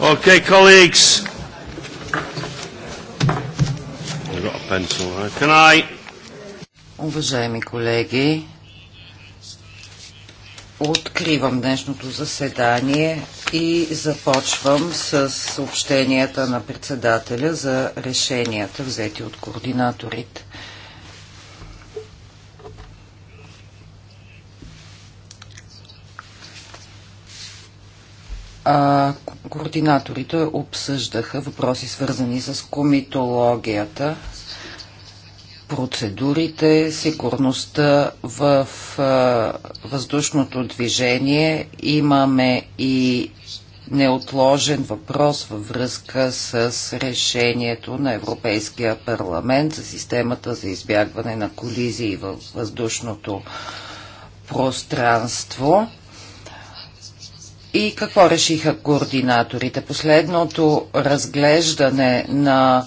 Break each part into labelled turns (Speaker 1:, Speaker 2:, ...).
Speaker 1: Okay, colleagues. I've got a pencil. Can I?
Speaker 2: Уважаеми колеги, откривам днешното заседание и започвам с съобщенията на председателя за решенията, взети от координаторите. а, координаторите обсъждаха въпроси свързани с комитологията, процедурите, сигурността в а, въздушното движение. Имаме и неотложен въпрос във връзка с решението на Европейския парламент за системата за избягване на колизии във въздушното пространство. И какво решиха координаторите? Последното разглеждане на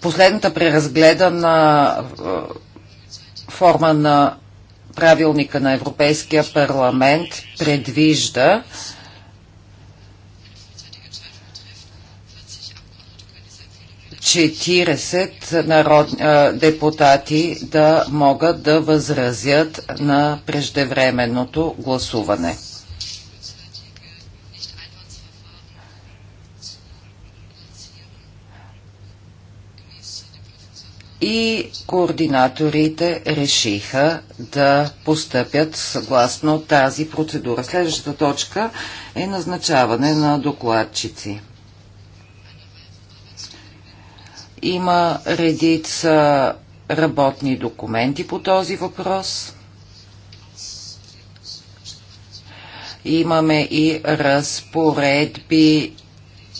Speaker 2: последната преразгледана форма на правилника на Европейския парламент предвижда народ... депутати да могат да възразят на преждевременното гласуване. и координаторите решиха да постъпят съгласно тази процедура. Следващата точка е назначаване на докладчици. Има редица работни документи по този въпрос. Имаме и разпоредби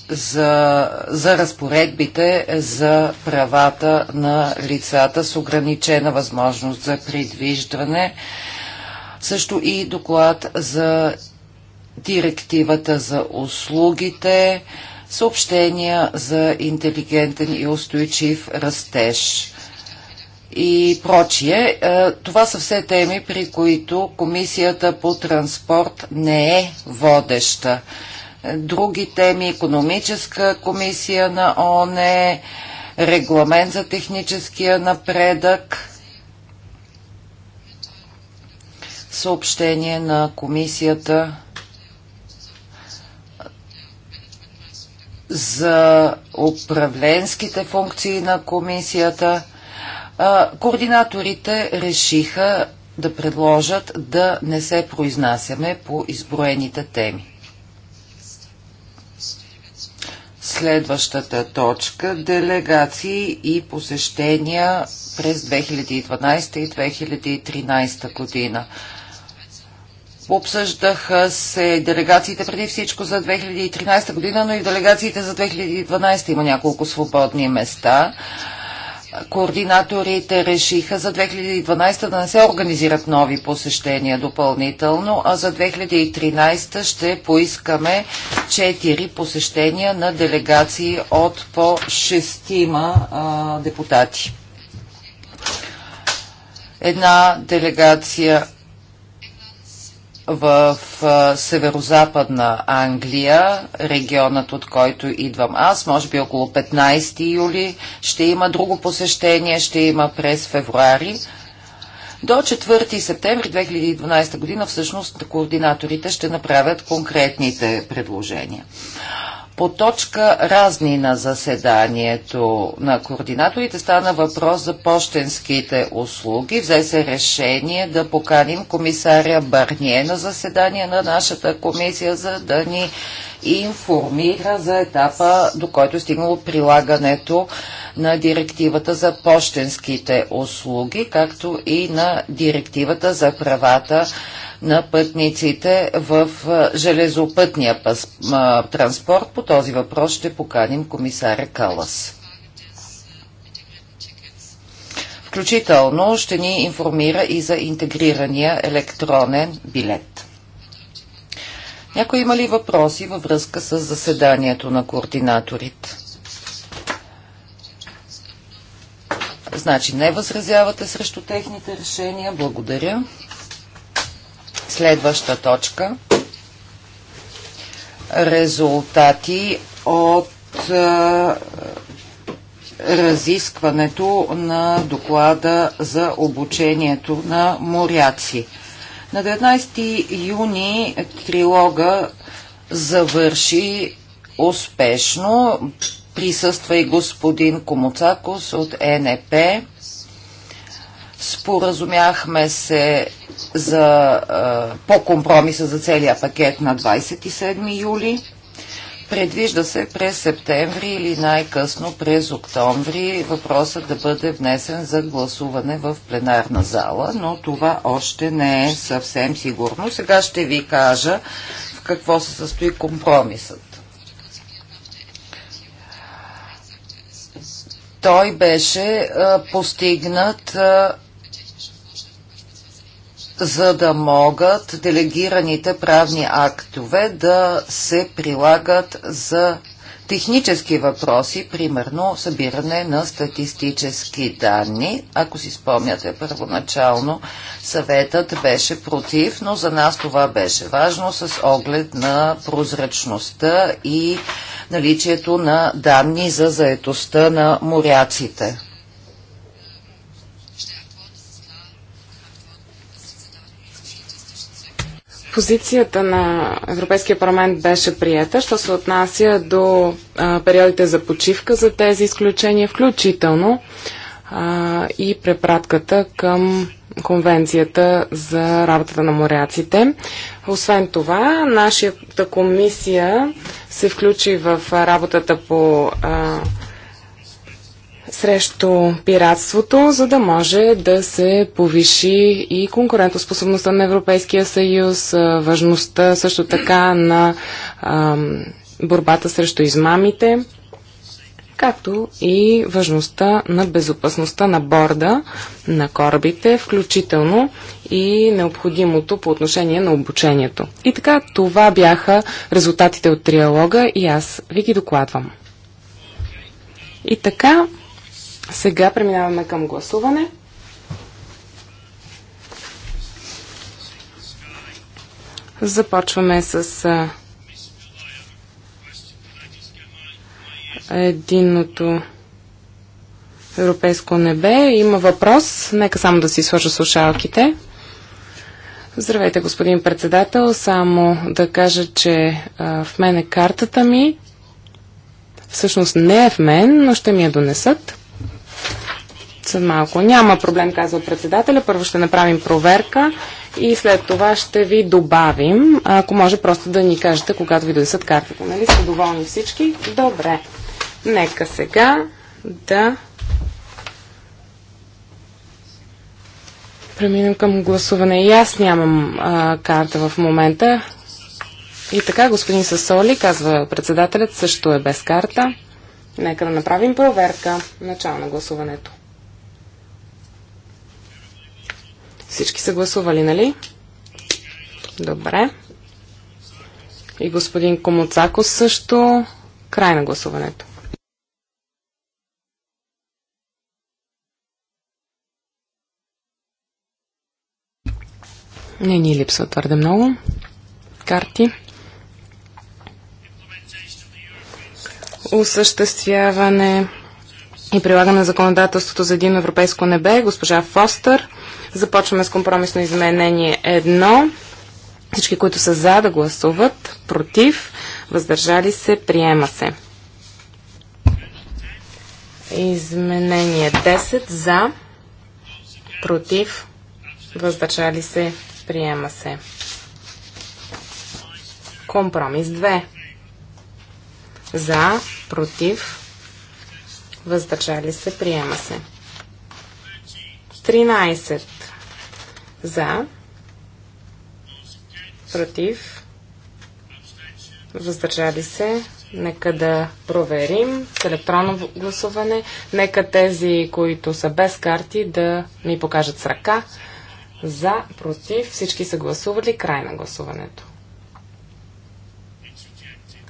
Speaker 2: за, за разпоредбите за правата на лицата с ограничена възможност за придвиждане. Също и доклад за директивата за услугите, съобщения за интелигентен и устойчив растеж и прочие. Е, това са все теми, при които Комисията по транспорт не е водеща други теми, економическа комисия на ОНЕ, регламент за техническия напредък, съобщение на комисията за управленските функции на комисията. Координаторите решиха да предложат да не се произнасяме по изброените теми. Следващата точка – делегации и посещения през 2012 и 2013 година. Обсъждаха се делегациите преди всичко за 2013 година, но и делегациите за 2012 има няколко свободни места координаторите решиха за 2012 да не се организират нови посещения допълнително, а за 2013 ще поискаме 4 посещения на делегации от по 6 депутати. Една делегация в северо-западна Англия, регионът от който идвам аз, може би около 15 юли, ще има друго посещение, ще има през февруари. До 4 септември 2012 година всъщност координаторите ще направят конкретните предложения. По точка разни на заседанието на координаторите стана въпрос за почтенските услуги. Взе се решение да поканим комисаря Барние на заседание на нашата комисия, за да ни и информира за етапа, до който е стигнало прилагането на директивата за почтенските услуги, както и на директивата за правата на пътниците в железопътния транспорт. По този въпрос ще поканим комисаря Калас. Включително ще ни информира и за интегрирания електронен билет. Някой има ли въпроси във връзка с заседанието на координаторите? Значи не възразявате срещу техните решения. Благодаря. Следваща точка. Резултати от разискването на доклада за обучението на моряци. На 19 юни трилога завърши успешно. Присъства и господин Комуцакос от е НП. Споразумяхме се за, по компромиса за целия пакет на 27 юли. Предвижда се през септември или най-късно през октомври въпросът да бъде внесен за гласуване в пленарна зала, но това още не е съвсем сигурно. Сега ще ви кажа в какво се състои компромисът. Той беше а, постигнат а, за да могат делегираните правни актове да се прилагат за технически въпроси, примерно събиране на статистически данни. Ако си спомняте, първоначално съветът беше против, но за нас това беше важно с оглед на прозрачността и наличието на данни за заетостта на моряците. позицията на
Speaker 3: Европейския парламент беше приета, що се отнася до а, периодите за почивка за тези изключения, включително а, и препратката към Конвенцията за работата на моряците. Освен това, нашата комисия се включи в работата по а, срещу пиратството, за да може да се повиши и конкурентоспособността на Европейския съюз, важността също така на борбата срещу измамите, както и важността на безопасността на борда, на корабите, включително и необходимото по отношение на обучението. И така, това бяха резултатите от триалога и аз ви ги докладвам. И така, сега преминаваме към гласуване. Започваме с единното европейско небе. Има въпрос. Нека само да си сложа слушалките. Здравейте, господин председател. Само да кажа, че а, в мен е картата ми. Всъщност не е в мен, но ще ми я донесат след малко. Няма проблем, казва председателя. Първо ще направим проверка и след това ще ви добавим, ако може просто да ни кажете, когато ви донесат картата. Нали сте доволни всички? Добре. Нека сега да преминем към гласуване. И аз нямам а, карта в момента. И така, господин Сасоли, казва председателят, също е без карта. Нека да направим проверка. Начало на гласуването. Всички са гласували, нали? Добре. И господин Комуцако също. Край на гласуването. Не ни липсва твърде много карти. Осъществяване и прилагане на законодателството за един европейско небе, госпожа Фостер. Започваме с компромисно изменение 1. Всички, които са за да гласуват, против, въздържали се, приема се. Изменение 10 за, против, въздържали се, приема се. Компромис 2. За, против, въздържали се, приема се. 13 за. Против. Въздържали се. Нека да проверим с електронно гласуване. Нека тези, които са без карти, да ми покажат с ръка. За, против, всички са гласували. Край на гласуването.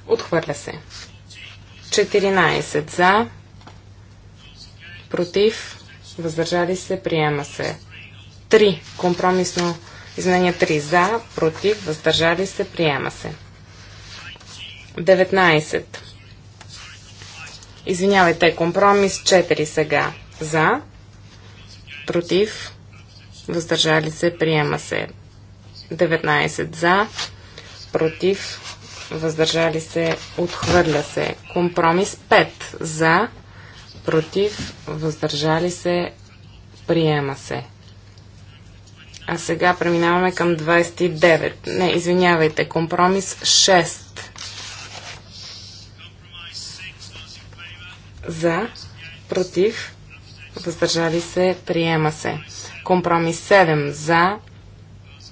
Speaker 3: Отхвърля се. 14 за, против, въздържали се, приема се. 3. Компромисно изменение 3. За, против, въздържали се, приема се. 19. Извинявайте, компромис 4 сега. За, против, въздържали се, приема се. 19 за, против, въздържали се, отхвърля се. Компромис 5 за, против, въздържали се, приема се. А сега преминаваме към 29. Не, извинявайте, компромис 6. За, против, въздържали се, приема се. Компромис 7. За,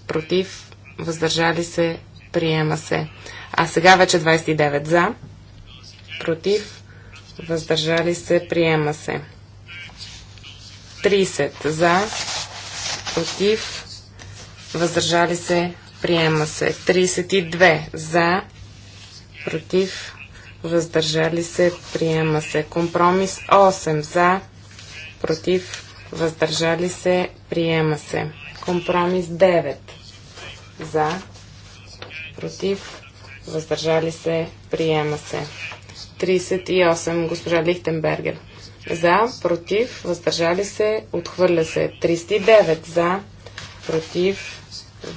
Speaker 3: против, въздържали се, приема се. А сега вече 29. За, против, въздържали се, приема се. 30. За, против, въздържали се, приема се. 32 за, против, въздържали се, приема се. Компромис 8 за, против, въздържали се, приема се. Компромис 9 за, против, въздържали се, приема се. 38 госпожа Лихтенбергер. За, против, въздържали се, отхвърля се. 39 за, против,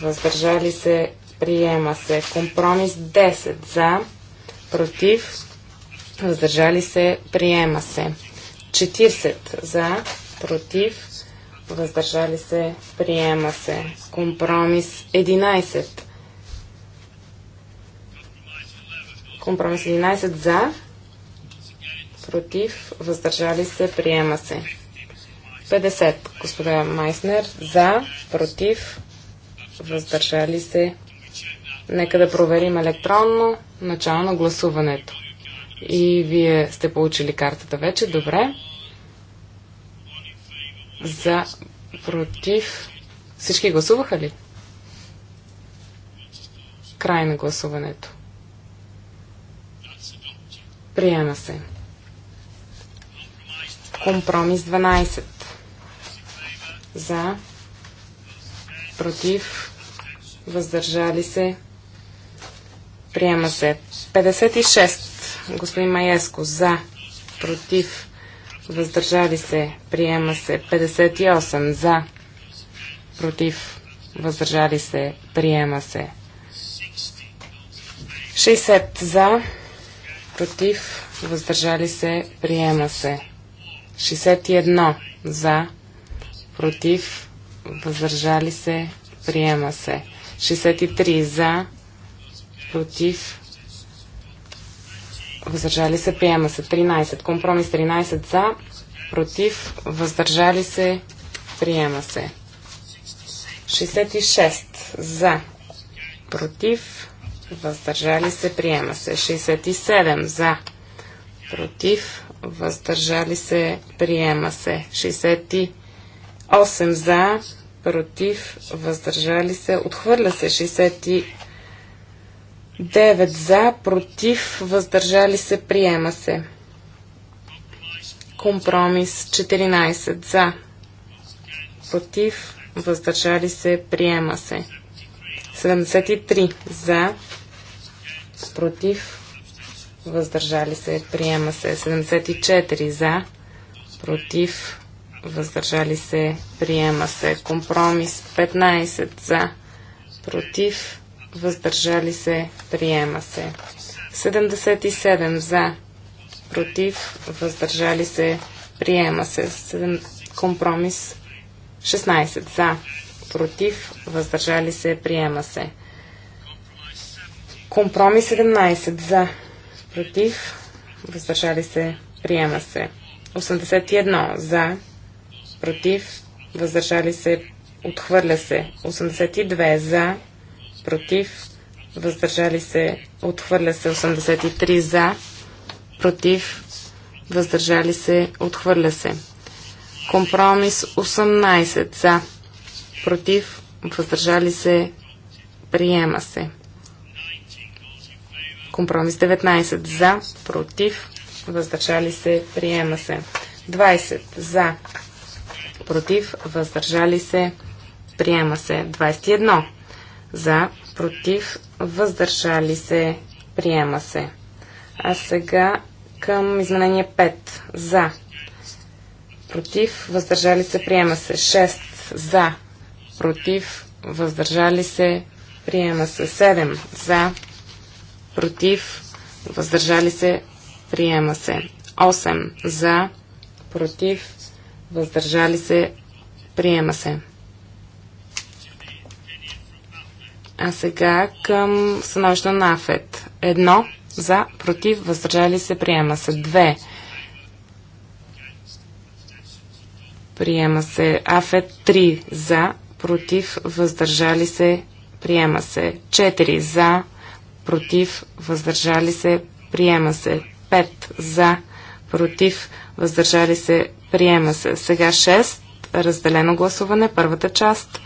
Speaker 3: въздържали се, приема се. Компромис 10 за, против, въздържали се, приема се. 40 за, против, въздържали се, приема се. Компромис 11. Компромис 11 за, против, въздържали се, приема се. 50. Господа Майснер, за, против, въздържали се. Нека да проверим електронно начало на гласуването. И вие сте получили картата вече, добре. За, против. Всички гласуваха ли? Край на гласуването. Приема се. Компромис 12. За, против, въздържали се, приема се. 56. Господин Маеско за, против, въздържали се, приема се. 58. За, против, въздържали се, приема се. 60 за, против, въздържали се, приема се. 61 за, против, въздържали се, приема се. 63 за, против, въздържали се, приема се. 13. Компромис 13 за, против, въздържали се, приема се. 66 за, против, въздържали се, приема се. 67 за, против, въздържали се, приема се. 8 за, против, въздържали се, отхвърля се 69 за, против, въздържали се, приема се. Компромис 14 за, против, въздържали се, приема се. 73 за, против, въздържали се, приема се. 74 за, против, въздържали се, приема се. Компромис 15 за, против, въздържали се, приема се. 77 за, против, въздържали се, приема се. 7, компромис 16 за, против, въздържали се, приема се. Компромис 17 за, против, въздържали се, приема се. 81 за, против, въздържали се, отхвърля се. 82 за, против, въздържали се, отхвърля се. 83 за, против, въздържали се, отхвърля се. Компромис 18 за, против, въздържали се, приема се. Компромис 19 за, против, въздържали се, приема се. 20 за, против, въздържали се, приема се. 21 за, против, въздържали се, приема се. А сега към изменение 5 за, против, въздържали се, приема се. 6 за, против, въздържали се, приема се. 7 за, против, въздържали се, приема се. 8 за, против, въздържали се, приема се. А сега към становището на АФЕТ. Едно за, против, въздържали се, приема се. Две. Приема се. АФЕТ 3 за, против, въздържали се, приема се. Четири, за, против, въздържали се, приема се. Пет за, против, въздържали се, Приема се. Сега 6. Разделено гласуване. Първата част.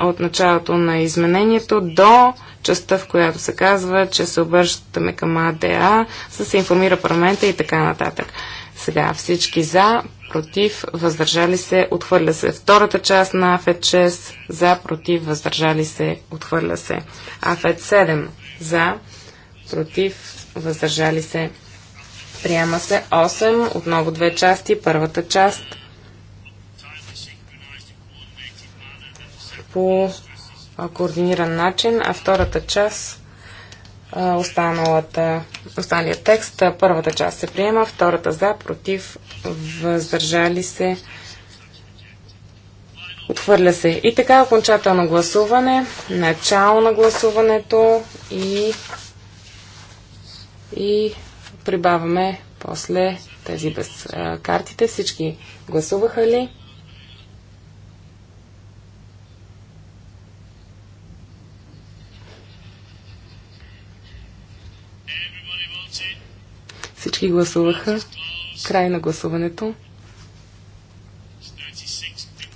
Speaker 3: От началото на изменението до частта, в която се казва, че се обръщаме към АДА, за да се информира парламента и така нататък. Сега всички за, против, въздържали се, отхвърля се. Втората част на АФЕД 6 за, против, въздържали се, отхвърля се. АФЕД 7 за, против, въздържали се, Приема се 8, отново две части. Първата част по координиран начин, а втората част останалата, останалия текст. Първата част се приема, втората за, против, въздържали се, отхвърля се. И така окончателно гласуване, начало на гласуването и, и прибавяме после тези без а, картите. Всички гласуваха ли? Всички гласуваха. Край на гласуването.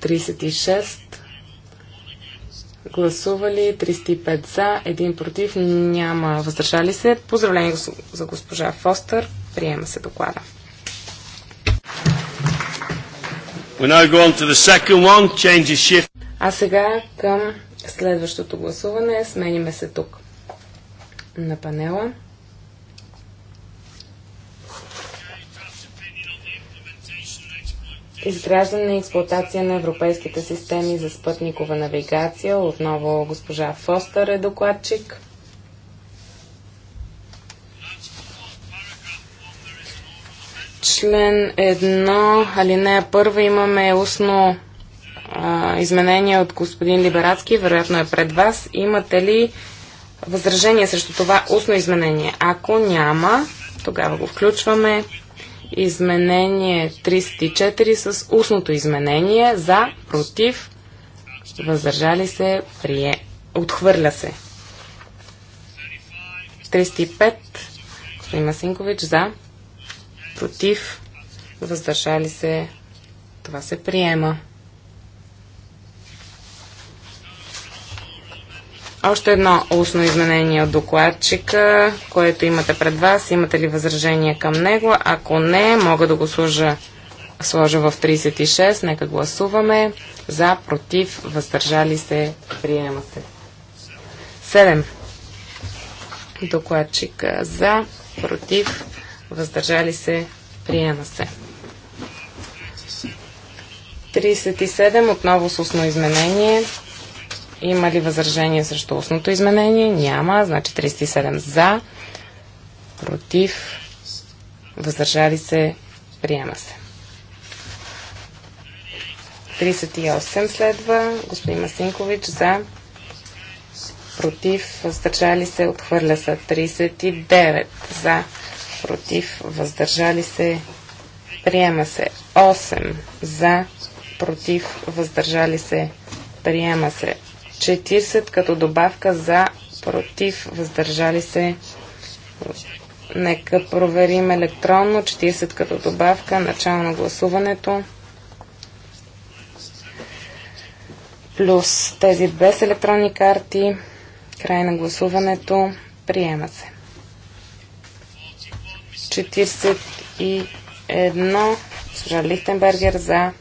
Speaker 3: 36 гласували 305 за, 1 против, няма въздържали се. Поздравление за госпожа Фостър. Приема се доклада. а сега към следващото гласуване. Смениме се тук на панела. изграждане и експлуатация на европейските системи за спътникова навигация. Отново госпожа Фостър е докладчик. Член 1, алинея 1 имаме устно а, изменение от господин Либерацки, вероятно е пред вас. Имате ли възражение срещу това устно изменение? Ако няма, тогава го включваме изменение 34 с устното изменение за, против, въздържали се, прие, отхвърля се. 35 господин Масинкович, за, против, въздържали се, това се приема. Още едно устно изменение от докладчика, което имате пред вас. Имате ли възражение към него? Ако не, мога да го служа, сложа в 36. Нека гласуваме. За, против, въздържали се, приема се. 7. Докладчика за, против, въздържали се, приема се. 37. Отново с устно изменение. Има ли възражение срещу устното изменение? Няма. Значи 37 за, против, въздържали се, приема се. 38 следва. Господин Масинкович за, против, въздържали се, отхвърля се. 39 за, против, въздържали се, приема се. 8 за, против, въздържали се, приема се. 40 като добавка за против, въздържали се. Нека проверим електронно 40 като добавка, начало на гласуването. Плюс тези без електронни карти, край на гласуването, приема се. 41 Жа Лихтенбергер за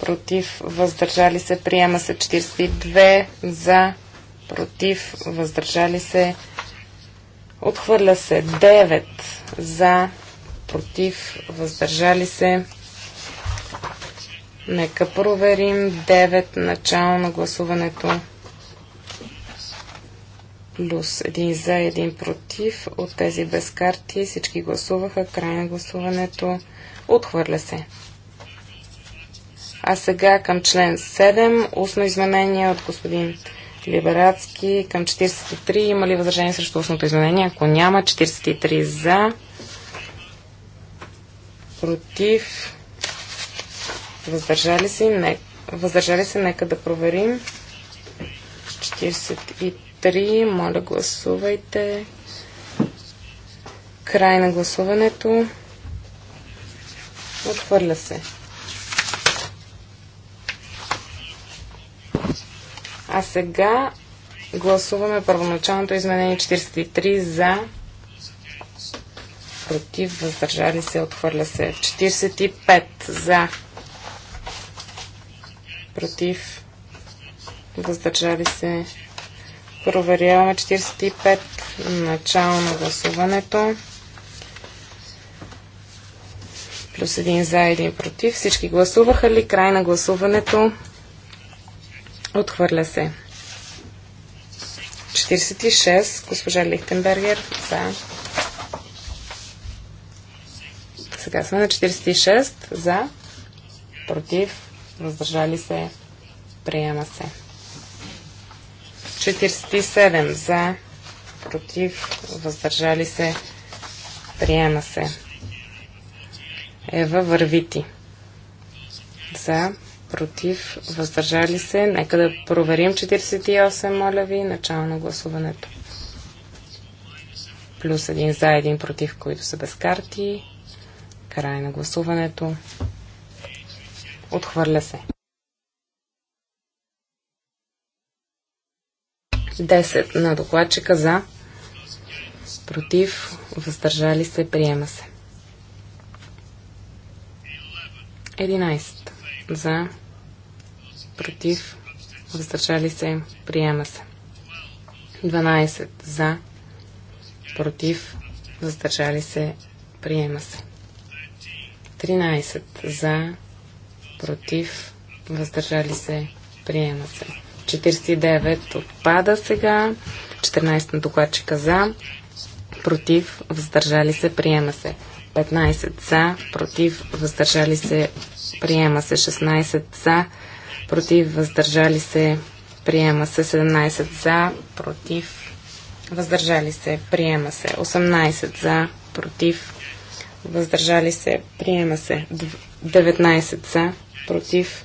Speaker 3: против, въздържали се, приема се 42 за, против, въздържали се, отхвърля се 9 за, против, въздържали се. Нека проверим 9 начало на гласуването. Плюс 1 за, 1 против. От тези без карти всички гласуваха. Край на гласуването. Отхвърля се. А сега към член 7, устно изменение от господин Либерацки към 43. Има ли възражение срещу устното изменение? Ако няма, 43 за. Против. Въздържали се? Не. Въздържали се? Нека да проверим. 43. Моля, гласувайте. Край на гласуването. Отхвърля се. А сега гласуваме първоначалното изменение 43 за против, въздържали се, отхвърля се. 45 за против, въздържали се. Проверяваме 45 начало на гласуването. Плюс един за, един против. Всички гласуваха ли? Край на гласуването. Отхвърля се. 46. Госпожа Лихтенбергер. За. Сега сме на 46. За. Против. Въздържали се. Приема се. 47. За. Против. Въздържали се. Приема се. Ева Вървити. За против, въздържали се. Нека да проверим 48, моля ви, начало на гласуването. Плюс един за, един против, които са без карти. Край на гласуването. Отхвърля се. 10 на докладчика за, против, въздържали се, приема се. 11 за, против, въздържали се, приема се. 12 за, против, въздържали се, приема се. 13 за, против, въздържали се, приема се. 49 отпада сега. 14 на докладчика за, против, въздържали се, приема се. 15 за, против, въздържали се, приема се. 16 за, против, въздържали се, приема се 17 за, против, въздържали се, приема се 18 за, против, въздържали се, приема се 19 за, против,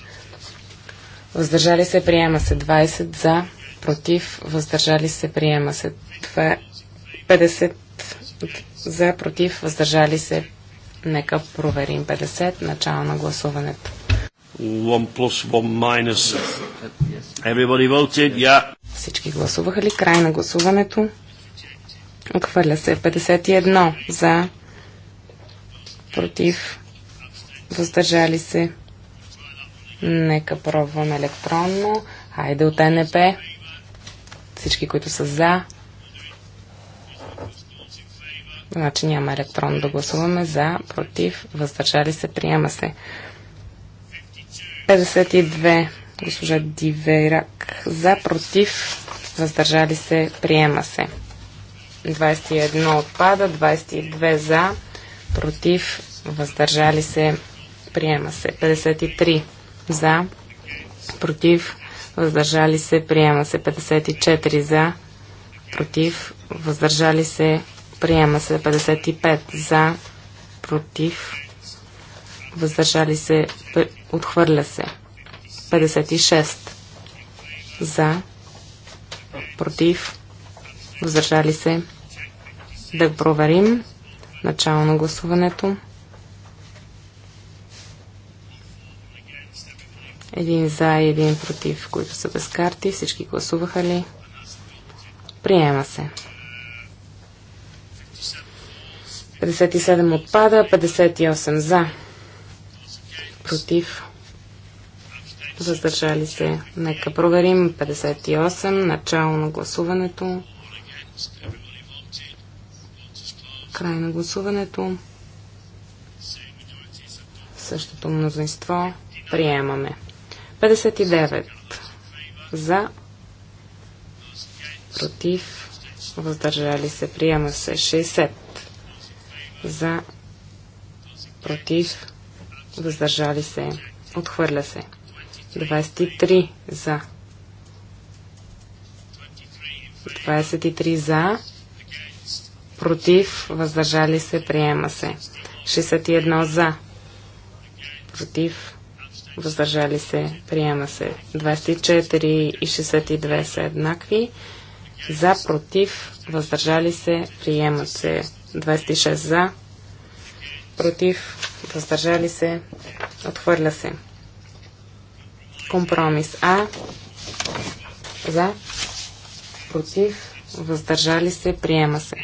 Speaker 3: въздържали се, приема се 20 за, против, въздържали се, приема се 50 за, против, въздържали се, нека проверим 50, начало на гласуването.
Speaker 1: One plus, one minus. Everybody voted? Yeah. Всички
Speaker 3: гласуваха ли? Край на гласуването. Отхвърля се 51 за, против, въздържали се. Нека пробвам електронно. Хайде от НП. Всички, които са за. Значи няма електронно да гласуваме за, против, въздържали се, приема се. 52. Госпожа Дивейрак. За, против, въздържали се, приема се. 21 отпада, 22 за, против, въздържали се, приема се. 53 за, против, въздържали се, приема се. 54 за, против, въздържали се, приема се. 55 за, против, въздържали се, отхвърля се. 56 за, против, въздържали се. Да проверим начало на гласуването. Един за и един против, които са без карти. Всички гласуваха ли? Приема се. 57 отпада, 58 за против, въздържали се. Нека проверим 58, начало на гласуването, край на гласуването, същото мнозинство, приемаме. 59 за, против, въздържали се, приема се 60 за, против, въздържали се, отхвърля се. 23 за. 23 за, против, въздържали се, приема се. 61 за, против, въздържали се, приема се. 24 и 62 са еднакви. За, против, въздържали се, приемат се. 26 за, против, въздържали се, отхвърля се. Компромис А за, против, въздържали се, приема се.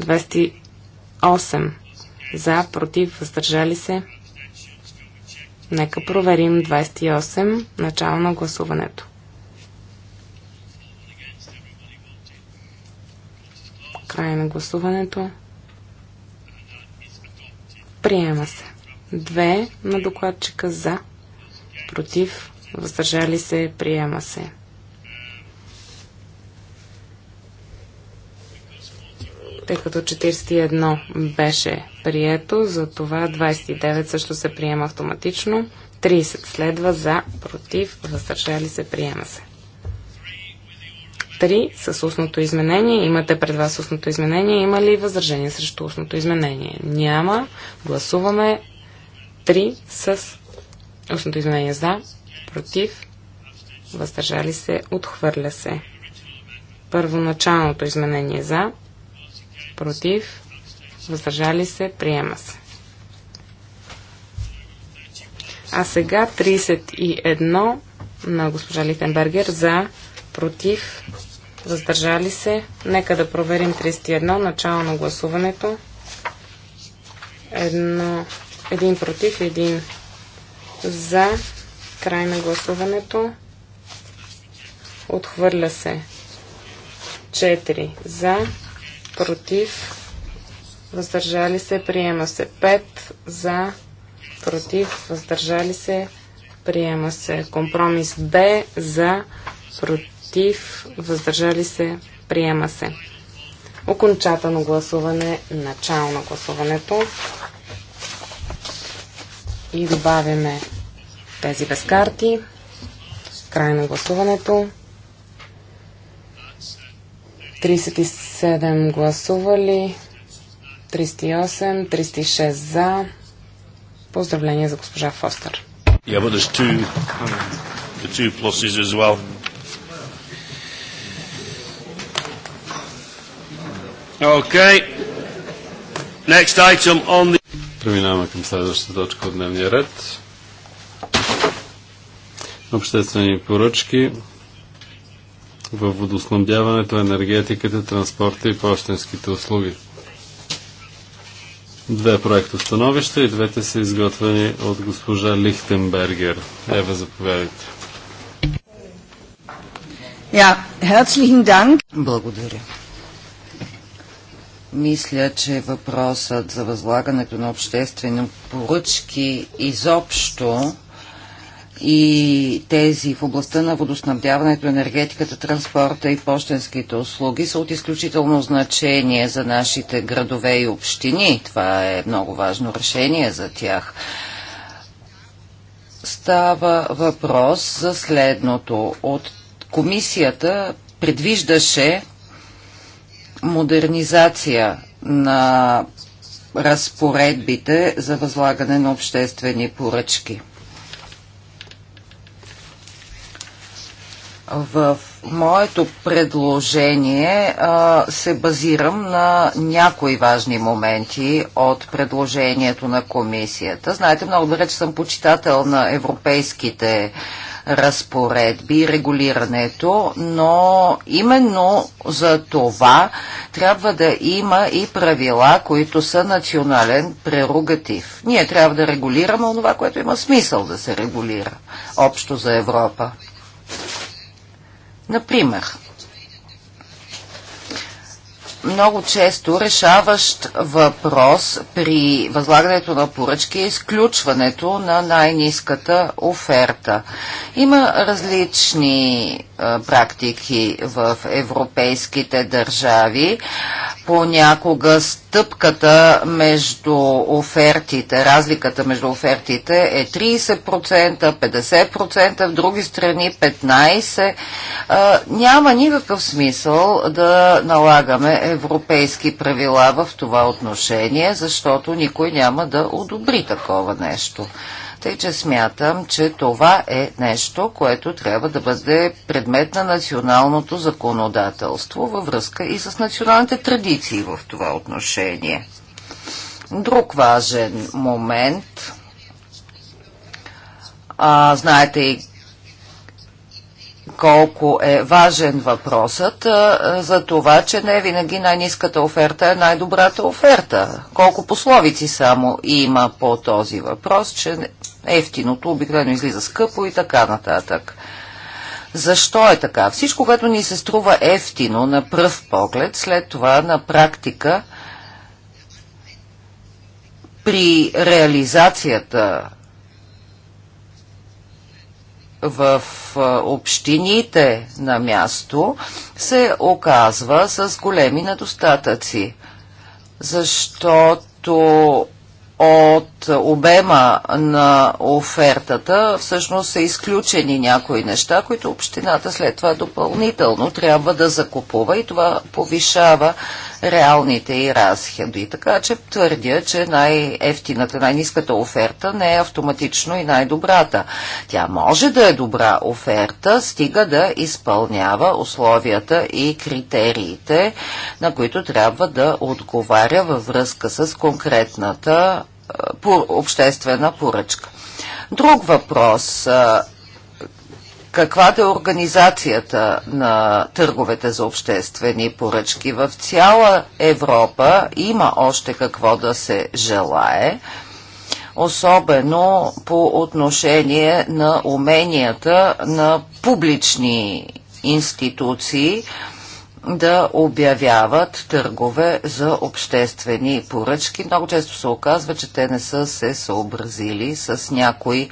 Speaker 3: 28 за, против, въздържали се. Нека проверим 28 начало на гласуването. Край на гласуването. Приема се. 2 на докладчика за. Против. Въздържали се. Приема се. Тъй като 41 беше прието, за това 29 също се приема автоматично. 30 следва за, против, въздържали се, приема се. 3 с устното изменение. Имате пред вас устното изменение. Има ли възражение срещу устното изменение? Няма. Гласуваме 3 с устното изменение за, против, въздържали се, отхвърля се. Първоначалното изменение за, против, въздържали се, приема се. А сега 31 на госпожа Лихтенбергер за против, въздържали се. Нека да проверим 31, начало на гласуването. Едно, един против, един за, край на гласуването. Отхвърля се. 4 за, против, въздържали се, приема се. 5 за, против, въздържали се, приема се. Компромис Б за, против против, въздържали се, приема се. Окончателно гласуване, начало на гласуването. И добавяме тези без карти. Край на гласуването. 37 гласували, 38, 36 за. Поздравление за госпожа Фостер. Yeah, but there's two,
Speaker 1: the two pluses as well. Okay. Next item on the... Преминаваме към следващата точка от дневния ред. Обществени поръчки в водоснабдяването, енергетиката, транспорта и почтенските услуги. Две проекта становища и двете са изготвени от госпожа Лихтенбергер. Ева, заповядайте.
Speaker 2: Yeah, Благодаря. Мисля, че въпросът за възлагането на обществени поръчки изобщо и тези в областта на водоснабдяването, енергетиката, транспорта и почтенските услуги са от изключително значение за нашите градове и общини. Това е много важно решение за тях. Става въпрос за следното. От комисията предвиждаше модернизация на разпоредбите за възлагане на обществени поръчки. В моето предложение а, се базирам на някои важни моменти от предложението на комисията. Знаете много добре, че съм почитател на европейските разпоредби, регулирането, но именно за това трябва да има и правила, които са национален прерогатив. Ние трябва да регулираме това, което има смисъл да се регулира общо за Европа. Например, много често решаващ въпрос при възлагането на поръчки е изключването на най-низката оферта. Има различни а, практики в европейските държави понякога стъпката между офертите, разликата между офертите е 30%, 50%, в други страни 15%. А, няма никакъв смисъл да налагаме европейски правила в това отношение, защото никой няма да одобри такова нещо. Тъй, че смятам, че това е нещо, което трябва да бъде предмет на националното законодателство във връзка и с националните традиции в това отношение. Друг важен момент. А, знаете и колко е важен въпросът а, за това, че не е винаги най-низката оферта е най-добрата оферта. Колко пословици само има по този въпрос, че ефтиното обикновено излиза скъпо и така нататък. Защо е така? Всичко, което ни се струва ефтино на пръв поглед, след това на практика при реализацията в общините на място се оказва с големи недостатъци, защото от обема на офертата всъщност са изключени някои неща, които общината след това допълнително трябва да закупува и това повишава реалните и разходи. Така че твърдя, че най-ефтината, най-низката оферта не е автоматично и най-добрата. Тя може да е добра оферта, стига да изпълнява условията и критериите, на които трябва да отговаря във връзка с конкретната обществена поръчка. Друг въпрос каквато е организацията на търговете за обществени поръчки. В цяла Европа има още какво да се желае, особено по отношение на уменията на публични институции да обявяват търгове за обществени поръчки. Много често се оказва, че те не са се съобразили с някои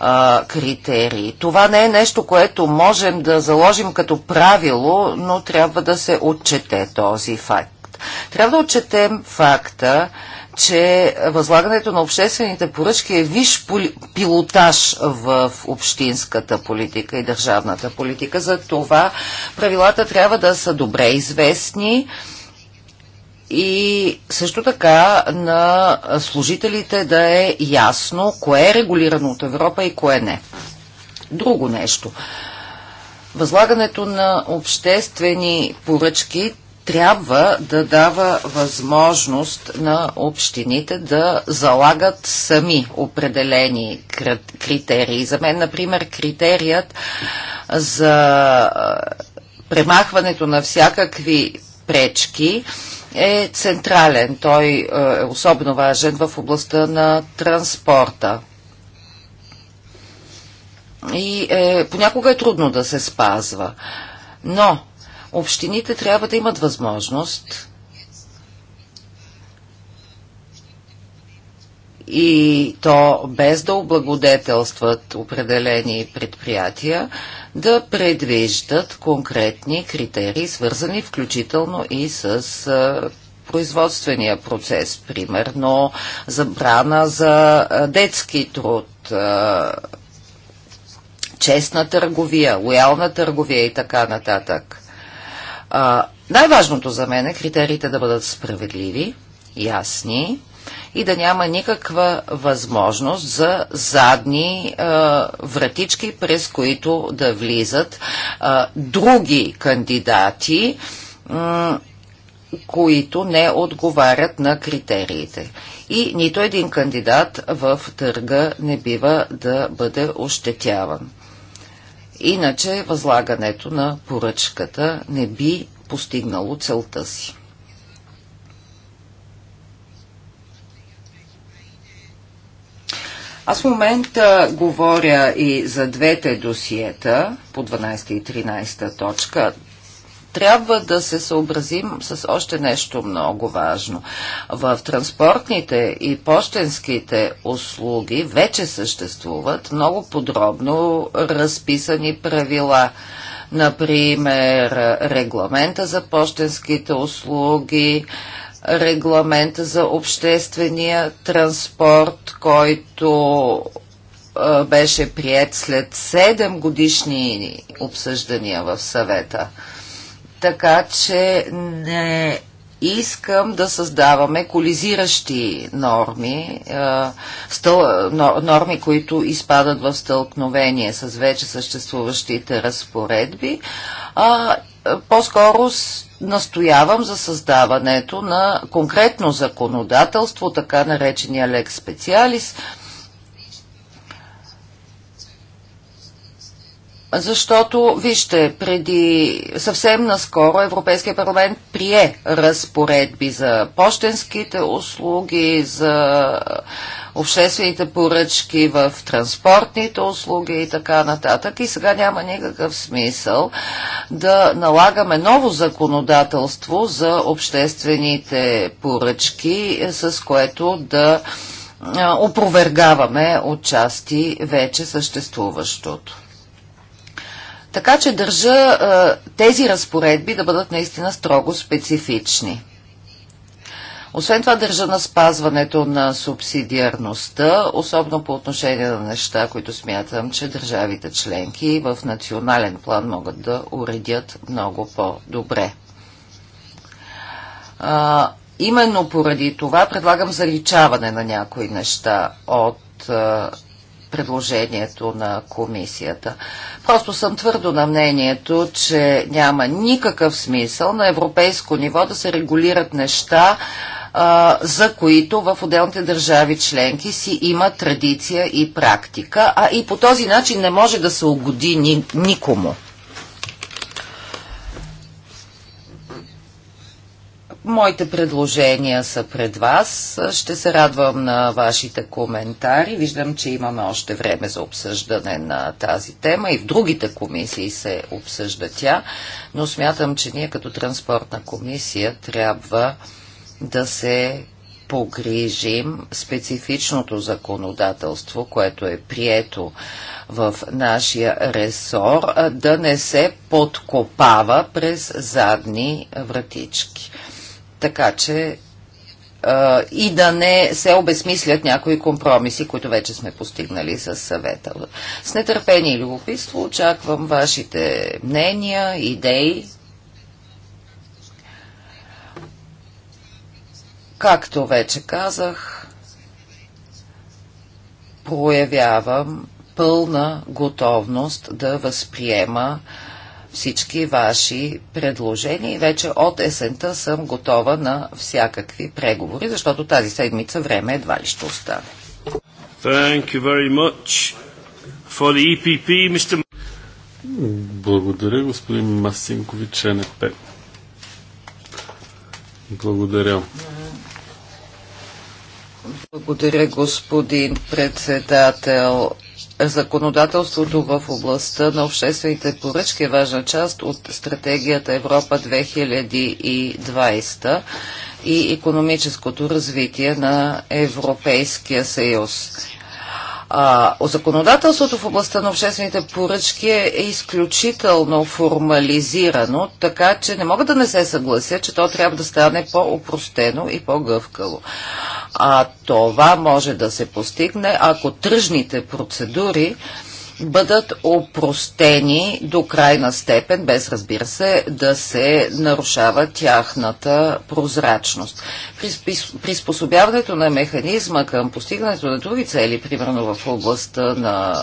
Speaker 2: а, критерии. Това не е нещо, което можем да заложим като правило, но трябва да се отчете този факт. Трябва да отчетем факта, че възлагането на обществените поръчки е виш пилотаж в общинската политика и държавната политика. За това правилата трябва да са добре известни, и също така на служителите да е ясно кое е регулирано от Европа и кое не. Друго нещо. Възлагането на обществени поръчки трябва да дава възможност на общините да залагат сами определени критерии. За мен, например, критерият за премахването на всякакви пречки е централен. Той е, е особено важен в областта на транспорта. И е, понякога е трудно да се спазва. Но общините трябва да имат възможност и то без да облагодетелстват определени предприятия, да предвиждат конкретни критерии, свързани включително и с производствения процес, примерно забрана за детски труд, честна търговия, лоялна търговия и така нататък. най-важното за мен е критериите да бъдат справедливи, ясни, и да няма никаква възможност за задни а, вратички, през които да влизат а, други кандидати, които не отговарят на критериите. И нито един кандидат в търга не бива да бъде ощетяван. Иначе възлагането на поръчката не би постигнало целта си. Аз в момента говоря и за двете досиета по 12 и 13 точка. Трябва да се съобразим с още нещо много важно. В транспортните и почтенските услуги вече съществуват много подробно разписани правила. Например, регламента за почтенските услуги, регламент за обществения транспорт, който беше прият след 7 годишни обсъждания в съвета. Така че не искам да създаваме колизиращи норми, стъл, норми, които изпадат в стълкновение с вече съществуващите разпоредби, по-скоро настоявам за създаването на конкретно законодателство, така наречения лек специалист, Защото, вижте, преди съвсем наскоро Европейския парламент прие разпоредби за почтенските услуги, за обществените поръчки в транспортните услуги и така нататък. И сега няма никакъв смисъл да налагаме ново законодателство за обществените поръчки, с което да опровергаваме отчасти вече съществуващото. Така че държа е, тези разпоредби да бъдат наистина строго специфични. Освен това държа на спазването на субсидиарността, особено по отношение на неща, които смятам, че държавите членки в национален план могат да уредят много по-добре. именно поради това предлагам заличаване на някои неща от а, е, предложението на комисията. Просто съм твърдо на мнението, че няма никакъв смисъл на европейско ниво да се регулират неща, за които в отделните държави членки си има традиция и практика, а и по този начин не може да се угоди никому. Моите предложения са пред вас. Ще се радвам на вашите коментари. Виждам, че имаме още време за обсъждане на тази тема и в другите комисии се обсъжда тя, но смятам, че ние като транспортна комисия трябва да се погрижим специфичното законодателство, което е прието в нашия ресор, да не се подкопава през задни вратички. Така че а, и да не се обесмислят някои компромиси, които вече сме постигнали с съвета. С нетърпение и любопитство очаквам вашите мнения, идеи, както вече казах, проявявам пълна готовност да възприема всички ваши предложения и вече от есента съм готова на всякакви преговори, защото тази седмица време едва ли ще остане.
Speaker 1: Thank you very much for the EPP, Mr. Благодаря, господин Масинкович, НП. Благодаря.
Speaker 2: Благодаря, господин председател законодателството в областта на обществените поръчки е важна част от стратегията Европа 2020 и економическото развитие на Европейския съюз. А, законодателството в областта на обществените поръчки е изключително формализирано, така че не мога да не се съглася, че то трябва да стане по-опростено и по-гъвкало. А това може да се постигне, ако тръжните процедури бъдат опростени до крайна степен, без разбира се да се нарушава тяхната прозрачност. Приспособяването на механизма към постигането на други цели, примерно в областта на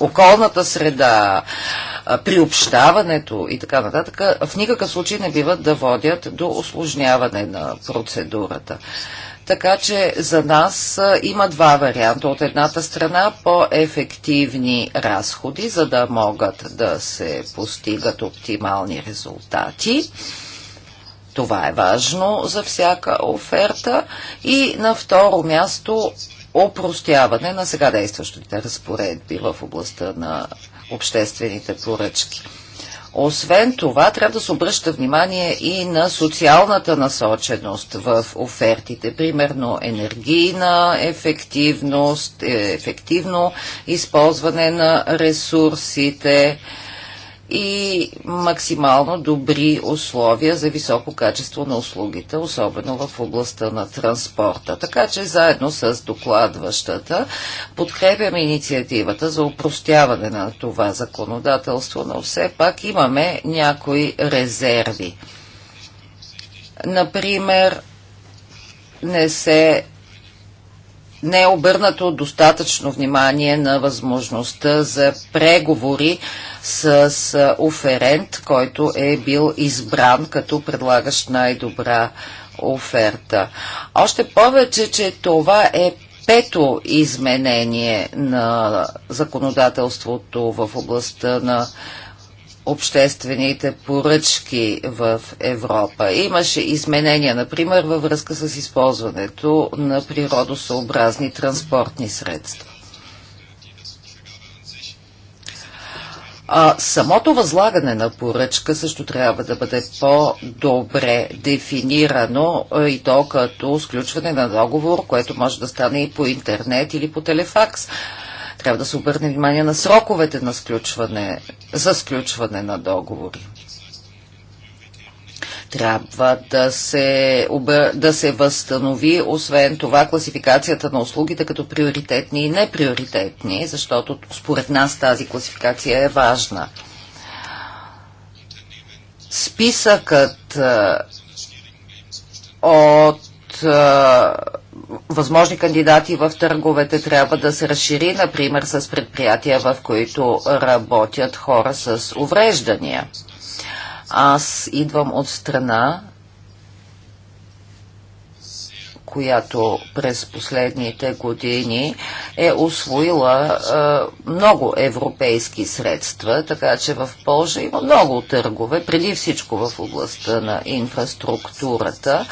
Speaker 2: околната среда, приобщаването и така нататък, в никакъв случай не биват да водят до осложняване на процедурата. Така че за нас има два варианта. От едната страна по-ефективни разходи, за да могат да се постигат оптимални резултати. Това е важно за всяка оферта. И на второ място опростяване на сега действащите разпоредби в областта на обществените поръчки. Освен това, трябва да се обръща внимание и на социалната насоченост в офертите. Примерно енергийна ефективност, е, ефективно използване на ресурсите, и максимално добри условия за високо качество на услугите, особено в областта на транспорта. Така че заедно с докладващата подкрепяме инициативата за упростяване на това законодателство, но все пак имаме някои резерви. Например, не се не е обърнато достатъчно внимание на възможността за преговори с оферент, който е бил избран като предлагащ най-добра оферта. Още повече, че това е пето изменение на законодателството в областта на обществените поръчки в Европа. Имаше изменения, например, във връзка с използването на природосъобразни транспортни средства. А самото възлагане на поръчка също трябва да бъде по-добре дефинирано и то като сключване на договор, което може да стане и по интернет или по телефакс. Трябва да се обърне внимание на сроковете на сключване, за сключване на договори. Трябва да се, да се възстанови, освен това, класификацията на услугите като приоритетни и неприоритетни, защото според нас тази класификация е важна. Списъкът от възможни кандидати в търговете трябва да се разшири, например, с предприятия, в които работят хора с увреждания. Аз идвам от страна, която през последните години е освоила е, много европейски средства, така че в Польша има много търгове, преди всичко в областта на инфраструктурата.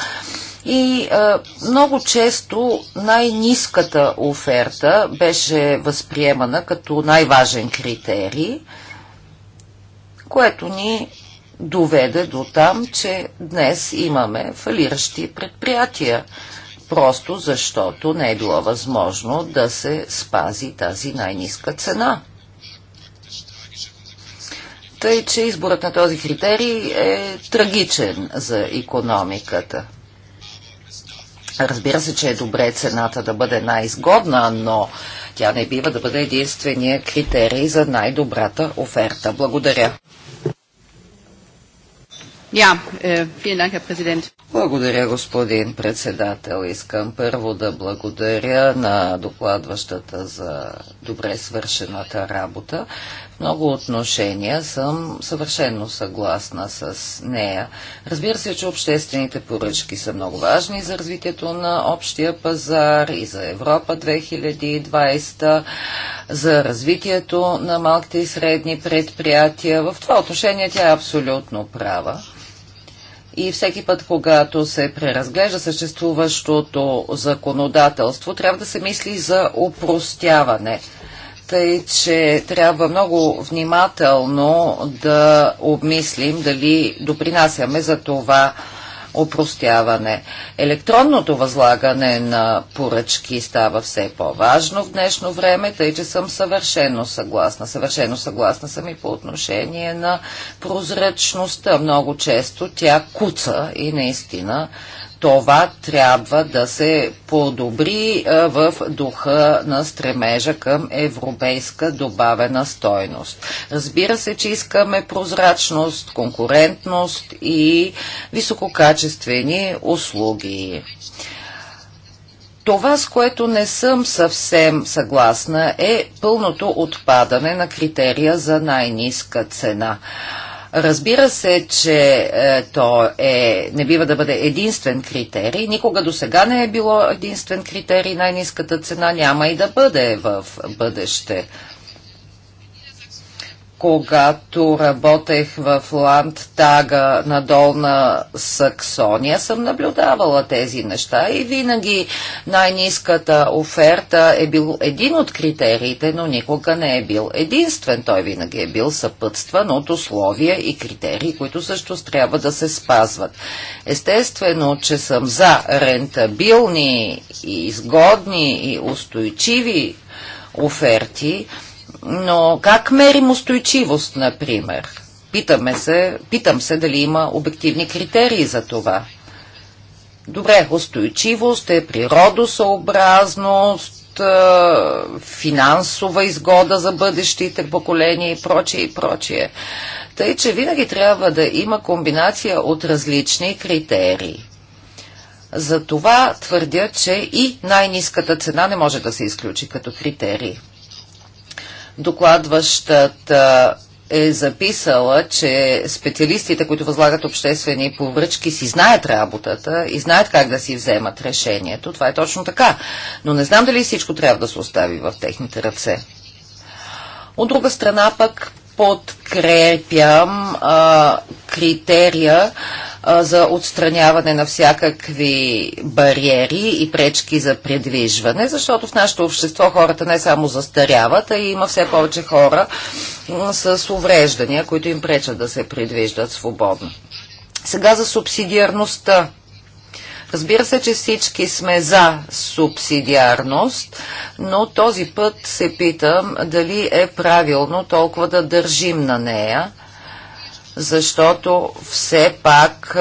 Speaker 2: И а, е, много често най-низката оферта беше възприемана като най-важен критерий, което ни доведе до там, че днес имаме фалиращи предприятия просто защото не е било възможно да се спази тази най-ниска цена. Тъй, че изборът на този критерий е трагичен за економиката. Разбира се, че е добре цената да бъде най-изгодна, но тя не бива да бъде единствения критерий за най-добрата оферта. Благодаря.
Speaker 1: Yeah, äh, Dank,
Speaker 2: благодаря, господин председател. Искам първо да благодаря на докладващата за добре свършената работа. В много отношения съм съвършенно съгласна с нея. Разбира се, че обществените поръчки са много важни за развитието на общия пазар и за Европа 2020, за развитието на малките и средни предприятия. В това отношение тя е абсолютно права и всеки път, когато се преразглежда съществуващото законодателство, трябва да се мисли за упростяване. Тъй, че трябва много внимателно да обмислим дали допринасяме за това опростяване. Електронното възлагане на поръчки става все по-важно в днешно време, тъй че съм съвършено съгласна. Съвършено съгласна съм и по отношение на прозрачността. Много често тя куца и наистина това трябва да се подобри в духа на стремежа към европейска добавена стойност. Разбира се, че искаме прозрачност, конкурентност и висококачествени услуги. Това, с което не съм съвсем съгласна, е пълното отпадане на критерия за най-низка цена. Разбира се, че е, то е, не бива да бъде единствен критерий. Никога до сега не е било единствен критерий. Най-низката цена няма и да бъде в бъдеще когато работех в Ландтага на Долна Саксония, съм наблюдавала тези неща и винаги най-низката оферта е бил един от критериите, но никога не е бил единствен. Той винаги е бил съпътстван от условия и критерии, които също трябва да се спазват. Естествено, че съм за рентабилни и изгодни и устойчиви оферти, но как мерим устойчивост, например? Питаме се, питам се дали има обективни критерии за това. Добре, устойчивост е природосъобразност, е, финансова изгода за бъдещите поколения и прочие и прочие. Тъй, че винаги трябва да има комбинация от различни критерии. Затова твърдя, че и най-низката цена не може да се изключи като критерий. Докладващата е записала, че специалистите, които възлагат обществени поръчки, си знаят работата и знаят как да си вземат решението. Това е точно така. Но не знам дали всичко трябва да се остави в техните ръце. От друга страна пък подкрепям а, критерия за отстраняване на всякакви бариери и пречки за предвижване, защото в нашето общество хората не само застаряват, а и има все повече хора с увреждания, които им пречат да се предвиждат свободно. Сега за субсидиарността. Разбира се, че всички сме за субсидиарност, но този път се питам дали е правилно толкова да държим на нея – защото все пак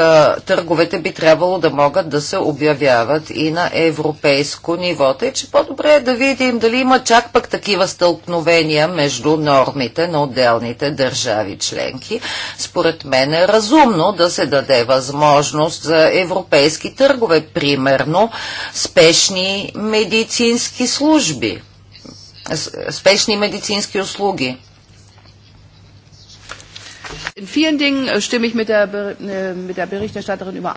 Speaker 2: търговете би трябвало да могат да се обявяват и на европейско ниво. Тъй, че по-добре е да видим дали има чак пък такива стълкновения между нормите на отделните държави членки. Според мен е разумно да се даде възможност за европейски търгове, примерно спешни медицински служби, спешни медицински услуги In vielen Dingen äh, stimme ich mit der, äh, mit der Berichterstatterin über.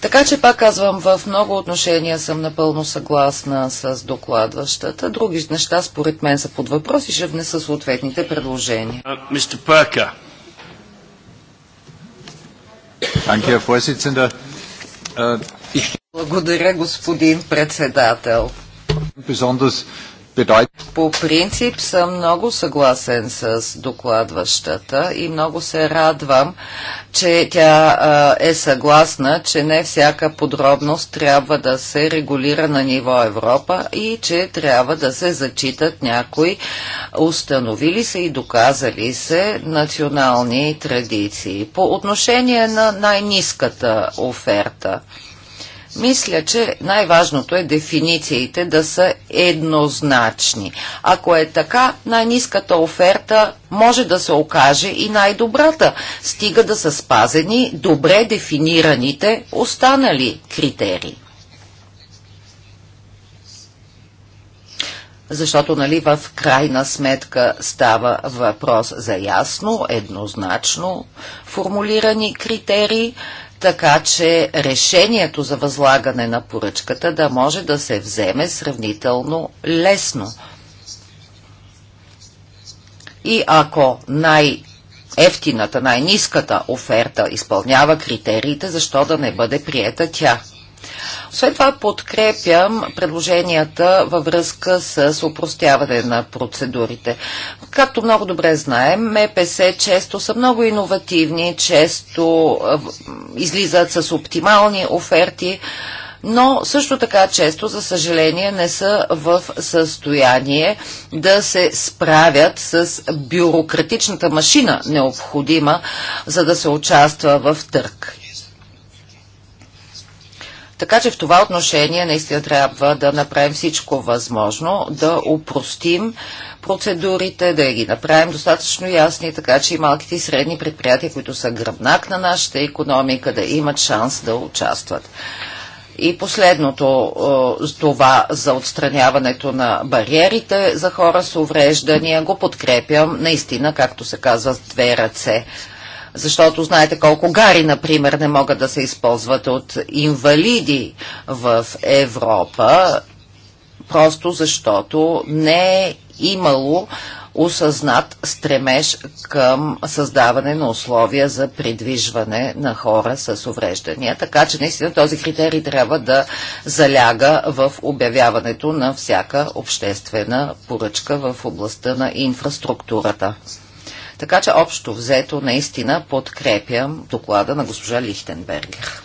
Speaker 2: Така че пак казвам, в много отношения съм напълно съгласна с докладващата. Други неща според мен са под въпрос и ще внеса съответните предложения. Äh, Благодаря, господин председател. Besonders по принцип съм много съгласен с докладващата и много се радвам, че тя е съгласна, че не всяка подробност трябва да се регулира на ниво Европа и че трябва да се зачитат някои установили се и доказали се национални традиции. По отношение на най-низката оферта – мисля, че най-важното е дефинициите да са еднозначни. Ако е така, най-низката оферта може да се окаже и най-добрата, стига да са спазени добре дефинираните останали критерии. защото нали, в крайна сметка става въпрос за ясно, еднозначно формулирани критерии, така че решението за възлагане на поръчката да може да се вземе сравнително лесно. И ако най- ефтината, най-низката оферта изпълнява критериите, защо да не бъде приета тя? Освен това подкрепям предложенията във връзка с упростяване на процедурите. Както много добре знаем, МПС често са много иновативни, често излизат с оптимални оферти, но също така често, за съжаление, не са в състояние да се справят с бюрократичната машина необходима, за да се участва в търг. Така че в това отношение наистина трябва да направим всичко възможно, да упростим процедурите, да ги направим достатъчно ясни, така че и малките и средни предприятия, които са гръбнак на нашата економика, да имат шанс да участват. И последното е, това за отстраняването на бариерите за хора с увреждания го подкрепям наистина, както се казва, с две ръце. Защото знаете колко гари, например, не могат да се използват от инвалиди в Европа, просто защото не е имало осъзнат стремеж към създаване на условия за придвижване на хора с увреждания. Така че наистина този критерий трябва да заляга в обявяването на всяка обществена поръчка в областта на инфраструктурата. Така че общо взето наистина подкрепям доклада на госпожа Лихтенбергер.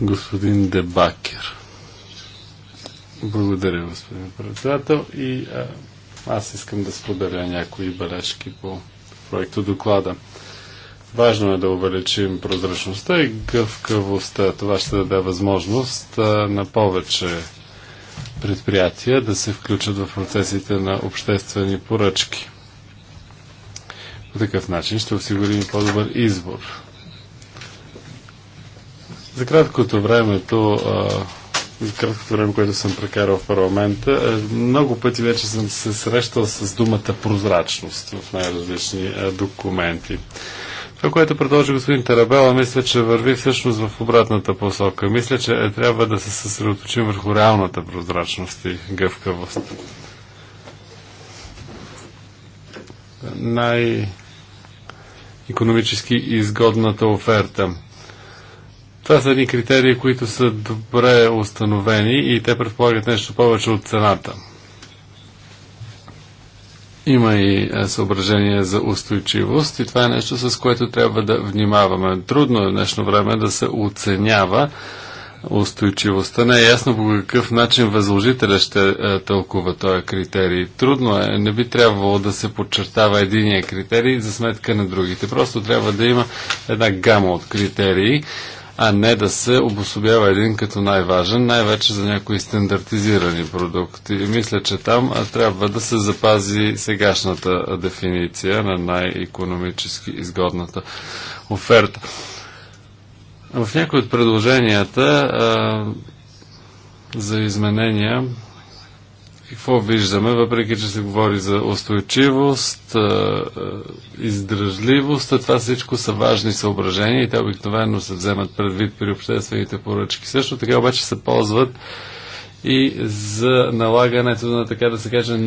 Speaker 1: Господин Дебакер. Благодаря, господин председател. И а, аз искам да споделя някои бележки по проекто доклада. Важно е да увеличим прозрачността и гъвкавостта. Това ще даде възможност а, на повече предприятия да се включат в процесите на обществени поръчки. По такъв начин ще осигурим по-добър избор. За краткото времето, за краткото време, което съм прекарал в парламента, е, много пъти вече съм се срещал с думата прозрачност в най-различни документи. Това, което предложи господин Тарабела, мисля, че върви всъщност в обратната посока. Мисля, че е, трябва да се съсредоточим върху реалната прозрачност и гъвкавост. Най-економически изгодната оферта. Това са едни критерии, които са добре установени и те предполагат нещо повече от цената. Има и е, съображение за устойчивост и това е нещо, с което трябва да внимаваме. Трудно е в днешно време да се оценява устойчивостта. Не е ясно по какъв начин възложителя ще е, тълкува този критерий. Трудно е, не би трябвало да се подчертава единия критерий за сметка на другите. Просто трябва да има една гама от критерии, а не да се обособява един като най-важен, най-вече за някои стандартизирани продукти. И мисля, че там трябва да се запази сегашната дефиниция на най-економически изгодната оферта. В някои от предложенията а, за изменения какво виждаме, въпреки че се говори за устойчивост, издръжливост, това всичко са важни съображения и те обикновено се вземат предвид при обществените поръчки. Също така обаче се ползват и за налагането на, така да се каже,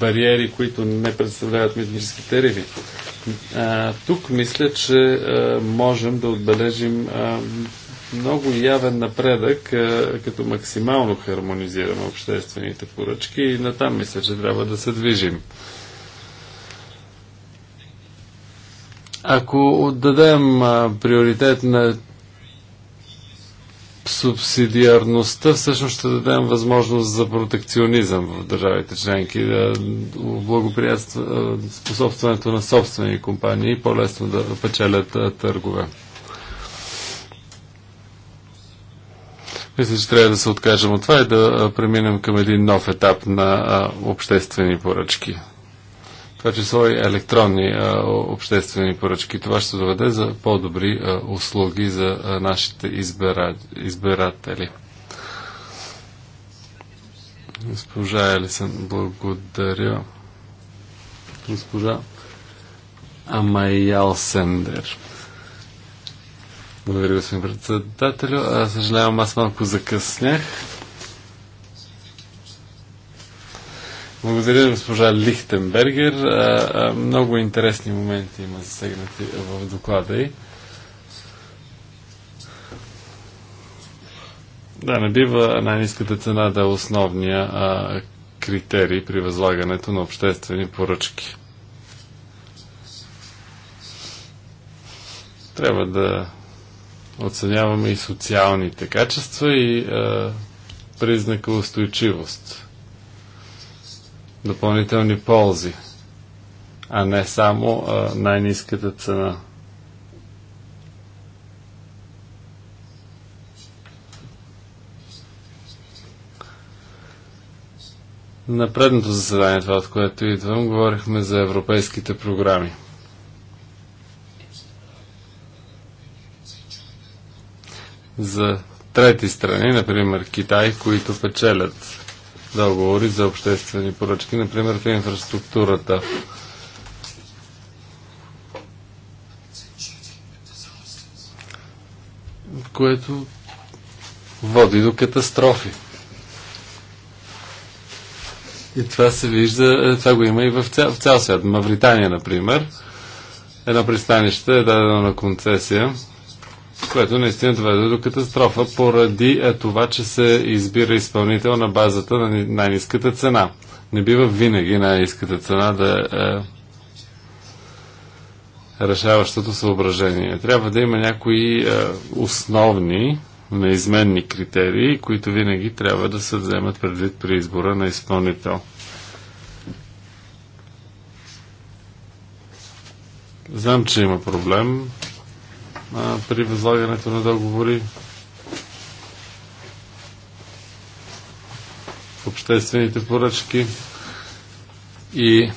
Speaker 1: бариери, които не представляват митнически тарифи. тук мисля, че можем да отбележим много явен напредък, като максимално хармонизираме обществените поръчки и натам мисля, че трябва да се движим. Ако отдадем приоритет на субсидиарността, всъщност ще дадем възможност за протекционизъм в държавите членки, да благоприятства способстването на собствени компании по-лесно да печелят търгове. Мисля, че трябва да се откажем от това и да преминем към един нов етап на обществени поръчки. Това число и електронни обществени поръчки. Това ще доведе за по-добри услуги за нашите избира... избиратели. Госпожа Елисън, благодаря. Госпожа Амайял Сендер. Благодаря, господин председателю. съжалявам, аз малко закъснях. Благодаря, госпожа Лихтенбергер. много интересни моменти има засегнати в доклада й. Да, не бива най-низката цена да е основния а, критерий при възлагането на обществени поръчки. Трябва да оценяваме и социалните качества и а, признака устойчивост. Допълнителни ползи, а не само най-низката цена. На предното заседание, това от което идвам, говорихме за европейските програми – за трети страни, например Китай, които печелят договори за обществени поръчки, например в инфраструктурата. Което води до катастрофи. И това се вижда, е, това го има и в цял, в цял свят. Мавритания, например, едно пристанище е дадено на концесия което наистина доведе до катастрофа поради е това, че се избира изпълнител на базата на най-низката цена. Не бива винаги най-низката цена да е, е решаващото съображение. Трябва да има някои е, основни, неизменни критерии, които винаги трябва да се вземат предвид при избора на изпълнител. Знам, че има проблем при възлагането на договори в обществените поръчки и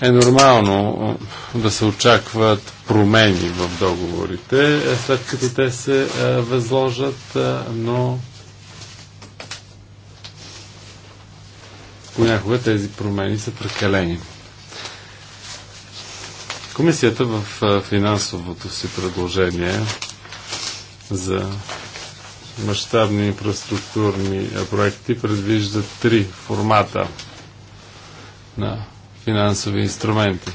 Speaker 1: е нормално да се очакват промени в договорите, е, след като те се е, възложат, е, но понякога тези промени са прекалени. Комисията в финансовото си предложение за мащабни инфраструктурни проекти предвижда три формата на финансови инструменти.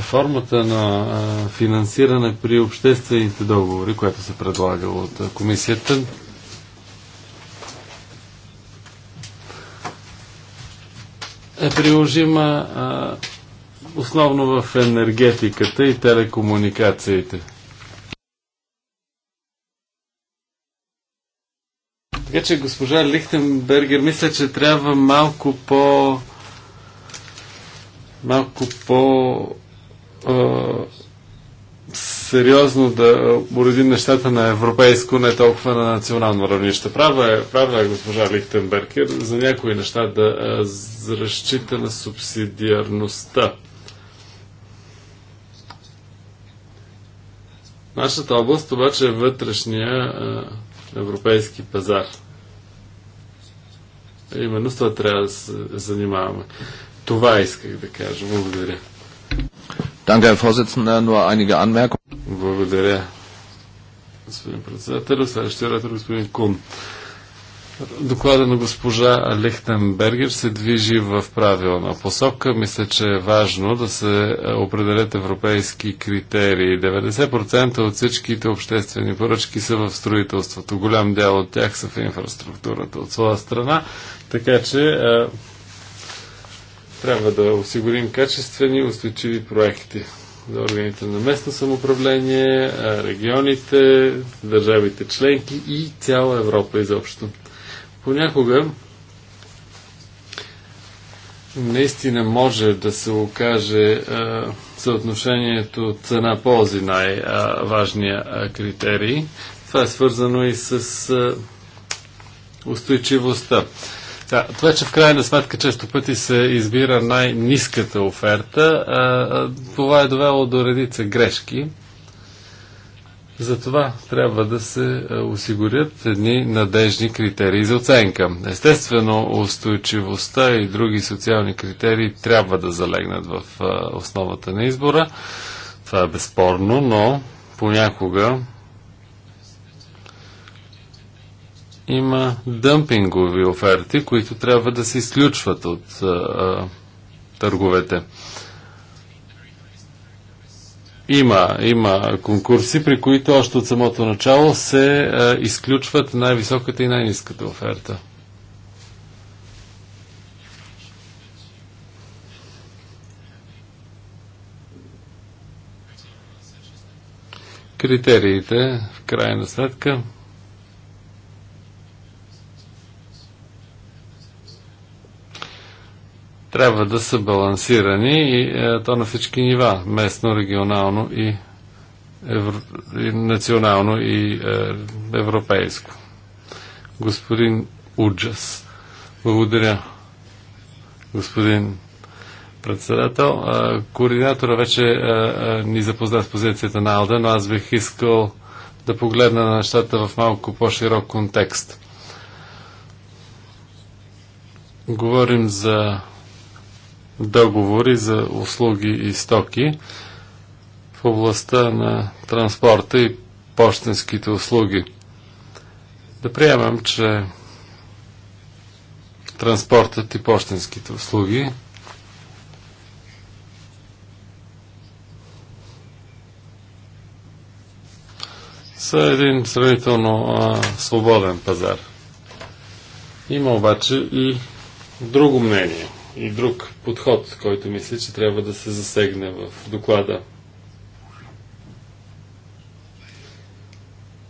Speaker 1: формата на финансиране при обществените договори, което се предлага от комисията, е приложима а, основно в енергетиката и телекомуникациите. Така че госпожа Лихтенбергер мисля, че трябва малко по малко по сериозно да уреди нещата на европейско, не толкова на национално равнище. Права е, права е госпожа Лихтенбергер за някои неща да разчита на субсидиарността. Нашата област обаче е вътрешния а, европейски пазар. Именно с това трябва да се занимаваме. Това исках да кажа. Благодаря. Danke, Herr Vorsitzender. Nur einige Anmerkungen. Благодаря, господин председател. Следващия оратор господин Кун. Доклада на госпожа Лихтенбергер се движи в правилна посока. Мисля, че е важно да се определят европейски критерии. 90% от всичките обществени поръчки са в строителството. Голям дял от тях са в инфраструктурата от своя страна. Така че е, трябва да осигурим качествени, устойчиви проекти за органите на местно самоуправление, регионите, държавите членки и цяла Европа изобщо. Понякога наистина може да се окаже а, съотношението цена-ползи най-важния критерий. Това е свързано и с а, устойчивостта. Да, това, че в крайна сметка често пъти се избира най-низката оферта, а, а, това е довело до редица грешки. Затова трябва да се осигурят едни надежни критерии за оценка. Естествено, устойчивостта и други социални критерии трябва да залегнат в основата на избора. Това е безспорно, но понякога има дъмпингови оферти, които трябва да се изключват от а, а, търговете. Има, има конкурси, при които още от самото начало се а, изключват най-високата и най-низката оферта. Критериите, в крайна сметка, трябва да са балансирани и е, то на всички нива, местно, регионално и, евро, и национално и е, европейско. Господин Уджас. Благодаря, господин председател. Е, координатора вече е, е, ни запозна с позицията на Алда, но аз бих искал да погледна на нещата в малко по-широк контекст. Говорим за договори за услуги и стоки в областта на транспорта и почтенските услуги. Да приемам, че транспортът и почтенските услуги са един сравнително а, свободен пазар. Има обаче и друго мнение друг подход, който мисля, че трябва да се засегне в доклада.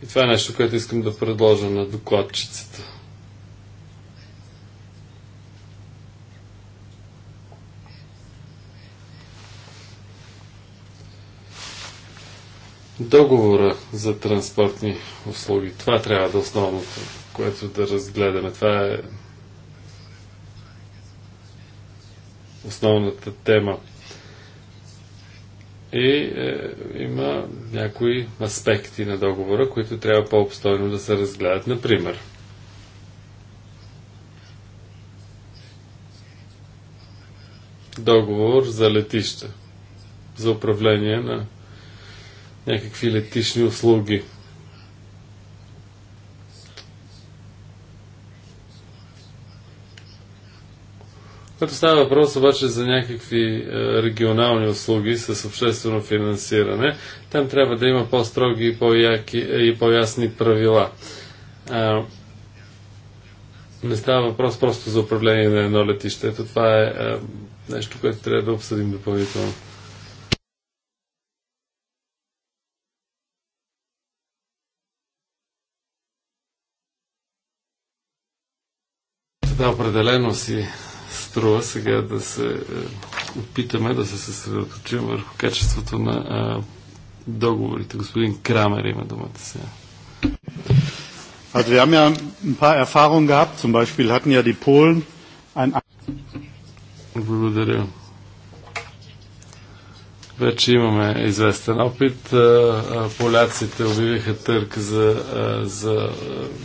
Speaker 1: И това е нещо, което искам да предложа на докладчицата. Договора за транспортни услуги. Това трябва да е основното, което да разгледаме. Това е основната тема. И е, има някои аспекти на договора, които трябва по-обстойно да се разгледат. Например, договор за летища, за управление на някакви летишни услуги – Като става въпрос обаче за някакви е, регионални услуги с обществено финансиране, там трябва да има по-строги и, по е, по-ясни правила. А, не става въпрос просто за управление на едно летище. Ето това е а, е, нещо, което трябва да обсъдим допълнително. Да, определено си струва сега да се е, опитаме да се съсредоточим върху качеството на а, е, договорите. Господин Крамер има думата сега. Also wir haben ja ein paar Erfahrungen gehabt, zum Beispiel hatten ja die Polen ein... Благодаря. Вече имаме известен опит. Е, поляците обявиха търк за, за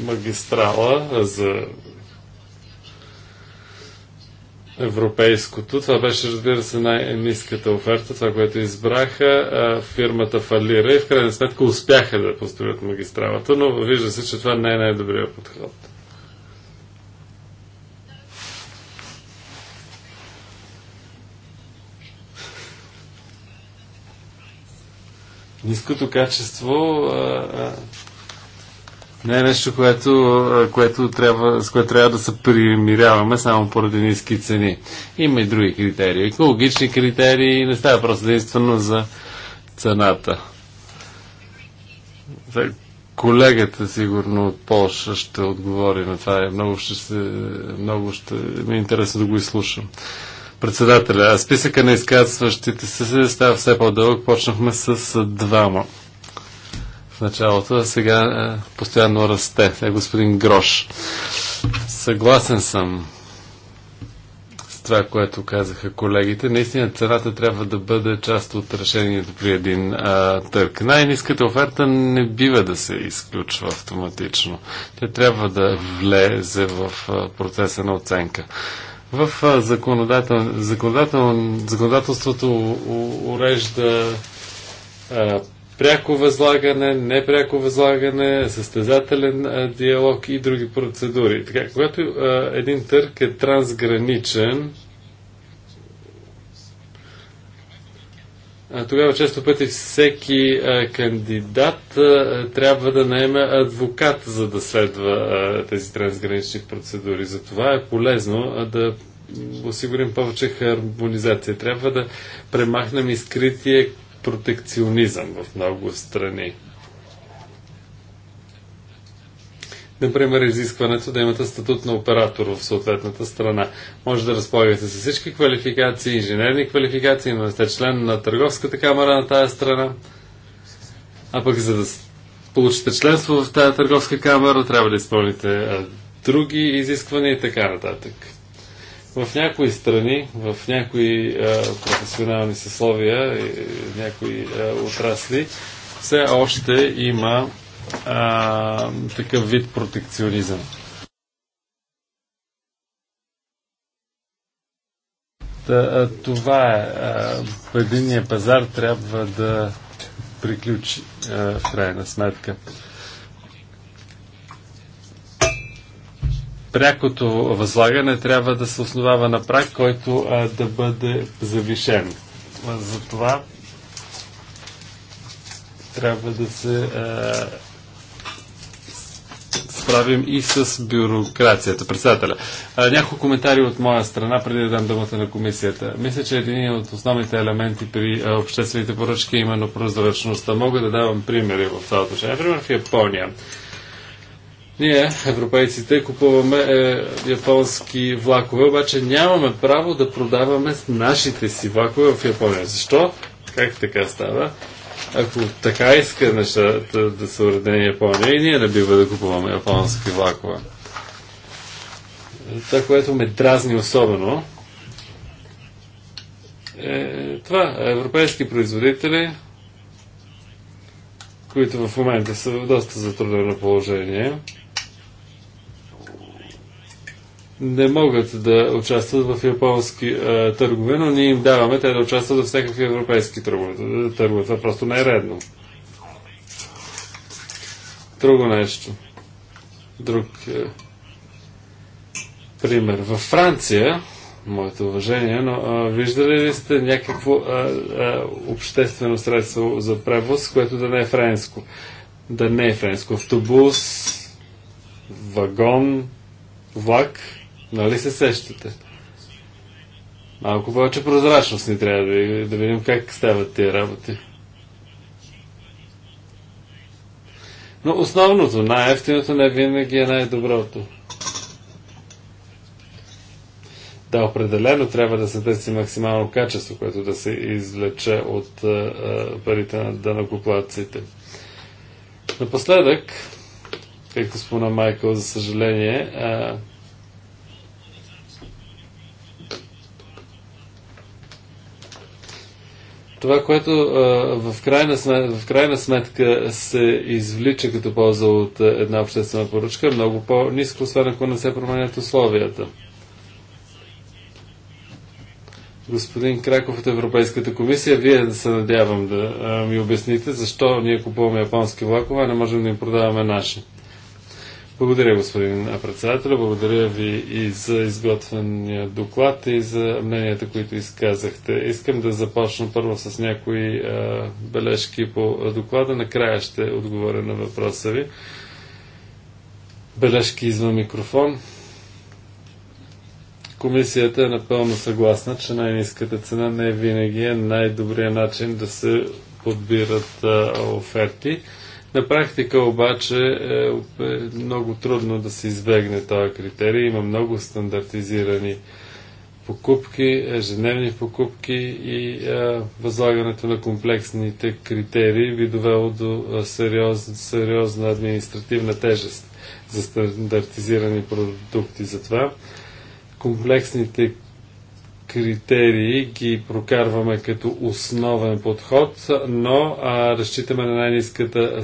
Speaker 1: магистрала, за европейското. Това беше, разбира се, най-низката оферта, това, което избраха. Фирмата фалира и в крайна сметка успяха да построят магистралата, но вижда се, че това не е най-добрият подход. Ниското качество а, а, не е нещо, което, което трябва, с което трябва да се примиряваме само поради ниски цени. Има и други критерии. Екологични критерии не става просто е единствено за цената. Колегата сигурно от Польша ще отговори на това. Много ще, се, много ще ми е интересно да го изслушам. Председателя, списъка на изказващите се става все по-дълъг. Почнахме с двама началото, а сега е, постоянно расте. Е господин Грош. Съгласен съм с това, което казаха колегите. Наистина цената трябва да бъде част от решението при един а, търк. Най-низката оферта не бива да се изключва автоматично. Тя трябва да влезе в а, процеса на оценка в законодател, законодател, законодателството урежда а, пряко възлагане, непряко възлагане, състезателен диалог и други процедури. Така, когато един търг е трансграничен, тогава често пъти всеки кандидат трябва да наеме адвокат, за да следва тези трансгранични процедури. Затова е полезно да осигурим повече хармонизация. Трябва да премахнем изкритие протекционизъм в много страни. Например, изискването да имате статут на оператор в съответната страна. Може да разполагате с всички квалификации, инженерни квалификации, но не сте член на търговската камера на тая страна. А пък за да получите членство в тая търговска камера, трябва да изпълните други изисквания и така нататък в някои страни, в някои а, професионални съсловия, и, някои а, отрасли, все още има а, такъв вид протекционизъм. Та, това е. Единния пазар трябва да приключи а, в крайна сметка. прякото възлагане трябва да се основава на прак, който а, да бъде завишен. Затова трябва да се а, справим и с бюрокрацията. Председателя, а, няколко коментари от моя страна, преди да дам думата на комисията. Мисля, че един от основните елементи при а, обществените поръчки е именно прозрачността. Мога да давам примери в това отношение. Например, в Япония. Ние, европейците, купуваме е, японски влакове, обаче нямаме право да продаваме нашите си влакове в Япония. Защо? Как така става? Ако така иска нещата да се уредени Япония, и ние не бива да купуваме японски влакове. Е, това, което ме дразни особено, е това. Европейски производители, които в момента са в доста затруднено положение, не могат да участват в японски а, е, търгове, но ние им даваме те да участват в всякакви европейски търгове. търгове. Това просто не е редно. Друго нещо. Друг е, пример. Във Франция, моето уважение, но а, е, виждали ли сте някакво а, е, а, обществено средство за превоз, което да не е френско? Да не е френско. Автобус, вагон, влак – Нали се сещате? Малко повече прозрачност ни трябва да, да видим как стават тези работи. Но основното, най-ефтиното не винаги е най-доброто. Да, определено трябва да се търси максимално качество, което да се извлече от а, парите на данакоплаците. Напоследък, както спомена Майкъл, за съжаление, а, Това, което а, в, крайна сметка, в крайна сметка се извлича като полза от една обществена поръчка, е много по-низко, освен ако не се променят условията. Господин Краков от Европейската комисия, вие се надявам да а, ми обясните защо ние купуваме японски влакове, а не можем да им продаваме наши. Благодаря, господин председател. Благодаря ви и за изготвения доклад и за мненията, които изказахте. Искам да започна първо с някои а, бележки по доклада. Накрая ще отговоря на въпроса ви. Бележки извън микрофон. Комисията е напълно съгласна, че най-низката цена не винаги е най-добрият начин да се подбират а, оферти. На практика обаче е, е много трудно да се избегне този критерий. Има много стандартизирани покупки, ежедневни покупки и е, възлагането на комплексните критерии би довело до е, сериоз, сериозна административна тежест за стандартизирани продукти. Затова комплексните критерии ги прокарваме като основен подход, но а, разчитаме на най-низката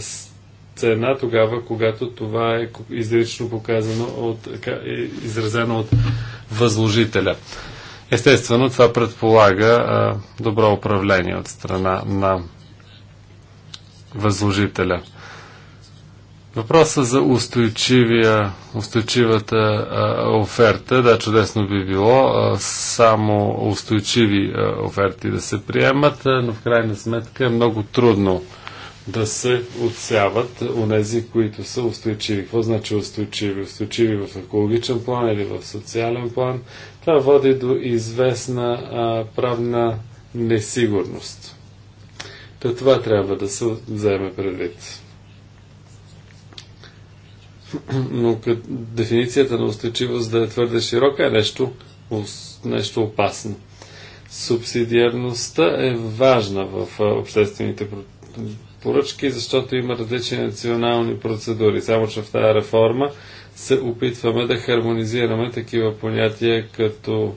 Speaker 1: цена тогава, когато това е изрично показано от, е, изразено от възложителя. Естествено, това предполага а, добро управление от страна на възложителя. Въпроса за устойчивия, устойчивата а, оферта, да, чудесно би било а, само устойчиви а, оферти да се приемат, а, но в крайна сметка е много трудно да се отсяват онези, които са устойчиви. Какво значи устойчиви? Устойчиви в екологичен план или в социален план? Това води до известна а, правна несигурност. То това трябва да се вземе предвид. но като дефиницията на устойчивост да е твърде широка е нещо, нещо опасно. Субсидиарността е важна в обществените поръчки, защото има различни национални процедури. Само, че в тази реформа се опитваме да хармонизираме такива понятия като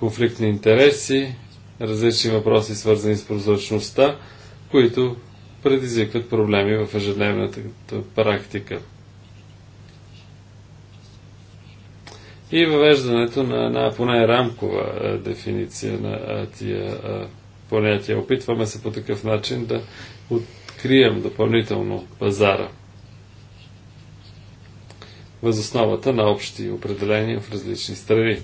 Speaker 1: конфликтни интереси, различни въпроси свързани с прозрачността, които предизвикват проблеми в ежедневната практика. и въвеждането на една поне рамкова дефиниция на тия понятия. Опитваме се по такъв начин да открием допълнително пазара въз основата на общи определения в различни страни.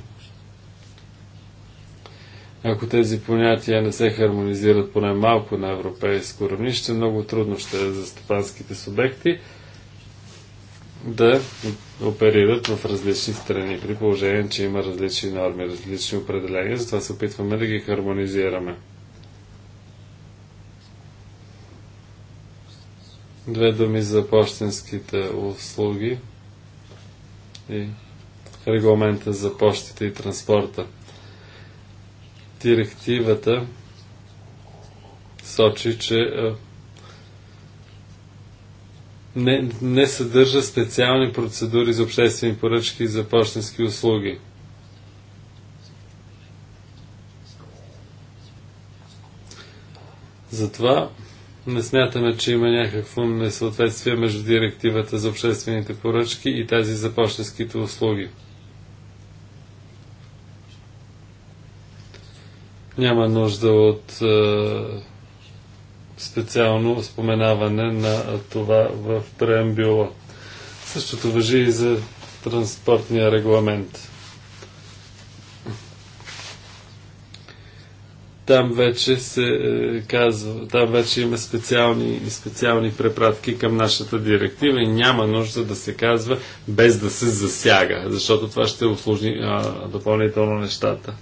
Speaker 1: Ако тези понятия не се хармонизират поне малко на европейско равнище, много трудно ще е за стопанските субекти – да оперират в различни страни, при положение, че има различни норми, различни определения, затова се опитваме да ги хармонизираме. Две думи за почтенските услуги и регламента за почтите и транспорта. Директивата сочи, че е, не, не съдържа специални процедури за обществени поръчки и за почтенски услуги. Затова не смятаме, че има някакво несъответствие между директивата за обществените поръчки и тази за почтенските услуги. Няма нужда от е, специално споменаване на това в преамбюла. Същото въжи и за транспортния регламент. Там вече се е, казва, там вече има специални, специални препратки към нашата директива и няма нужда да се казва без да се засяга, защото това ще услужи допълнително нещата.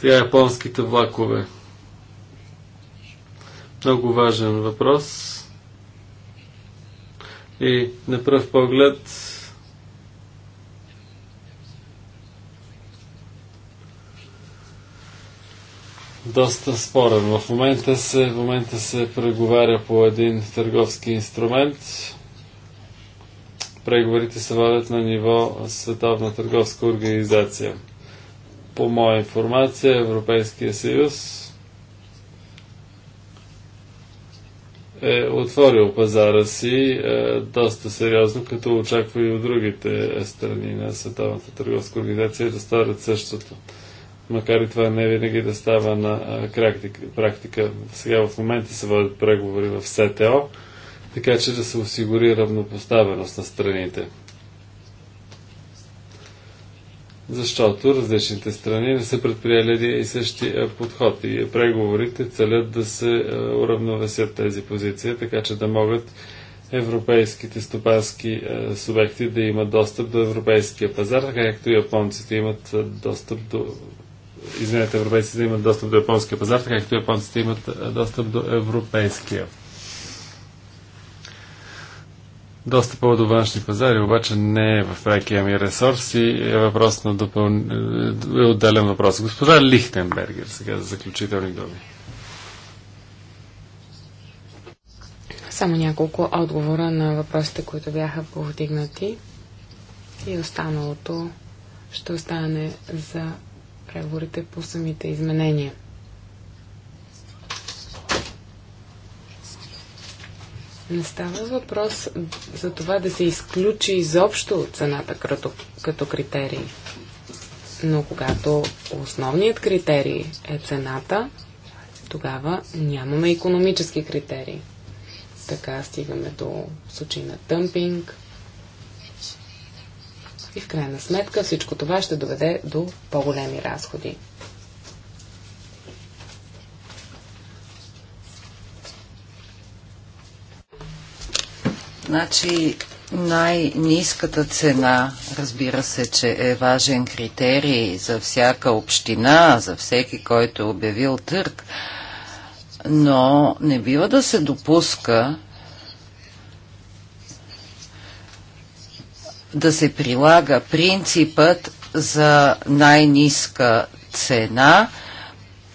Speaker 1: Сега японските влакове. Много важен въпрос. И на пръв поглед доста спорен. В момента се, в момента се преговаря по един търговски инструмент. Преговорите се водят на ниво Световна търговска организация. По моя информация, Европейския съюз е отворил пазара си е, доста сериозно, като очаква и от другите страни на Световната търговска организация да сторят същото. Макар и това не винаги да става на е, практика. практика. Сега в момента се водят преговори в СТО, така че да се осигури равнопоставеност на страните защото различните страни не са предприели един и същи подход и преговорите целят да се уравновесят тези позиции, така че да могат европейските стопански субекти да имат достъп до европейския пазар, така както японците имат достъп до извинете, европейците имат достъп до японския пазар, така както японците имат достъп до европейския. Достъпа до външни пазари обаче не е в прекия ми ресурс и е въпрос на допъл... е отделен въпрос. Господа Лихтенбергер, сега за заключителни думи.
Speaker 3: Само няколко отговора на въпросите, които бяха повдигнати и останалото ще остане за преговорите по самите изменения. Не става въпрос за това да се изключи изобщо цената като, като критерий. Но когато основният критерий е цената, тогава нямаме економически критерии. Така стигаме до случай на тъмпинг, И в крайна сметка всичко това ще доведе до по-големи разходи.
Speaker 2: Значи най-низката цена, разбира се, че е важен критерий за всяка община, за всеки, който е обявил търг, но не бива да се допуска да се прилага принципът за най-низка цена –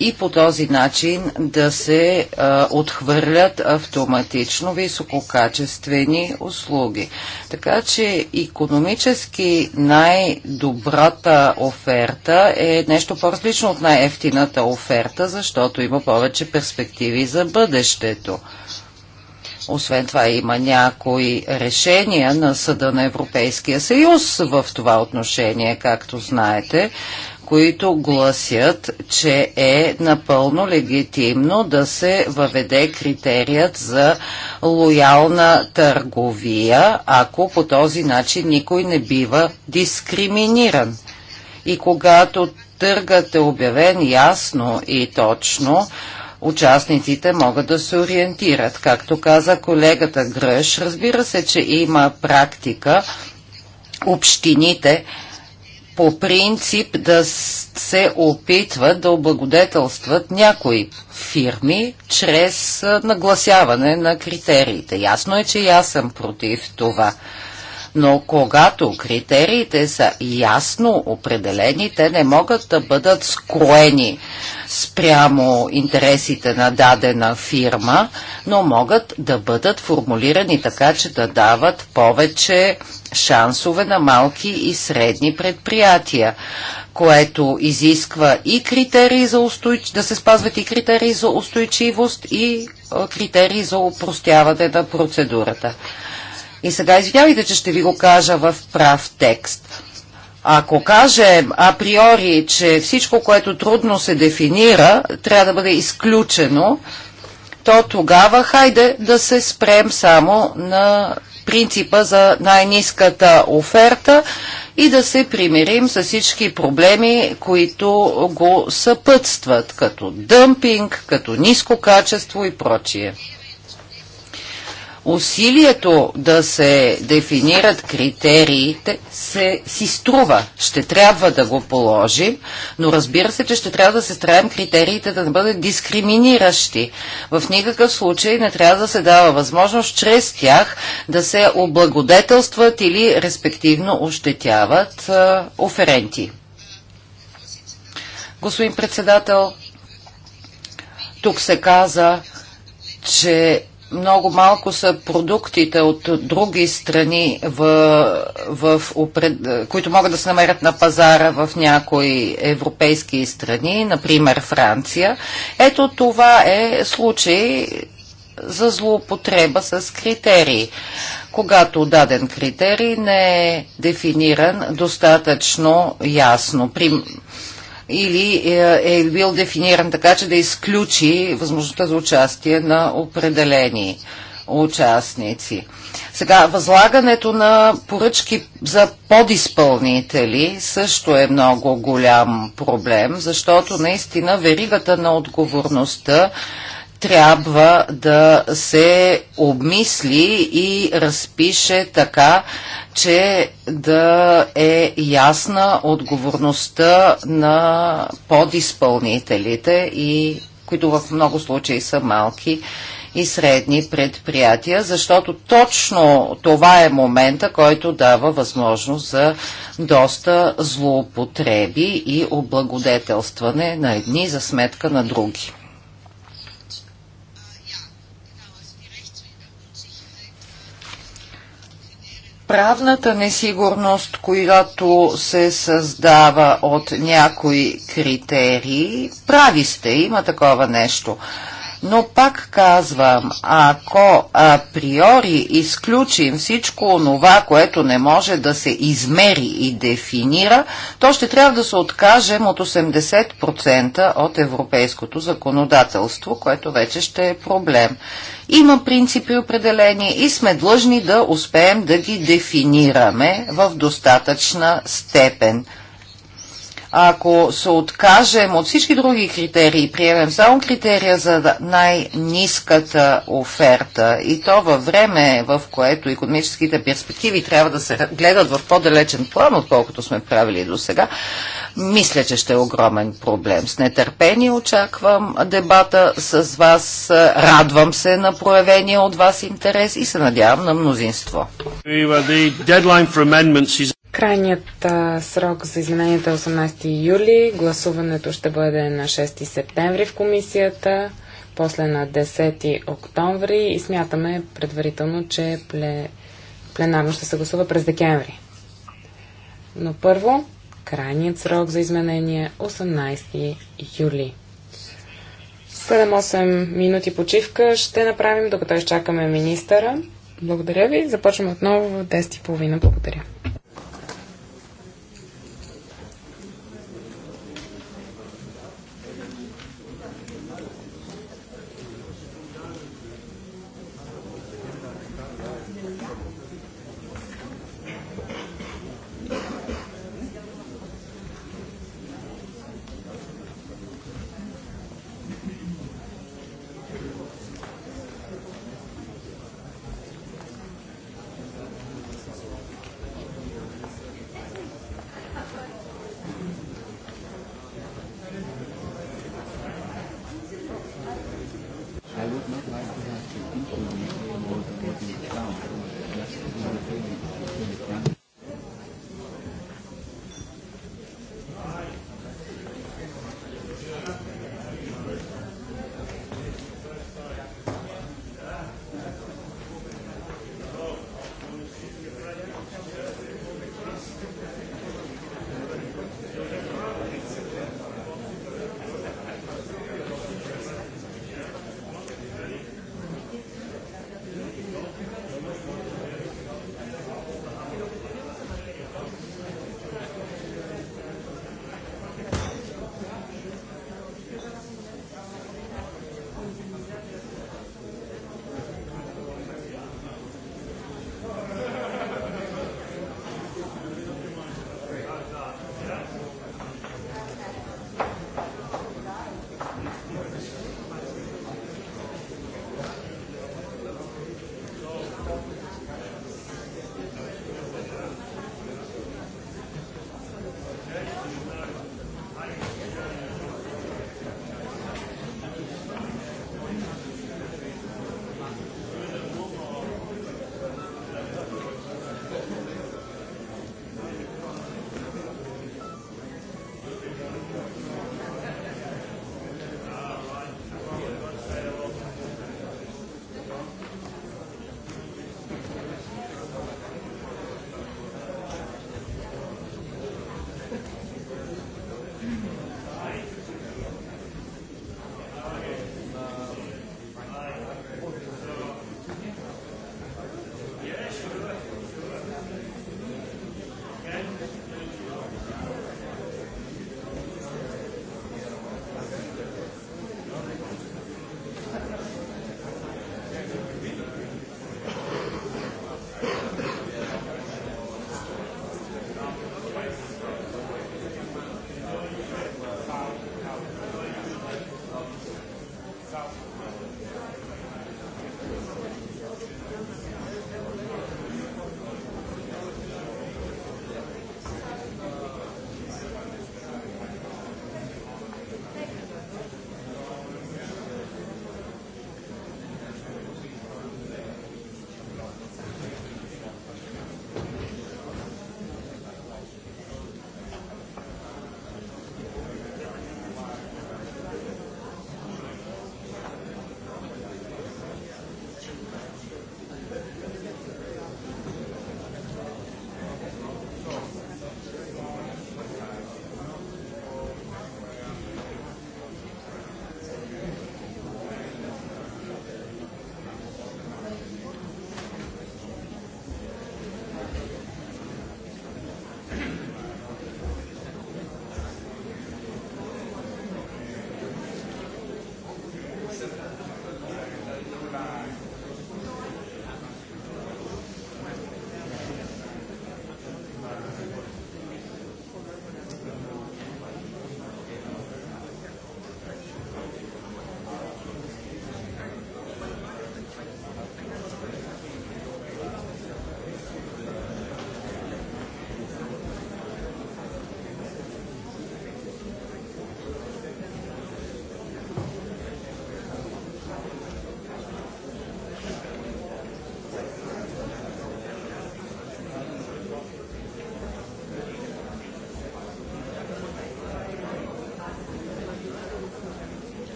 Speaker 2: и по този начин да се а, отхвърлят автоматично висококачествени услуги. Така че економически най-добрата оферта е нещо по-различно от най-ефтината оферта, защото има повече перспективи за бъдещето. Освен това има някои решения на Съда на Европейския съюз в това отношение, както знаете които гласят, че е напълно легитимно да се въведе критерият за лоялна търговия, ако по този начин никой не бива дискриминиран. И когато търгът е обявен ясно и точно, участниците могат да се ориентират. Както каза колегата Гръш, разбира се, че има практика общините по принцип да се опитват да облагодетелстват някои фирми чрез нагласяване на критериите. Ясно е, че и аз съм против това. Но когато критериите са ясно определени, те не могат да бъдат скроени спрямо интересите на дадена фирма, но могат да бъдат формулирани така, че да дават повече шансове на малки и средни предприятия, което изисква и критерии за устойчивост, да се спазват и критерии за устойчивост и критерии за упростяване на процедурата. И сега извинявайте, че ще ви го кажа в прав текст. Ако кажем априори, че всичко, което трудно се дефинира, трябва да бъде изключено, то тогава хайде да се спрем само на принципа за най-низката оферта и да се примирим с всички проблеми, които го съпътстват, като дъмпинг, като ниско качество и прочие усилието да се дефинират критериите се, си струва. Ще трябва да го положим, но разбира се, че ще трябва да се стараем критериите да не бъдат дискриминиращи. В никакъв случай не трябва да се дава възможност чрез тях да се облагодетелстват или респективно ощетяват а, оференти. Господин председател, тук се каза, че много малко са продуктите от други страни, в, в, които могат да се намерят на пазара в някои европейски страни, например Франция. Ето това е случай за злоупотреба с критерии. Когато даден критерий не е дефиниран достатъчно ясно. При, или е, е бил дефиниран така, че да изключи възможността за участие на определени участници. Сега, възлагането на поръчки за подизпълнители също е много голям проблем, защото наистина веригата на отговорността трябва да се обмисли и разпише така, че да е ясна отговорността на подизпълнителите и които в много случаи са малки и средни предприятия, защото точно това е момента, който дава възможност за доста злоупотреби и облагодетелстване на едни за сметка на други. правната несигурност, която се създава от някои критерии, прави сте, има такова нещо. Но пак казвам, ако априори изключим всичко онова, което не може да се измери и дефинира, то ще трябва да се откажем от 80% от европейското законодателство, което вече ще е проблем. Има принципи определени и сме длъжни да успеем да ги дефинираме в достатъчна степен – ако се откажем от всички други критерии, приемем само критерия за най-низката оферта и то във време, в което економическите перспективи трябва да се гледат в по-далечен план, отколкото сме правили до сега, мисля, че ще е огромен проблем. С нетърпение очаквам дебата с вас, радвам се на проявения от вас интерес и се надявам на мнозинство.
Speaker 3: Крайният а, срок за изменението е 18 юли. Гласуването ще бъде на 6 септември в комисията, после на 10 октомври и смятаме предварително, че пле... пленарно ще се гласува през декември. Но първо, крайният срок за изменение 18 е юли. 7-8 минути почивка ще направим, докато изчакаме министъра. Благодаря ви. Започваме отново в 10.30. Благодаря.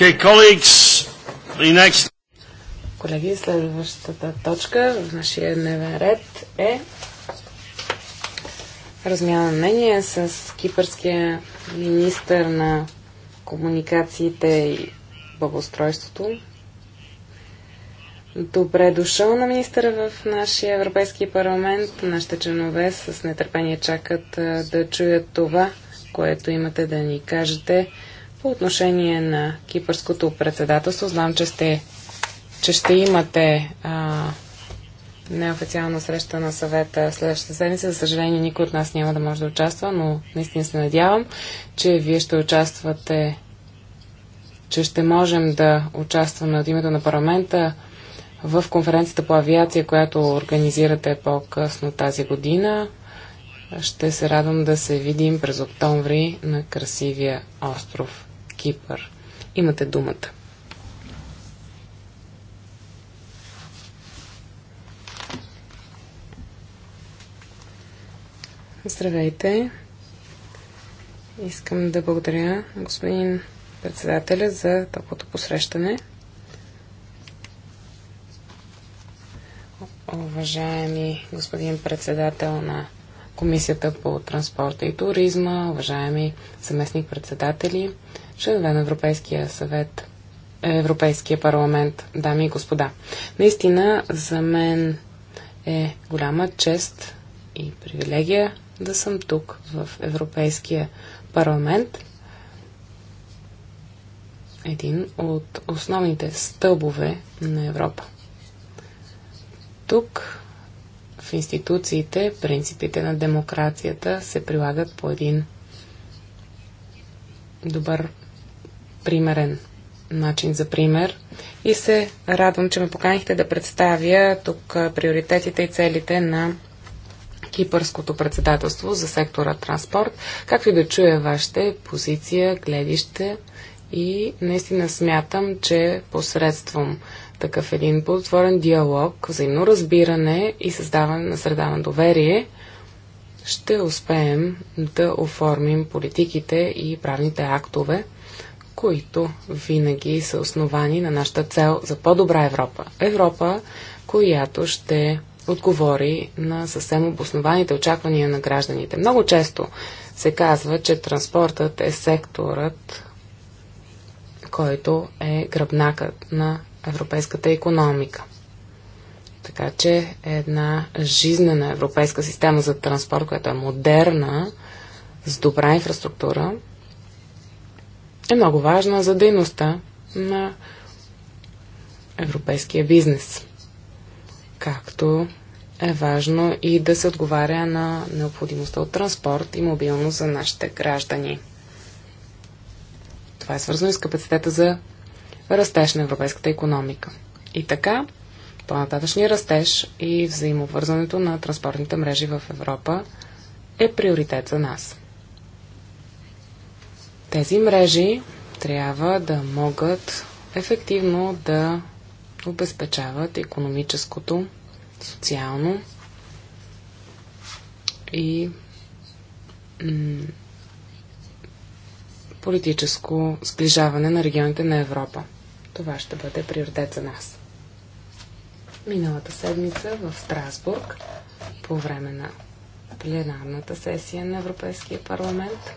Speaker 3: Okay, colleagues, the next... Колеги, следващата точка в нашия дневен ред е размяна на мнение с кипърския министр на комуникациите и благоустройството. Добре дошъл на министъра в нашия Европейски парламент. Нашите членове с нетърпение чакат да чуят това, което имате да ни кажете по отношение на кипърското председателство, знам, че, сте, че ще имате а, неофициална среща на съвета следващата седмица. За съжаление, никой от нас няма да може да участва, но наистина се надявам, че вие ще участвате, че ще можем да участваме от името на парламента в конференцията по авиация, която организирате по-късно тази година. Ще се радвам да се видим през октомври на красивия остров. Кипър. Имате думата. Здравейте! Искам да благодаря господин председателя за топлото посрещане. Уважаеми господин председател на Комисията по транспорта и туризма, уважаеми съместни председатели, членове на Европейския съвет, е, Европейския парламент, дами и господа. Наистина за мен е голяма чест и привилегия да съм тук в Европейския парламент. Един от основните стълбове на Европа. Тук в институциите принципите на демокрацията се прилагат по един добър примерен начин за пример. И се радвам, че ме поканихте да представя тук приоритетите и целите на Кипърското председателство за сектора транспорт, както и да чуя вашите позиция, гледище и наистина смятам, че посредством такъв един подотворен диалог, взаимно разбиране и създаване на среда на доверие, ще успеем да оформим политиките и правните актове, които винаги са основани на нашата цел за по-добра Европа. Европа, която ще отговори на съвсем обоснованите очаквания на гражданите. Много често се казва, че транспортът е секторът, който е гръбнакът на европейската економика. Така че една жизнена европейска система за транспорт, която е модерна, с добра инфраструктура, е много важна за дейността на европейския бизнес. Както е важно и да се отговаря на необходимостта от транспорт и мобилност за нашите граждани. Това е свързано и с капацитета за растеж на европейската економика. И така, по-нататъчния растеж и взаимовързването на транспортните мрежи в Европа е приоритет за нас. Тези мрежи трябва да могат ефективно да обезпечават економическото, социално и политическо сближаване на регионите на Европа. Това ще бъде приоритет за нас. Миналата седмица в Страсбург, по време на пленарната сесия на Европейския парламент,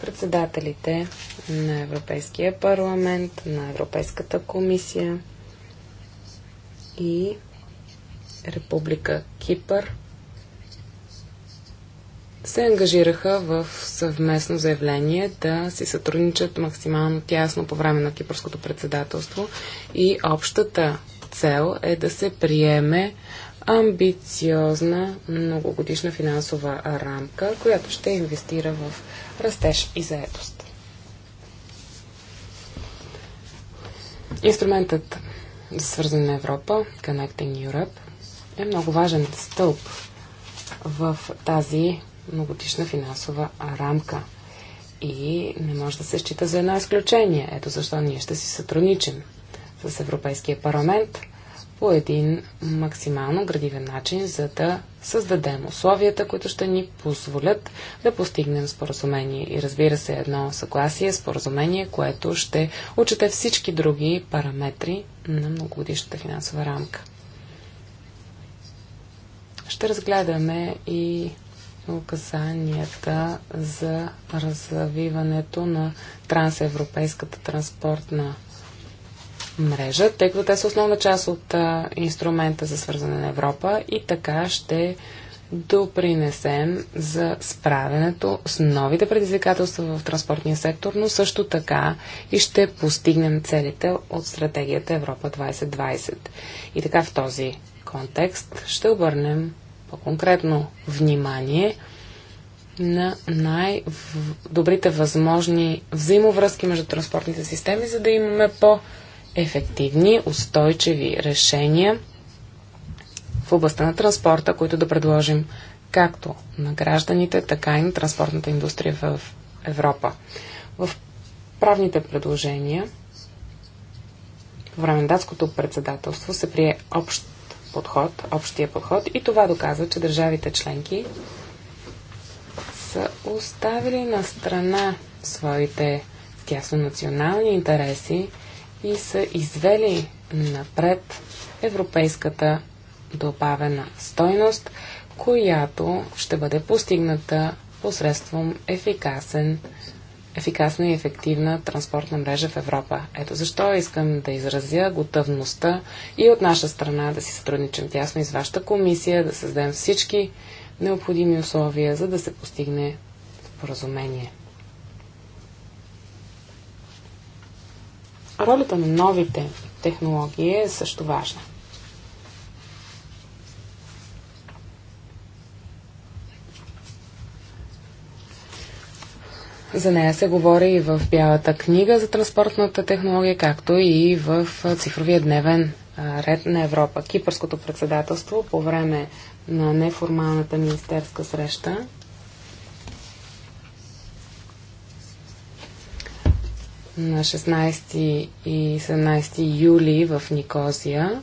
Speaker 3: председателите на Европейския парламент, на Европейската комисия и Република Кипър се ангажираха в съвместно заявление да си сътрудничат максимално тясно по време на кипърското председателство и общата цел е да се приеме амбициозна многогодишна финансова рамка, която ще инвестира в растеж и заедост. Инструментът за свързване на Европа, Connecting Europe, е много важен стълб в тази многодишна финансова рамка. И не може да се счита за едно изключение. Ето защо ние ще си сътрудничим с Европейския парламент по един максимално градивен начин, за да създадем условията, които ще ни позволят да постигнем споразумение. И разбира се, едно съгласие, споразумение, което ще учете всички други параметри на многогодишната финансова рамка. Ще разгледаме и указанията за развиването на трансевропейската транспортна мрежа, тъй като те са основна част от а, инструмента за свързане на Европа и така ще допринесем за справянето с новите предизвикателства в транспортния сектор, но също така и ще постигнем целите от стратегията Европа 2020. И така в този контекст ще обърнем по-конкретно внимание на най-добрите възможни взаимовръзки между транспортните системи, за да имаме по- ефективни, устойчиви решения в областта на транспорта, които да предложим както на гражданите, така и на транспортната индустрия в Европа. В правните предложения по време на датското председателство се прие общ подход, общия подход и това доказва, че държавите членки са оставили на страна своите тясно национални интереси и са извели напред европейската добавена стойност, която ще бъде постигната посредством ефикасен, ефикасна и ефективна транспортна мрежа в Европа. Ето защо искам да изразя готовността и от наша страна да си сътрудничим тясно и с вашата комисия, да създадем всички необходими условия, за да се постигне споразумение. Ролята на новите технологии е също важна. За нея се говори и в Бялата книга за транспортната технология, както и в цифровия дневен ред на Европа. Кипърското председателство по време на неформалната министерска среща на 16 и 17 юли в Никозия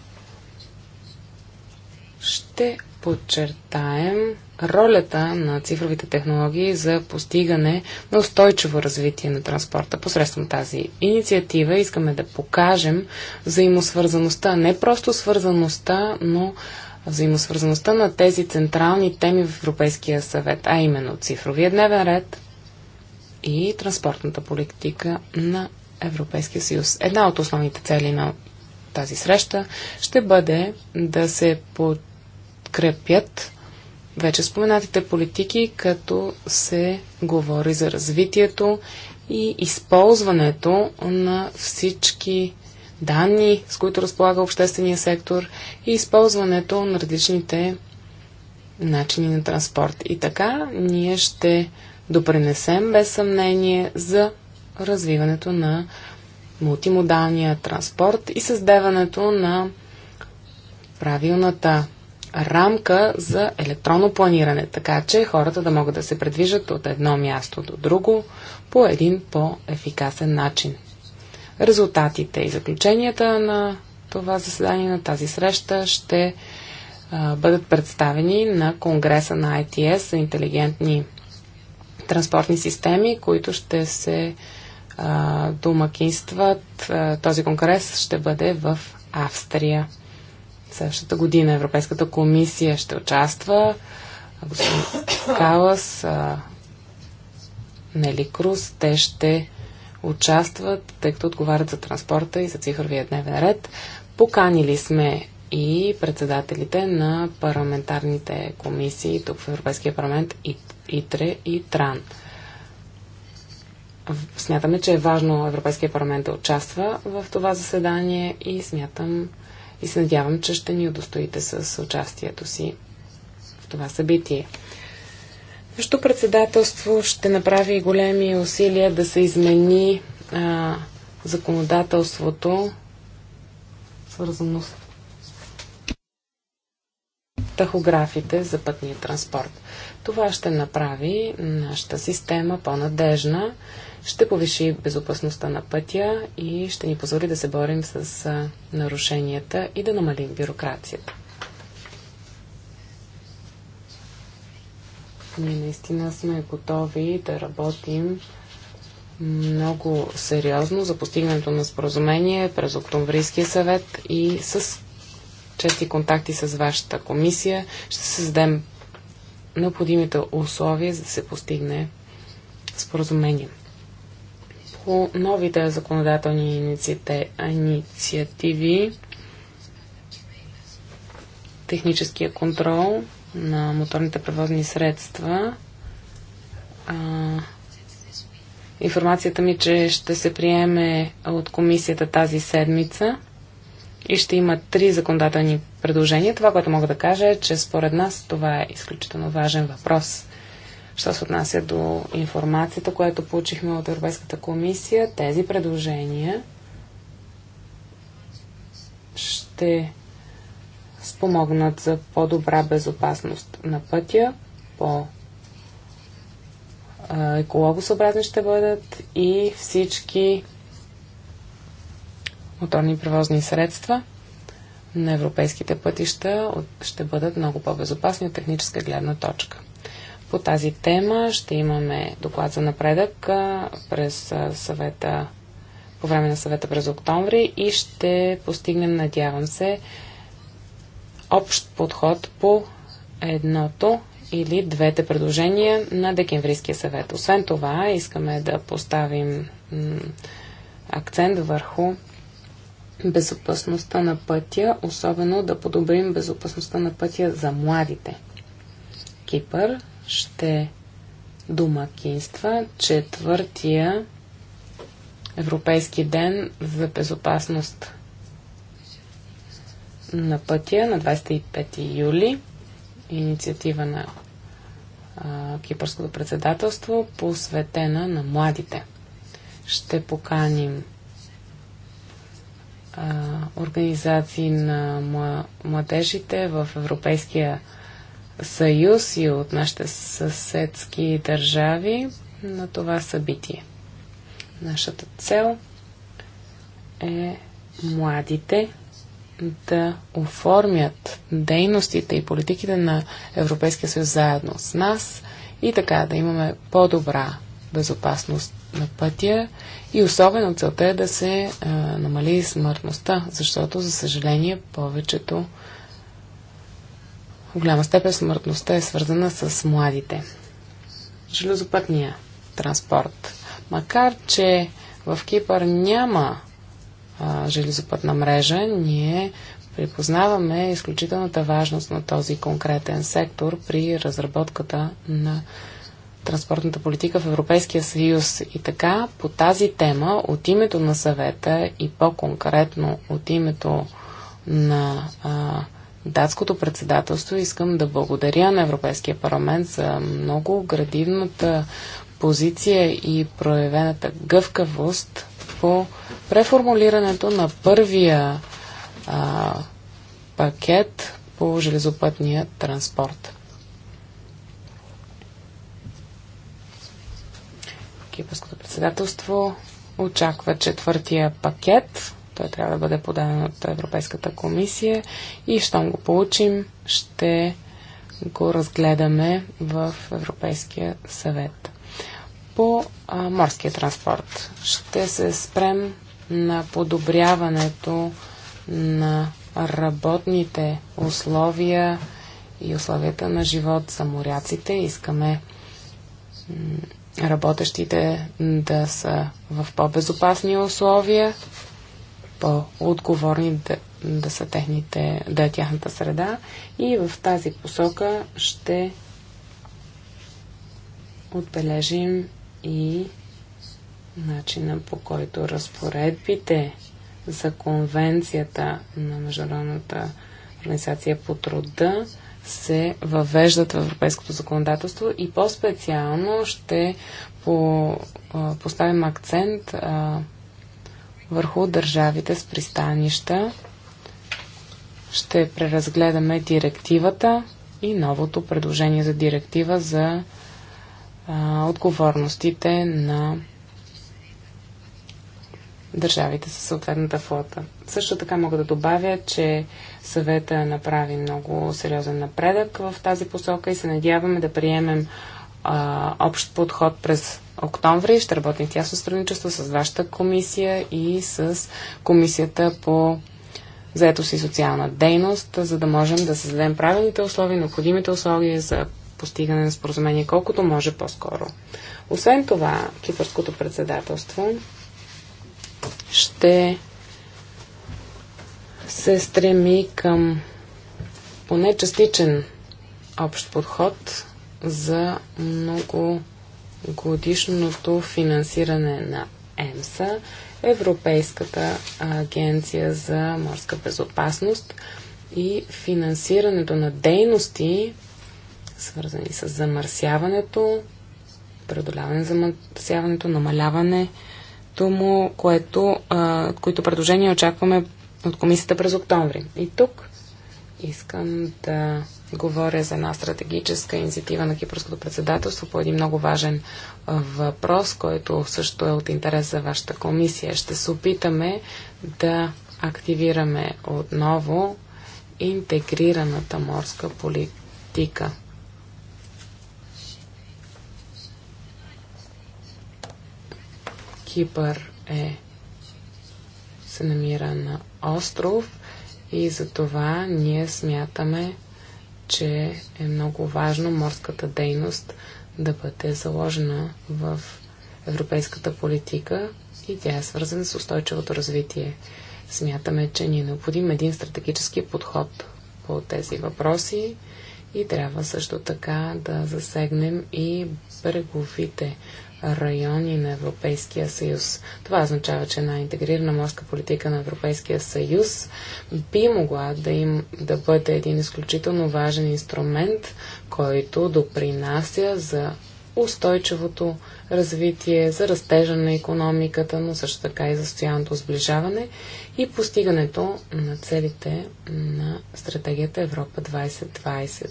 Speaker 3: ще подчертаем ролята на цифровите технологии за постигане на устойчиво развитие на транспорта. Посредством тази инициатива искаме да покажем взаимосвързаността, не просто свързаността, но взаимосвързаността на тези централни теми в Европейския съвет, а именно цифровия дневен ред, и транспортната политика на Европейския съюз. Една от основните цели на тази среща ще бъде да се подкрепят вече споменатите политики, като се говори за развитието и използването на всички данни, с които разполага обществения сектор и използването на различните начини на транспорт. И така ние ще допренесем без съмнение за развиването на мултимодалния транспорт и създаването на правилната рамка за електронно планиране, така че хората да могат да се предвижат от едно място до друго по един по-ефикасен начин. Резултатите и заключенията на това заседание, на тази среща ще а, бъдат представени на Конгреса на ITS за интелигентни транспортни системи, които ще се а, домакинстват. А, този конгрес ще бъде в Австрия. Същата година Европейската комисия ще участва. Господин Калас, а, Нели Круз, те ще участват, тъй като отговарят за транспорта и за цифровия дневен ред. Поканили сме и председателите на парламентарните комисии тук в Европейския парламент ИТРЕ и ТРАН. Смятаме, че е важно Европейския парламент да участва в това заседание и смятам и се надявам, че ще ни удостоите с участието си в това събитие. Нашето председателство ще направи големи усилия да се измени а, законодателството, свързано с тахографите за пътния транспорт. Това ще направи нашата система по-надежна, ще повиши безопасността на пътя и ще ни позволи да се борим с нарушенията и да намалим бюрокрацията. Ние наистина сме готови да работим много сериозно за постигането на споразумение през Октомврийския съвет и с чести контакти с вашата комисия. Ще създадем необходимите условия, за да се постигне споразумение. По новите законодателни инициативи, техническия контрол на моторните превозни средства, а, информацията ми, че ще се приеме от комисията тази седмица – и ще има три законодателни предложения. Това, което мога да кажа е, че според нас това е изключително важен въпрос. Що се отнася до информацията, която получихме от Европейската комисия, тези предложения ще спомогнат за по-добра безопасност на пътя, по е, екологосъобразни ще бъдат и всички моторни превозни средства на европейските пътища ще бъдат много по-безопасни от техническа гледна точка. По тази тема ще имаме доклад за напредък през съвета, по време на съвета през октомври и ще постигнем, надявам се, общ подход по едното или двете предложения на Декемврийския съвет. Освен това, искаме да поставим акцент върху безопасността на пътя, особено да подобрим безопасността на пътя за младите. Кипър ще домакинства четвъртия Европейски ден за безопасност на пътя на 25 юли. Инициатива на а, Кипърското председателство, посветена на младите. Ще поканим организации на младежите в Европейския съюз и от нашите съседски държави на това събитие. Нашата цел е младите да оформят дейностите и политиките на Европейския съюз заедно с нас и така да имаме по-добра безопасност на пътя и особено целта е да се а, намали смъртността, защото, за съжаление, повечето в голяма степен смъртността е свързана с младите. Железопътния транспорт. Макар, че в Кипър няма а, железопътна мрежа, ние припознаваме изключителната важност на този конкретен сектор при разработката на транспортната политика в Европейския съюз. И така, по тази тема, от името на съвета и по-конкретно от името на а, датското председателство, искам да благодаря на Европейския парламент за много градивната позиция и проявената гъвкавост по преформулирането на първия а, пакет по железопътния транспорт. Кипърското председателство очаква четвъртия пакет. Той трябва да бъде подаден от Европейската комисия и щом го получим, ще го разгледаме в Европейския съвет. По а, морския транспорт ще се спрем на подобряването на работните условия и условията на живот за моряците. Искаме работещите да са в по-безопасни условия, по-отговорни да, да са техните, да е тяхната среда и в тази посока ще отбележим и начина по който разпоредбите за конвенцията на Международната организация по труда се въвеждат в европейското законодателство и по-специално ще по, а, поставим акцент а, върху държавите с пристанища. Ще преразгледаме директивата и новото предложение за директива за а, отговорностите на държавите със съответната флота. Също така мога да добавя, че Съвета направи много сериозен напредък в тази посока и се надяваме да приемем а, общ подход през октомври. Ще работим в тясно сътрудничество с вашата комисия и с комисията по заето си социална дейност, за да можем да създадем правилните условия, необходимите условия за постигане на споразумение колкото може по-скоро. Освен това, кипърското председателство ще се стреми към поне частичен общ подход за многогодишното финансиране на ЕМСА, Европейската агенция за морска безопасност и финансирането на дейности, свързани с замърсяването, преодоляване на замърсяването, намаляването му, което, а, които предложения очакваме от комисията през октомври. И тук искам да говоря за една стратегическа инициатива на Кипърското председателство по един много важен въпрос, който също е от интерес за вашата комисия. Ще се опитаме да активираме отново интегрираната морска политика. Кипър е се намира на остров и за това ние смятаме, че е много важно морската дейност да бъде заложена в европейската политика и тя е свързана с устойчивото развитие. Смятаме, че ни е необходим един стратегически подход по тези въпроси и трябва също така да засегнем и бреговите райони на Европейския съюз. Това означава, че една интегрирана морска политика на Европейския съюз би могла да, им, да бъде един изключително важен инструмент, който допринася за устойчивото развитие, за растежа на економиката, но също така и за стоянното сближаване и постигането на целите на стратегията Европа 2020.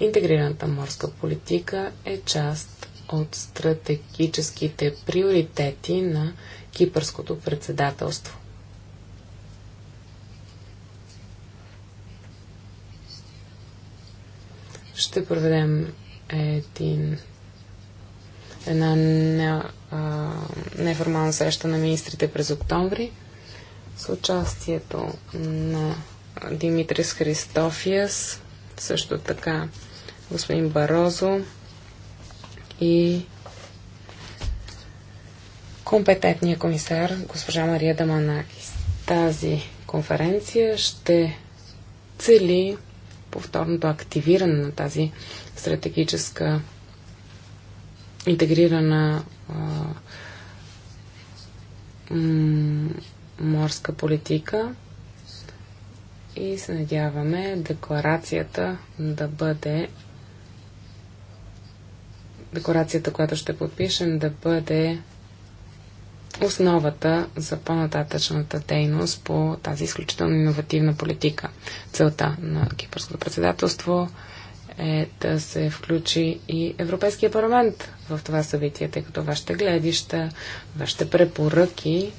Speaker 3: Интегрираната морска политика е част от стратегическите приоритети на кипърското председателство. Ще проведем един, една не, а, неформална среща на министрите през октомври с участието на Димитрис Христофиас, също така господин Барозо, и компетентния комисар госпожа Мария Даманакис. Тази конференция ще цели повторното активиране на тази стратегическа интегрирана а, морска политика и се надяваме декларацията да бъде декларацията, която ще подпишем, да бъде основата за по-нататъчната дейност по тази изключително иновативна политика. Целта на Кипърското председателство е да се включи и Европейския парламент в това събитие, тъй като вашите гледища, вашите препоръки,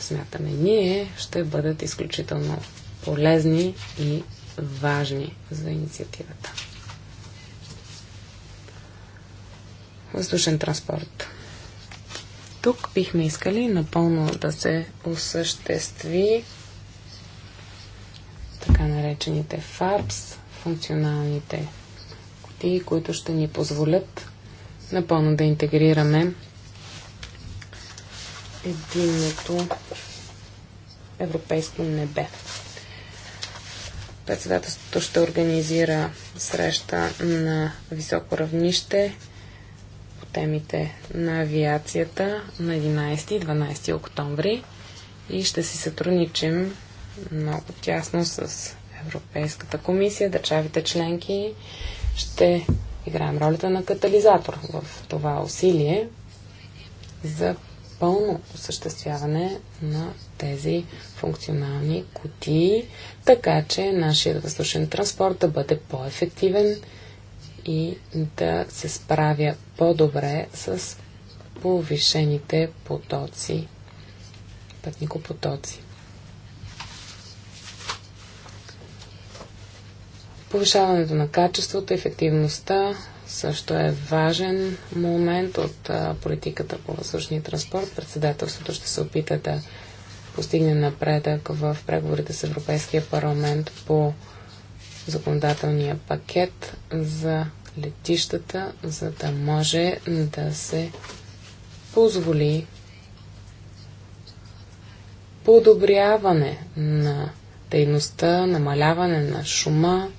Speaker 3: смятаме ние, ще бъдат изключително полезни и важни за инициативата. въздушен транспорт. Тук бихме искали напълно да се осъществи така наречените ФАПС, функционалните кутии, които ще ни позволят напълно да интегрираме единното европейско небе. Председателството ще организира среща на високо равнище темите на авиацията на 11 и 12 октомври и ще си сътрудничим много тясно с Европейската комисия, държавите членки. Ще играем ролята на катализатор в това усилие за пълно осъществяване на тези функционални кутии, така че нашият въздушен транспорт да бъде по-ефективен, и да се справя по-добре с повишените потоци, пътникопотоци. Повишаването на качеството, ефективността също е важен момент от политиката по въздушния транспорт. Председателството ще се опита да постигне напредък в преговорите с Европейския парламент по законодателния пакет за летищата, за да може да се позволи подобряване на дейността, намаляване на шума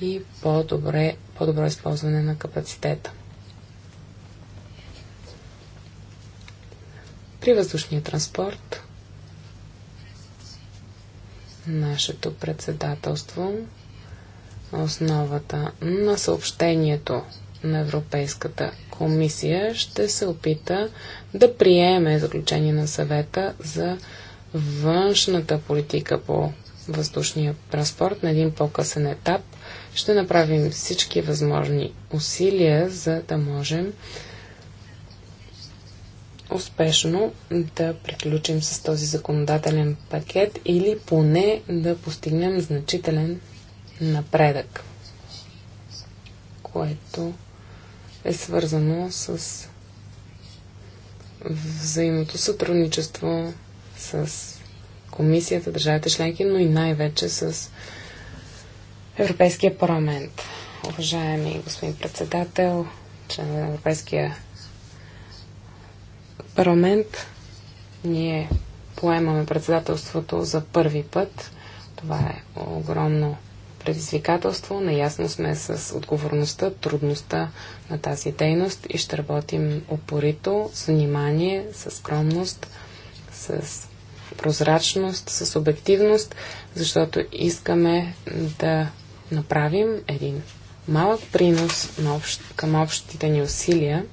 Speaker 3: и по-добре, по-добро използване на капацитета. При въздушния транспорт нашето председателство основата на съобщението на Европейската комисия ще се опита да приеме заключение на съвета за външната политика по въздушния транспорт на един по-късен етап. Ще направим всички възможни усилия, за да можем успешно да приключим с този законодателен пакет или поне да постигнем значителен напредък, което е свързано с взаимното сътрудничество с комисията, държавите членки, но и най-вече с Европейския парламент. Уважаеми господин председател, член на Европейския парламент, ние поемаме председателството за първи път. Това е огромно предизвикателство. Наясно сме с отговорността, трудността на тази дейност и ще работим опорито, с внимание, с скромност, с прозрачност, с обективност, защото искаме да направим един малък принос на общ, към общите ни усилия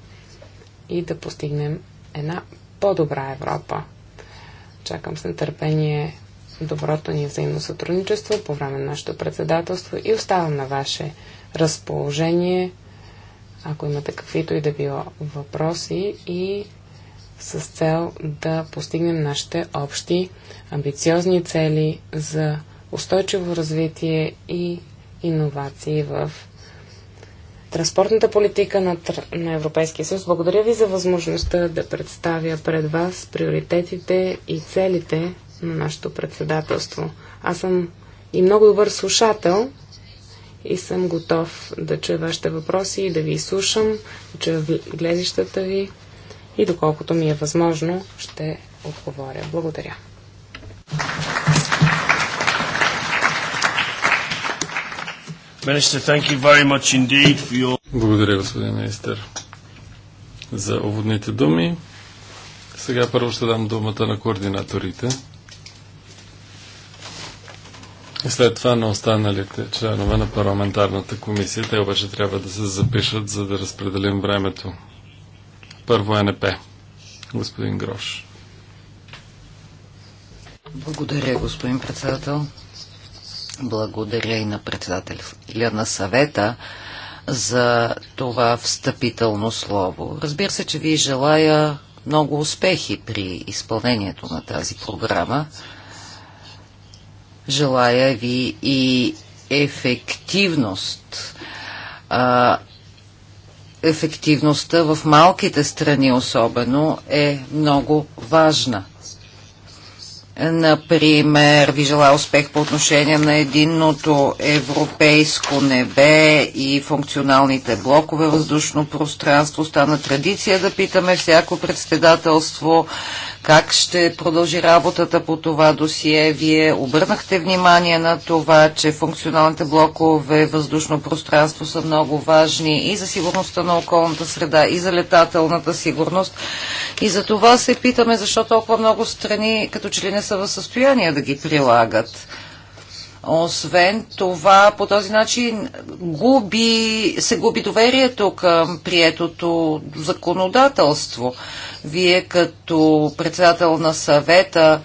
Speaker 3: и да постигнем една по-добра Европа. Чакам с нетърпение доброто ни взаимно сътрудничество по време на нашето председателство и оставам на ваше разположение, ако имате каквито и да било въпроси и с цел да постигнем нашите общи амбициозни цели за устойчиво развитие и иновации в транспортната политика на, на Европейския съюз. Благодаря ви за възможността да представя пред вас приоритетите и целите на нашето председателство. Аз съм и много добър слушател и съм готов да чуя вашите въпроси и да ви слушам, да чуя глезищата ви и доколкото ми е възможно, ще отговоря. Благодаря.
Speaker 1: Благодаря, господин министър, за уводните думи. Сега първо ще дам думата на координаторите. И след това на останалите членове на парламентарната комисия. Те обаче трябва да се запишат, за да разпределим времето. Първо НП. Господин Грош.
Speaker 2: Благодаря, господин председател. Благодаря и на председателя на съвета за това встъпително слово. Разбира се, че ви желая много успехи при изпълнението на тази програма. Желая ви и ефективност. А, ефективността в малките страни особено е много важна. Например, ви желая успех по отношение на единното европейско небе и функционалните блокове въздушно пространство. Стана традиция да питаме всяко председателство как ще продължи работата по това досие? Вие обърнахте внимание на това, че функционалните блокове въздушно пространство са много важни и за сигурността на околната среда, и за летателната сигурност. И за това се питаме, защо толкова много страни като че ли не са в състояние да ги прилагат. Освен това, по този начин губи, се губи доверието към приетото законодателство. Вие като председател на съвета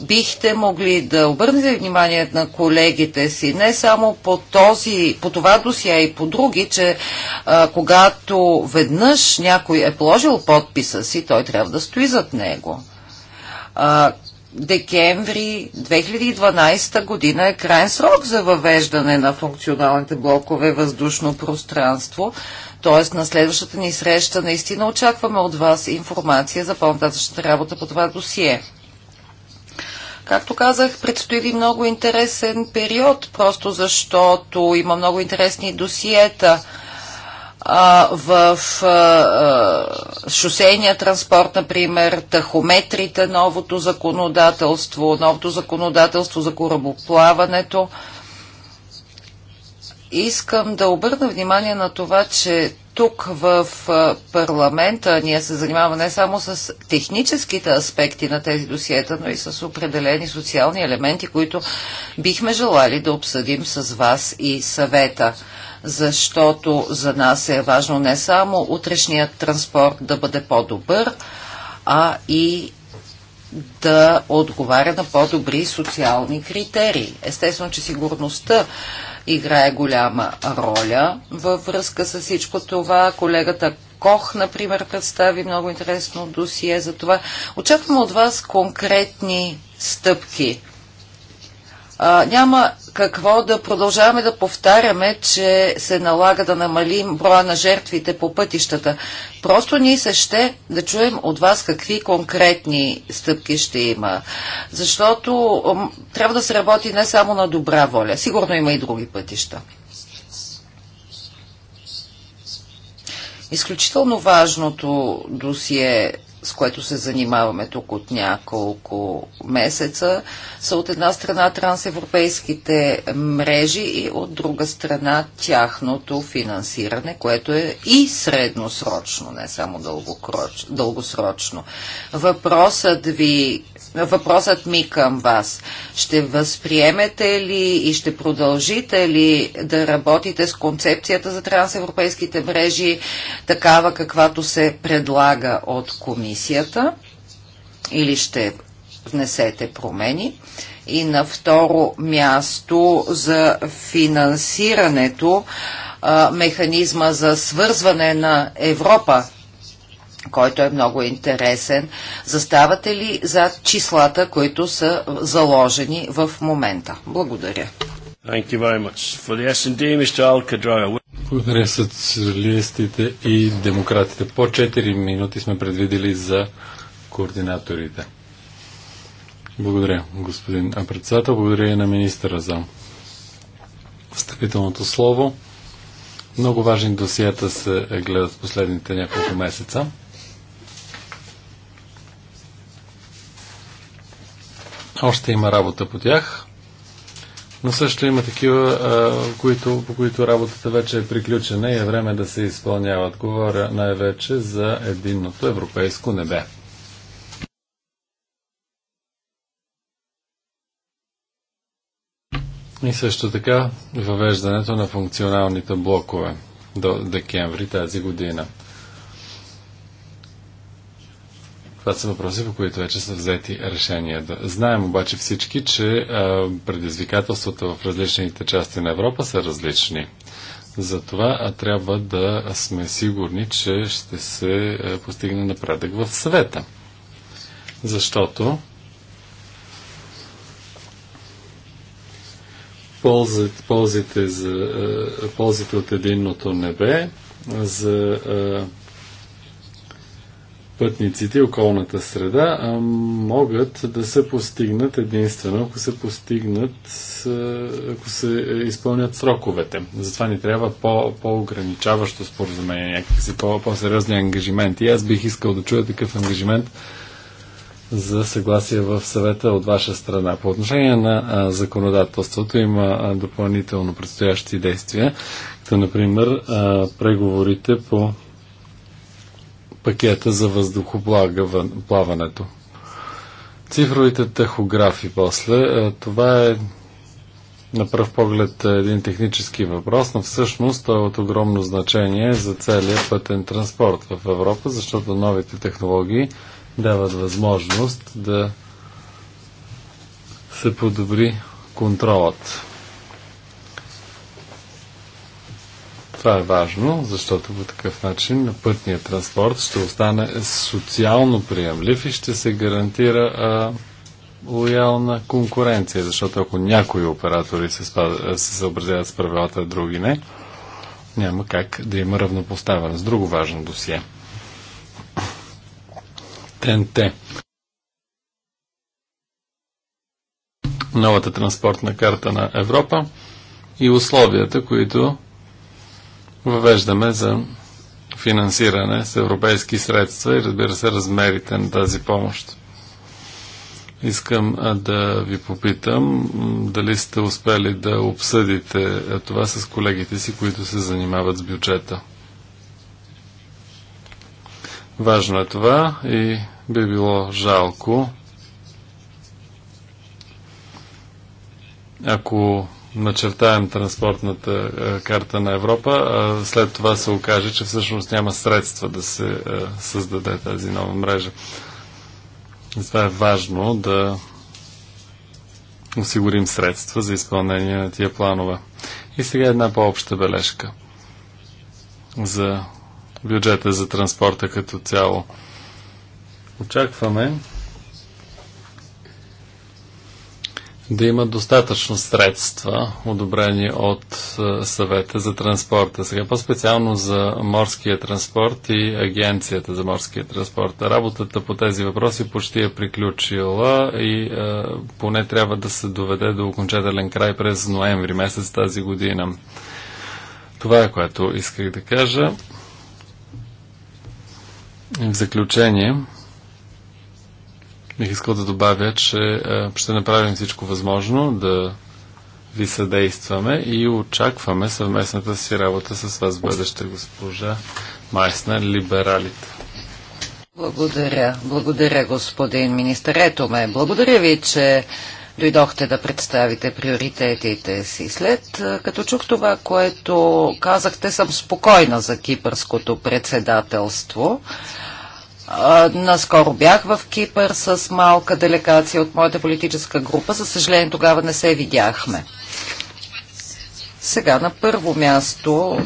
Speaker 2: бихте могли да обърнете внимание на колегите си, не само по, този, по това досия и по други, че а, когато веднъж някой е положил подписа си, той трябва да стои зад него. А, декември 2012 година е крайен срок за въвеждане на функционалните блокове въздушно пространство. Т.е. на следващата ни среща наистина очакваме от вас информация за по-нататъчната работа по това досие. Както казах, предстои ви много интересен период, просто защото има много интересни досиета в шосейния транспорт, например, тахометрите, новото законодателство, новото законодателство за корабоплаването. Искам да обърна внимание на това, че тук в парламента ние се занимаваме не само с техническите аспекти на тези досиета, но и с определени социални елементи, които бихме желали да обсъдим с вас и съвета защото за нас е важно не само утрешният транспорт да бъде по-добър, а и да отговаря на по-добри социални критерии. Естествено, че сигурността играе голяма роля във връзка с всичко това. Колегата Кох, например, представи много интересно досие за това. Очакваме от вас конкретни стъпки а, няма какво да продължаваме да повтаряме, че се налага да намалим броя на жертвите по пътищата. Просто ние се ще да чуем от вас какви конкретни стъпки ще има. Защото трябва да се работи не само на добра воля. Сигурно има и други пътища. Изключително важното досие с което се занимаваме тук от няколко месеца, са от една страна трансевропейските мрежи и от друга страна тяхното финансиране, което е и средносрочно, не само дългосрочно. Въпросът ви въпросът ми към вас. Ще възприемете ли и ще продължите ли да работите с концепцията за трансевропейските мрежи, такава каквато се предлага от комисията? Или ще внесете промени? И на второ място за финансирането механизма за свързване на Европа който е много интересен. Заставате ли за числата, които са заложени в момента? Благодаря.
Speaker 1: Благодаря социалистите и демократите. По 4 минути сме предвидели за координаторите. Благодаря, господин председател. Благодаря и на министъра за встъпителното слово. Много важни досията се гледат в последните няколко месеца. Още има работа по тях, но също има такива, които, по които работата вече е приключена и е време да се изпълняват. Говоря най-вече за единното европейско небе. И също така въвеждането на функционалните блокове до декември тази година. Това са въпроси, по които вече са взети решения. Знаем обаче всички, че предизвикателствата в различните части на Европа са различни. Затова трябва да сме сигурни, че ще се постигне напредък в съвета. Защото ползите, ползите, за, ползите от единното небе за пътниците и околната среда а, могат да се постигнат единствено, ако се постигнат, ако се е, изпълнят сроковете. Затова ни трябва по, по-ограничаващо споразумение, някакси по, по-сериозни ангажименти. И аз бих искал да чуя такъв ангажимент за съгласие в съвета от ваша страна. По отношение на а, законодателството има а, допълнително предстоящи действия, като например а, преговорите по пакета за въздухоплаването. Цифровите тахографи после. Е, това е на пръв поглед един технически въпрос, но всъщност той е от огромно значение за целия пътен транспорт в Европа, защото новите технологии дават възможност да се подобри контролът. Това е важно, защото по такъв начин на пътния транспорт ще остане социално приемлив и ще се гарантира а, лоялна конкуренция, защото ако някои оператори се, спа, се съобразяват с правилата, а други не, няма как да има равнопоставяне. С друго важно досие. ТНТ. Новата транспортна карта на Европа и условията, които въвеждаме за финансиране с европейски средства и разбира се размерите на тази помощ. Искам да ви попитам дали сте успели да обсъдите това с колегите си, които се занимават с бюджета. Важно е това и би било жалко, ако начертаем транспортната е, карта на Европа, а след това се окаже, че всъщност няма средства да се е, създаде тази нова мрежа. Затова е важно да осигурим средства за изпълнение на тия планове. И сега една по-обща бележка за бюджета за транспорта като цяло. Очакваме да има достатъчно средства, одобрени от е, съвета за транспорта. Сега по-специално за морския транспорт и агенцията за морския транспорт. Работата по тези въпроси почти е приключила и е, поне трябва да се доведе до окончателен край през ноември месец тази година. Това е което исках да кажа. В заключение, Бих искал да добавя, че е, ще направим всичко възможно да ви съдействаме и очакваме съвместната си работа с вас, бъдеща госпожа Майсна, либералите.
Speaker 2: Благодаря. Благодаря, господин министър. Ето ме. Благодаря ви, че дойдохте да представите приоритетите си. След е, като чух това, което казахте, съм спокойна за кипърското председателство. Наскоро бях в Кипър с малка делегация от моята политическа група. За съжаление тогава не се видяхме. Сега на първо място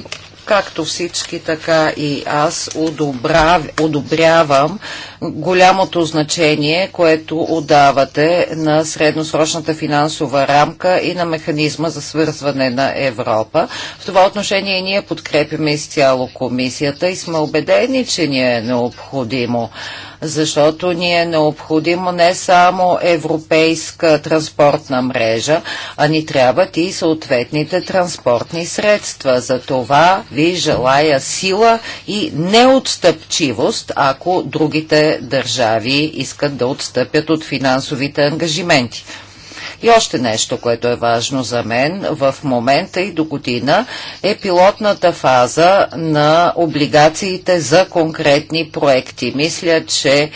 Speaker 2: Както всички, така и аз одобрав, одобрявам голямото значение, което отдавате на средносрочната финансова рамка и на механизма за свързване на Европа. В това отношение ние подкрепяме изцяло комисията и сме убедени, че ни е необходимо защото ни е необходимо не само европейска транспортна мрежа, а ни трябват и съответните транспортни средства. За това ви желая сила и неотстъпчивост, ако другите държави искат да отстъпят от финансовите ангажименти. И още нещо, което е важно за мен в момента и до година е пилотната фаза на облигациите за конкретни проекти. Мисля, че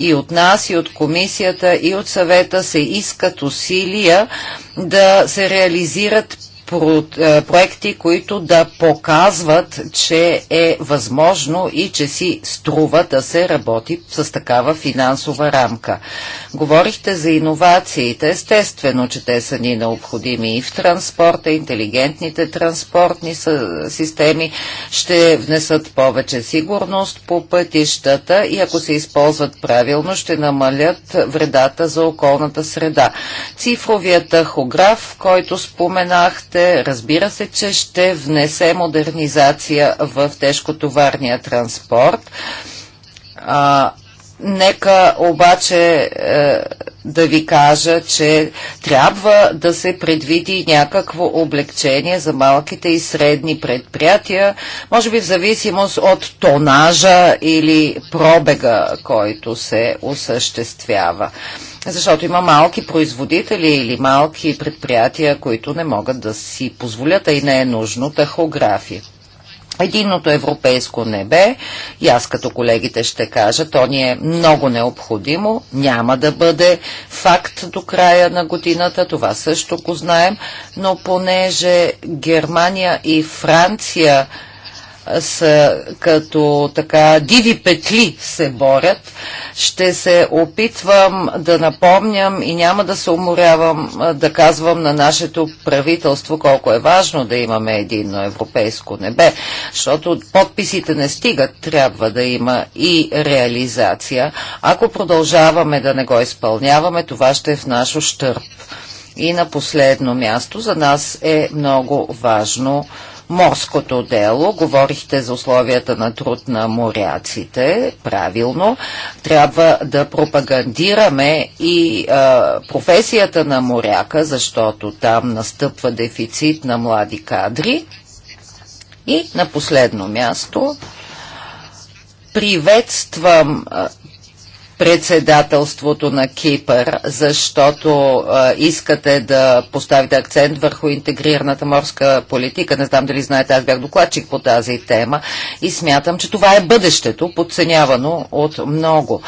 Speaker 2: и от нас, и от комисията, и от съвета се искат усилия да се реализират е, проекти, които да показват, че е възможно и че си струва да се работи с такава финансова рамка. Говорихте за иновациите. Естествено, че те са ни необходими и в транспорта, интелигентните транспортни системи ще внесат повече сигурност по пътищата и ако се използват правилно, ще намалят вредата за околната среда. Цифровият тахограф, който споменахте, въпросите. Разбира се, че ще внесе модернизация в тежкотоварния транспорт. А, нека обаче е, да ви кажа, че трябва да се предвиди някакво облегчение за малките и средни предприятия, може би в зависимост от тонажа или пробега, който се осъществява. Е, защото има малки производители или малки предприятия, които не могат да си позволят, а и не е нужно тахографи. Единното европейско небе, и аз като колегите ще кажа, то ни е много необходимо, няма да бъде факт до края на годината, това също го знаем, но понеже Германия и Франция са като така диви петли се борят. Ще се опитвам да напомням и няма да се уморявам да казвам на нашето правителство колко е важно да имаме единно европейско небе, защото подписите не стигат, трябва да има и реализация. Ако продължаваме да не го изпълняваме, това ще е в наш ущърп. И на последно място за нас е много важно морското дело. Говорихте за условията на труд на моряците, правилно. Трябва да пропагандираме и а, професията на моряка, защото там настъпва дефицит на млади кадри. И на последно място приветствам председателството на Кипър, защото а, искате да поставите акцент върху интегрираната морска политика. Не знам дали знаете, аз бях докладчик по тази тема и смятам, че това е бъдещето, подценявано от много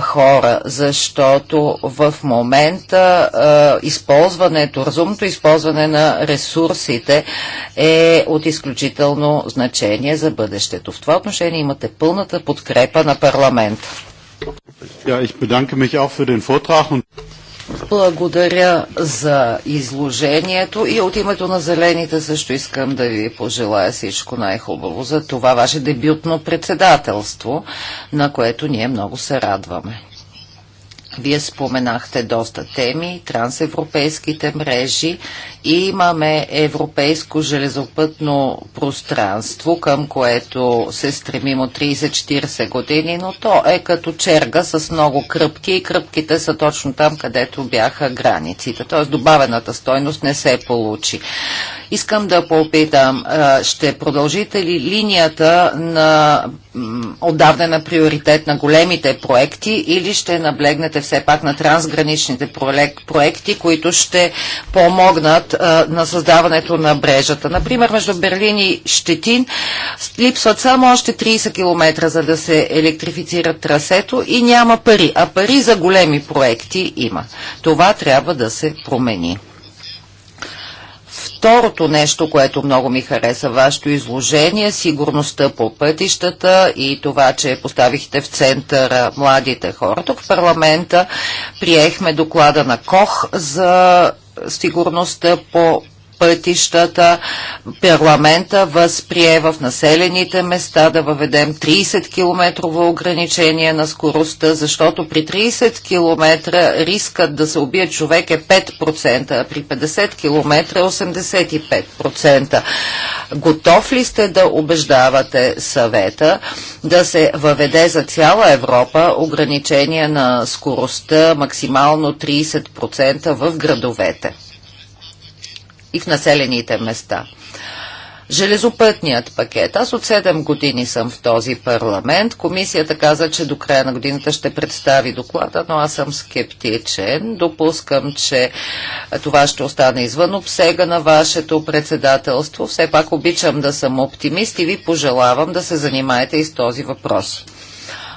Speaker 2: хора, защото в момента а, използването, разумното използване на ресурсите е от изключително значение за бъдещето. В това отношение имате пълната подкрепа на парламент. Благодаря за изложението и от името на Зелените също искам да ви пожелая всичко най-хубаво за това ваше дебютно председателство, на което ние много се радваме. Вие споменахте доста теми, трансевропейските мрежи и имаме европейско железопътно пространство, към което се стремим от 30-40 години, но то е като черга с много кръпки и кръпките са точно там, където бяха границите. Т.е. добавената стойност не се получи. Искам да попитам, ще продължите ли линията на отдаване на приоритет на големите проекти или ще наблегнете все пак на трансграничните проекти, които ще помогнат а, на създаването на брежата. Например, между Берлин и Щетин липсват само още 30 км, за да се електрифицират трасето и няма пари, а пари за големи проекти има. Това трябва да се промени. Второто нещо, което много ми хареса вашето изложение, сигурността по пътищата и това, че поставихте в центъра младите хора. Тук в парламента приехме доклада на КОХ за сигурността по пътищата. Парламента възприе в населените места да въведем 30-километрово ограничение на скоростта, защото при 30 км рискът да се убие човек е 5%, а при 50 км е 85%. Готов ли сте да убеждавате съвета да се въведе за цяла Европа ограничение на скоростта максимално 30% в градовете? и в населените места. Железопътният пакет. Аз от 7 години съм в този парламент. Комисията каза, че до края на годината ще представи доклада, но аз съм скептичен. Допускам, че това ще остане извън обсега на вашето председателство. Все пак обичам да съм оптимист и ви пожелавам да се занимаете и с този въпрос.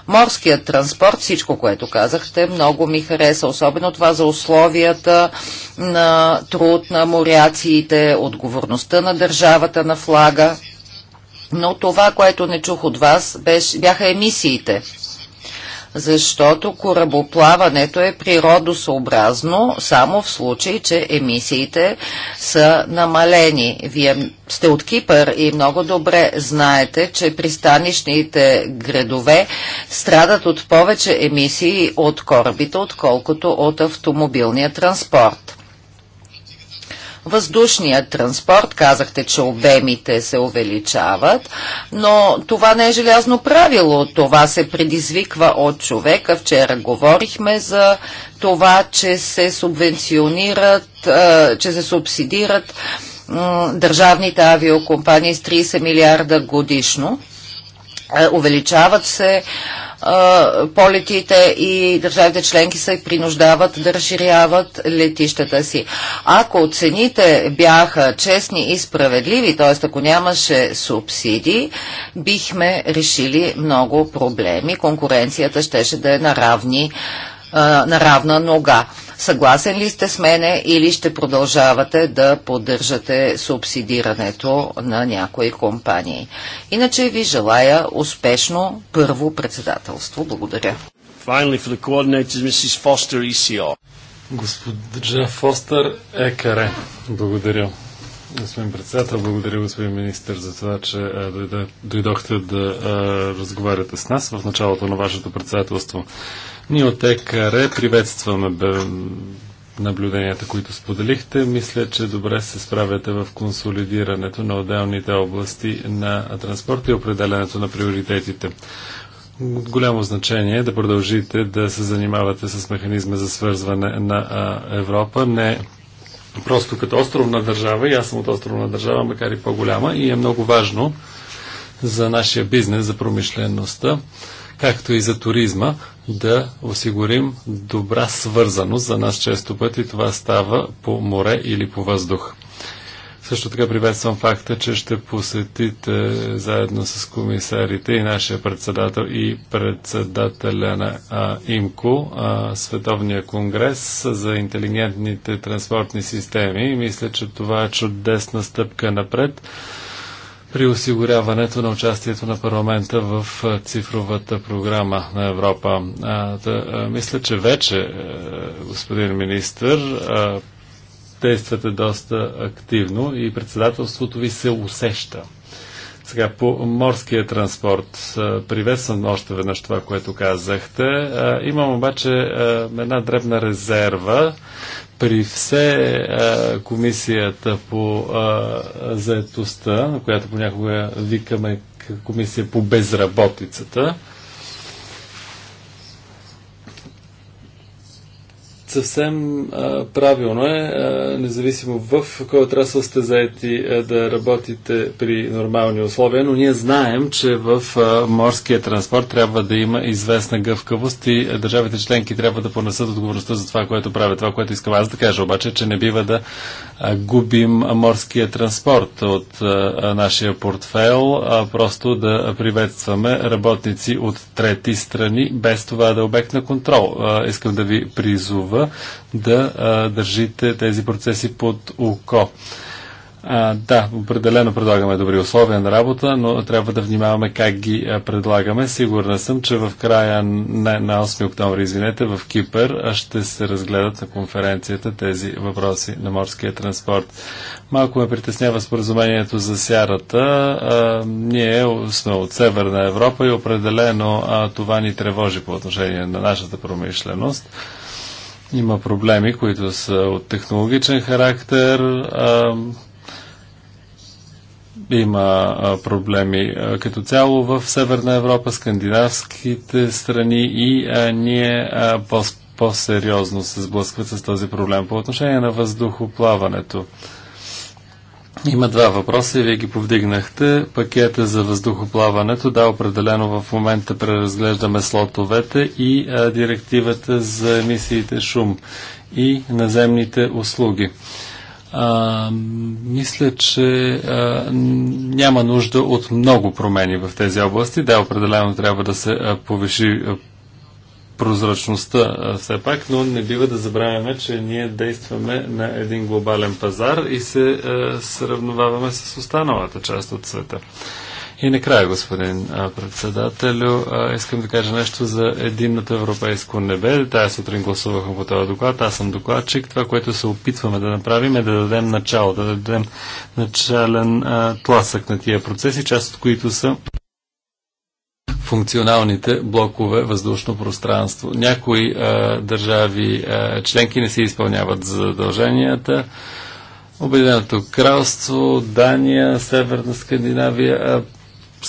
Speaker 2: Морският транспорт, всичко, което казахте, много ми хареса, особено това за условията на труд на моряците, отговорността на държавата на флага. Но това, което не чух от вас, беше, бяха емисиите защото корабоплаването е природосъобразно само в случай, че емисиите са намалени. Вие сте от Кипър и много добре знаете, че пристанищните градове страдат от повече емисии от корабите, отколкото от автомобилния транспорт. Въздушният транспорт, казахте, че обемите се увеличават, но това не е желязно правило. Това се предизвиква от човека. Вчера говорихме за това, че се субвенционират, че се субсидират държавните авиокомпании с 30 милиарда годишно. Увеличават се полетите и държавите членки се принуждават да разширяват летищата си. Ако цените бяха честни и справедливи, т.е. ако нямаше субсидии, бихме решили много проблеми. Конкуренцията щеше да е на равни а, на равна нога. Съгласен ли сте с мене или ще продължавате да поддържате субсидирането на някои компании? Иначе ви желая успешно първо председателство. Благодаря. E
Speaker 1: Госпожа
Speaker 2: Фостер
Speaker 1: Екаре. Благодаря. Господин председател, благодаря господин министр за това, че е, дойдохте да е, разговаряте с нас в началото на вашето председателство. Ние от ЕКР приветстваме наблюденията, които споделихте. Мисля, че добре се справяте в консолидирането на отделните области на транспорта и определенето на приоритетите. голямо значение е да продължите да се занимавате с механизма за свързване на Европа. Не просто като островна държава, и аз съм от островна държава, макар и по-голяма, и е много важно за нашия бизнес, за промишлеността, както и за туризма, да осигурим добра свързаност. За нас често пъти това става по море или по въздух. Също така приветствам факта, че ще посетите заедно с комисарите и нашия председател и председателя на а, ИМКО, а, Световния конгрес за интелигентните транспортни системи. мисля, че това е чудесна стъпка напред при осигуряването на участието на парламента в цифровата програма на Европа. А, да, а, мисля, че вече, а, господин министр, а, действате доста активно и председателството ви се усеща. Сега по морския транспорт. Приветствам още веднъж това, което казахте. Имам обаче една дребна резерва при все а, е, комисията по е, заетостта, заедостта, която понякога викаме комисия по безработицата, Съвсем а, правилно е, а, независимо в кой отрасъл сте заети а, е, да работите при нормални условия, но ние знаем, че в а, морския транспорт трябва да има известна гъвкавост и а, е, държавите членки трябва да понесат отговорността за това, което правят. Това, което искам аз да кажа обаче, че не бива да а, губим морския транспорт от а, а, нашия портфел, а просто да приветстваме работници от трети страни, без това да е обект на контрол. А, искам да ви призова да а, държите тези процеси под око. А, да, определено предлагаме добри условия на работа, но трябва да внимаваме как ги а, предлагаме. Сигурна съм, че в края на, на 8 октомври, извинете, в Кипър ще се разгледат на конференцията тези въпроси на морския транспорт. Малко ме притеснява споразумението за сярата. А, ние сме от Северна Европа и определено а, това ни тревожи по отношение на нашата промишленост има проблеми, които са от технологичен характер. А, има а, проблеми а, като цяло в Северна Европа, скандинавските страни и а, ние по-сериозно по се сблъскват с този проблем. По отношение на въздухоплаването. А, има два въпроса и вие ги повдигнахте. Пакета за въздухоплаването, да, определено в момента преразглеждаме слотовете и а, директивата за емисиите шум и наземните услуги. А, мисля, че а, няма нужда от много промени в тези области. Да, определено трябва да се а, повиши а, прозрачността все пак, но не бива да забравяме, че ние действаме на един глобален пазар и се е, сравноваваме с останалата част от света. И накрая, господин председателю, искам да кажа нещо за единното европейско небе. Тая сутрин гласувахме по този доклад. Аз съм докладчик. Това, което се опитваме да направим е да дадем начало, да дадем начален а, тласък на тия процеси, част от които са функционалните блокове въздушно пространство. Някои а, е, държави а, е, членки не си изпълняват задълженията. Обединеното кралство, Дания, Северна Скандинавия а, е,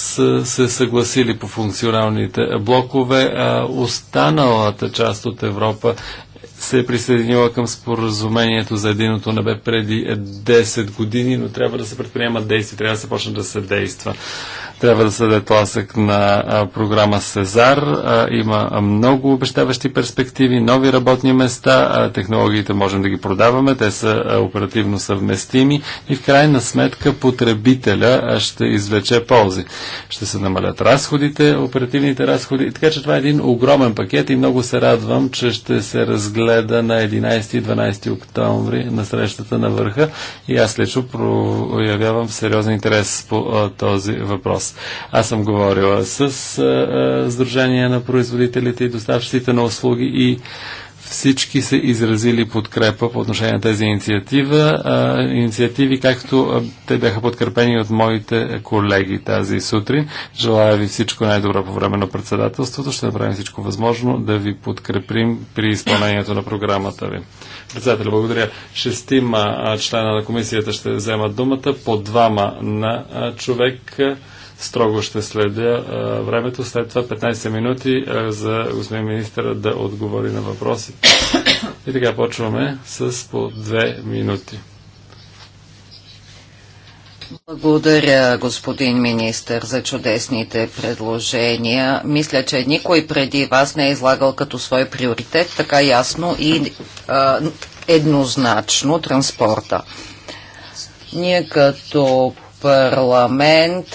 Speaker 1: са се съгласили по функционалните блокове. А, останалата част от Европа се е присъединила към споразумението за единото небе преди 10 години, но трябва да се предприемат действия, трябва да се почне да се действа. Трябва да се даде тласък на програма Сезар. има много обещаващи перспективи, нови работни места. технологиите можем да ги продаваме. Те са оперативно съвместими и в крайна сметка потребителя ще извлече ползи. Ще се намалят разходите, оперативните разходи. Така че това е един огромен пакет и много се радвам, че ще се разгледа на 11 и 12 октомври на срещата на върха и аз лично проявявам сериозен интерес по този въпрос въпрос. Аз съм говорила с а, Сдружение на производителите и доставчиците на услуги и всички са изразили подкрепа по отношение на тези инициатива, а, инициативи, както а, те бяха подкрепени от моите колеги тази сутрин. Желая ви всичко най-добро по време на председателството. Ще направим всичко възможно да ви подкрепим при изпълнението на програмата ви. Председателя, благодаря. Шестима члена на комисията ще вземат думата, по двама на човек. Строго ще следя а, времето. След това 15 минути а, за господин министъра да отговори на въпросите. И така почваме с по 2 минути.
Speaker 2: Благодаря, господин министър, за чудесните предложения. Мисля, че никой преди вас не е излагал като свой приоритет така ясно и а, еднозначно транспорта. Ние като парламент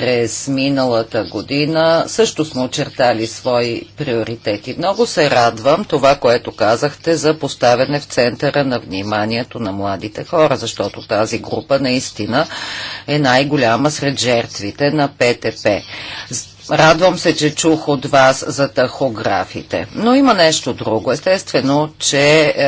Speaker 2: през миналата година също сме очертали свои приоритети. Много се радвам това, което казахте за поставяне в центъра на вниманието на младите хора, защото тази група наистина е най-голяма сред жертвите на ПТП. Радвам се, че чух от вас за тахографите. Но има нещо друго. Естествено, че е,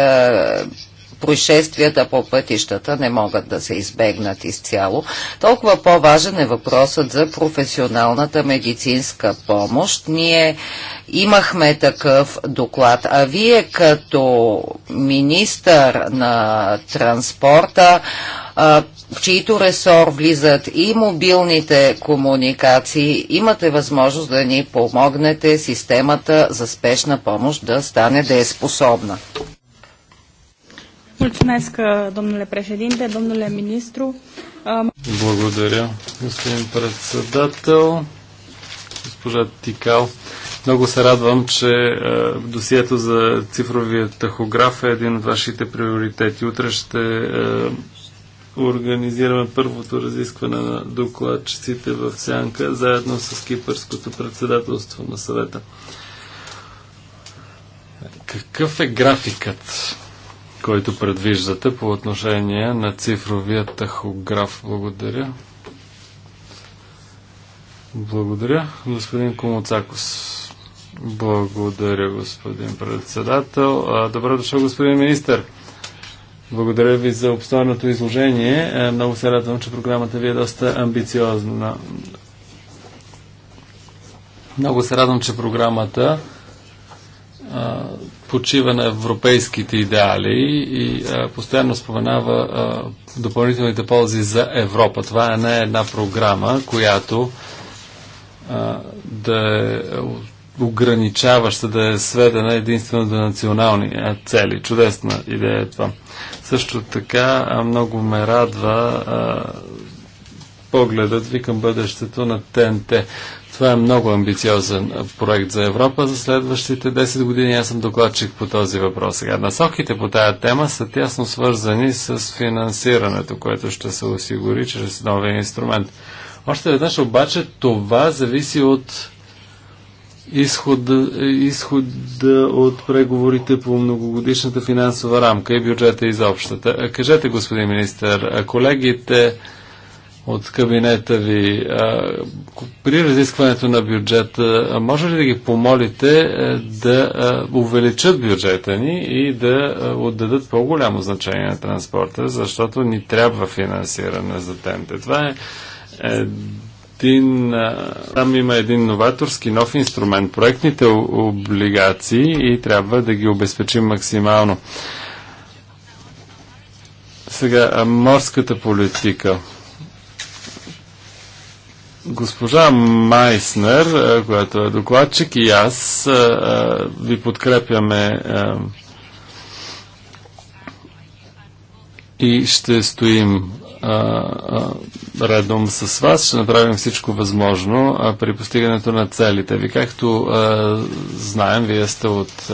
Speaker 2: происшествията по пътищата не могат да се избегнат изцяло. Толкова по-важен е въпросът за професионалната медицинска помощ. Ние имахме такъв доклад, а вие като министър на транспорта, в чието ресор влизат и мобилните комуникации, имате възможност да ни помогнете системата за спешна помощ да стане дееспособна.
Speaker 3: Mulțumesc, uh, domnule președinte, domnule ministru. Um,
Speaker 1: Благодаря, господин председател, госпожа Тикал. Много се радвам, че е, досието за цифровия тахограф е един от вашите приоритети. Утре ще е, организираме първото разискване на докладчиците в Сянка, заедно с кипърското председателство на съвета. Какъв е графикът? който предвиждате по отношение на цифровия тахограф. Благодаря. Благодаря, господин Комоцакос. Благодаря, господин председател. Добре дошъл, господин министр. Благодаря ви за обстойното изложение. Е, много се радвам, че програмата ви е доста амбициозна. Много се радвам, че програмата почива на европейските идеали и а, постоянно споменава а, допълнителните ползи за Европа. Това е не една програма, която а, да е ограничаваща, да е сведена единствено до национални цели. Чудесна идея е това. Също така много ме радва погледът ви към бъдещето на ТНТ. Това е много амбициозен проект за Европа за следващите 10 години. Аз съм докладчик по този въпрос. Сега, насоките по тая тема са тясно свързани с финансирането, което ще се осигури чрез новия инструмент. Още веднъж обаче това зависи от изхода, изхода от преговорите по многогодишната финансова рамка и бюджета изобщата. Кажете, господин министър, колегите от кабинета ви. При разискването на бюджета, може ли да ги помолите е, да увеличат бюджета ни и да отдадат по-голямо значение на транспорта, защото ни трябва финансиране за темте. Това е един, там има един новаторски нов инструмент, проектните облигации и трябва да ги обезпечим максимално. Сега, морската политика. Госпожа Майснер, която е докладчик и аз ви подкрепяме и ще стоим редом с вас. Ще направим всичко възможно при постигането на целите ви. Както знаем, вие сте от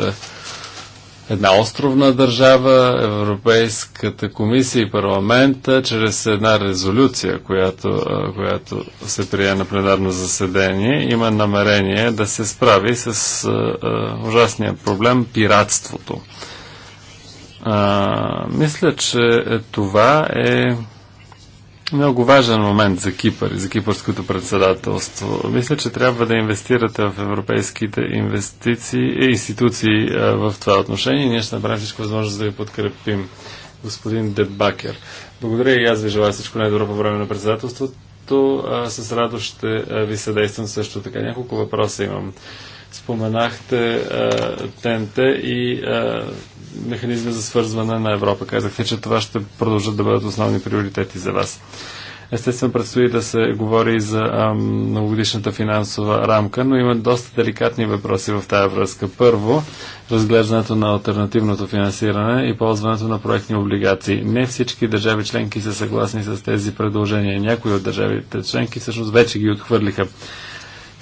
Speaker 1: една островна държава, Европейската комисия и парламента, чрез една резолюция, която, която се прие на пленарно заседание, има намерение да се справи с а, а, ужасния проблем пиратството. А, мисля, че това е много важен момент за Кипър и за кипърското председателство. Мисля, че трябва да инвестирате в европейските инвестиции, и институции в това отношение. Ние ще направим всичко възможност да ви подкрепим, господин Дебакер. Благодаря и аз ви желая всичко най-добро по време на председателството. С радост ще ви съдействам също така. Няколко въпроса имам. Споменахте ТНТ и а, механизми за свързване на Европа. Казахте, че това ще продължат да бъдат основни приоритети за вас. Естествено, предстои да се говори и за многогодишната финансова рамка, но има доста деликатни въпроси в тази връзка. Първо, разглеждането на альтернативното финансиране и ползването на проектни облигации. Не всички държави членки са съгласни с тези предложения. Някои от държавите членки всъщност вече ги отхвърлиха.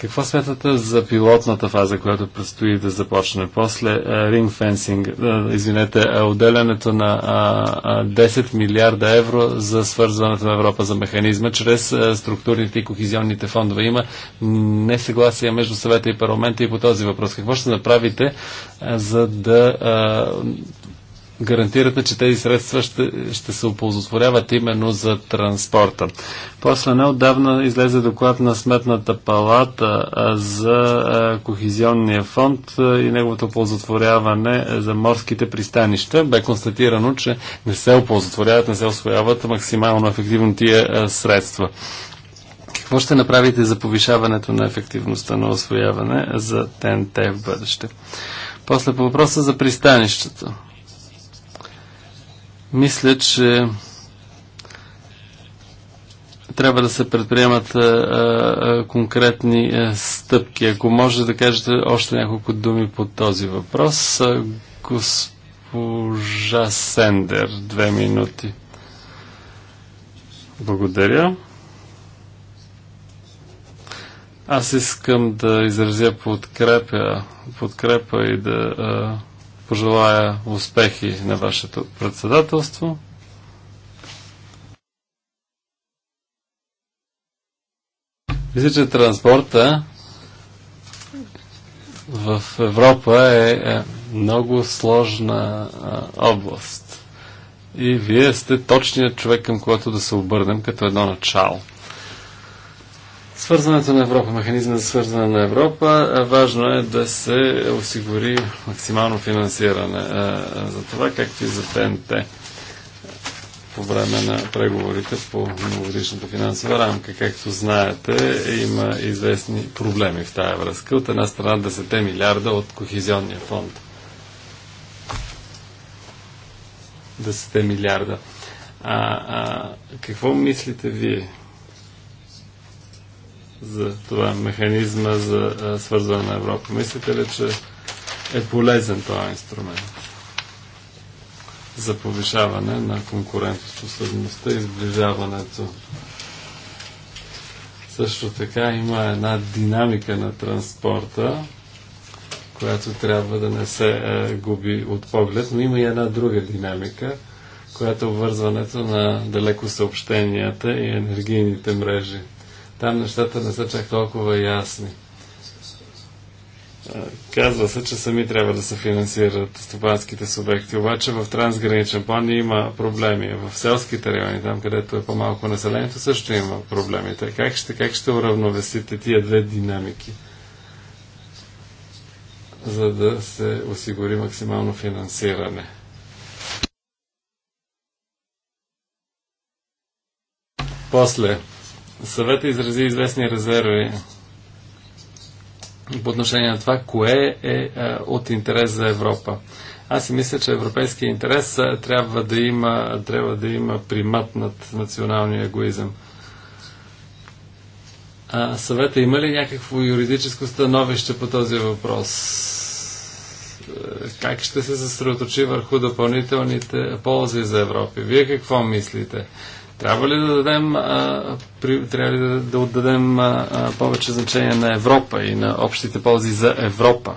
Speaker 1: Какво смятате за пилотната фаза, която предстои да започне после рингфенсинг, е, извинете, е, отделянето на 10 милиарда евро за свързването на Европа за механизма чрез е, структурните и кохизионните фондове? Има несъгласие между съвета и парламента и по този въпрос. Какво ще направите, за да гарантирате, че тези средства ще, ще се оползотворяват именно за транспорта. После неодавна излезе доклад на Сметната палата за Кохизионния фонд и неговото оползотворяване за морските пристанища. Бе констатирано, че не се оползотворяват, не се освояват максимално ефективно тия средства. Какво ще направите за повишаването на ефективността на освояване за ТНТ в бъдеще? После по въпроса за пристанищата. Мисля, че трябва да се предприемат а, а, конкретни а, стъпки. Ако може да кажете още няколко думи по този въпрос. А, госпожа Сендер, две минути. Благодаря. Аз искам да изразя подкрепа, подкрепа и да а, пожелая успехи на вашето председателство. Мисля, че транспорта в Европа е, е много сложна област. И вие сте точният човек, към който да се обърнем като едно начало. Свързването на Европа, механизма за свързване на Европа, важно е да се осигури максимално финансиране за това, както и за ТНТ по време на преговорите по многогодишната финансова рамка. Както знаете, има известни проблеми в тая връзка. От една страна 10 милиарда от Кохизионния фонд. 10 милиарда. А, а какво мислите вие? за това механизма за а, свързване на Европа. Мислите ли, че е полезен този инструмент за повишаване на конкурентоспособността и сближаването? Също така има една динамика на транспорта, която трябва да не се е, губи от поглед, но има и една друга динамика, която е обвързването на далеко съобщенията и енергийните мрежи там нещата не са чак толкова ясни. Казва се, че сами трябва да се финансират стопанските субекти, обаче в трансграничен план има проблеми. В селските райони, там където е по-малко населението, също има проблеми. Как ще, как ще уравновесите тия две динамики, за да се осигури максимално финансиране? После, съвета изрази известни резерви по отношение на това, кое е, е от интерес за Европа. Аз си мисля, че европейския интерес е, трябва да има, трябва да има примат над националния егоизъм. А, съвета има ли някакво юридическо становище по този въпрос? Е, как ще се съсредоточи върху допълнителните ползи за Европа? Вие какво мислите? Трябва ли да дадем, а, при, трябва ли да, да отдадем а, а, повече значение на Европа и на общите ползи за Европа?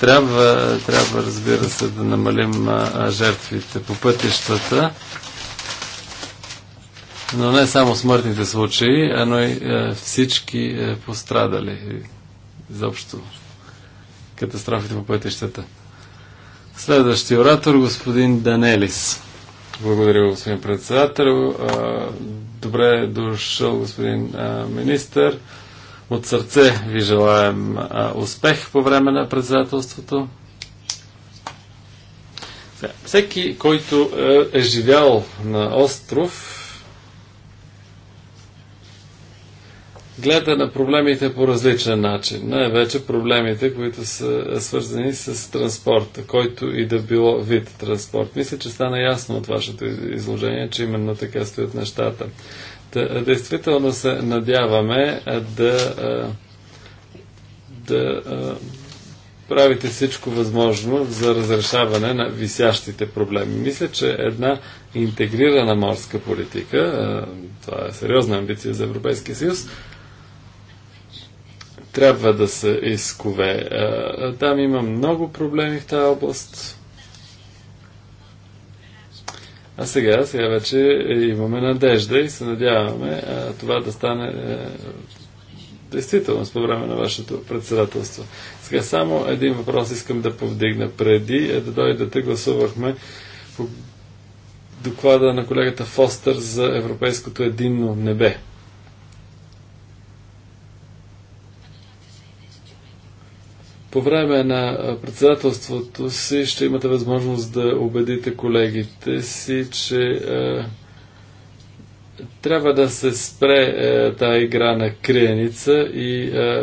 Speaker 1: Трябва, трябва разбира се, да намалим а, жертвите по пътищата, но не само смъртните случаи, а но и а, всички а, пострадали. Изобщо катастрофите по пътищата. Следващия оратор, господин Данелис. Благодаря, господин председател. Добре е дошъл, господин министър. От сърце ви желаем успех по време на председателството. Всеки, който е, е живял на остров, гледа на проблемите по различен начин. Най-вече проблемите, които са свързани с транспорта, който и да било вид транспорт. Мисля, че стана ясно от вашето изложение, че именно така стоят нещата. Та, действително се надяваме да, да правите всичко възможно за разрешаване на висящите проблеми. Мисля, че една интегрирана морска политика, това е сериозна амбиция за Европейския съюз, трябва да са изкове. Там има много проблеми в тази област. А сега, сега вече имаме надежда и се надяваме това да стане действително по време на вашето председателство. Сега само един въпрос искам да повдигна. Преди е да дойдете, гласувахме по доклада на колегата Фостер за Европейското единно небе. По време на председателството си ще имате възможност да убедите колегите си, че е, трябва да се спре е, тази игра на криеница и е,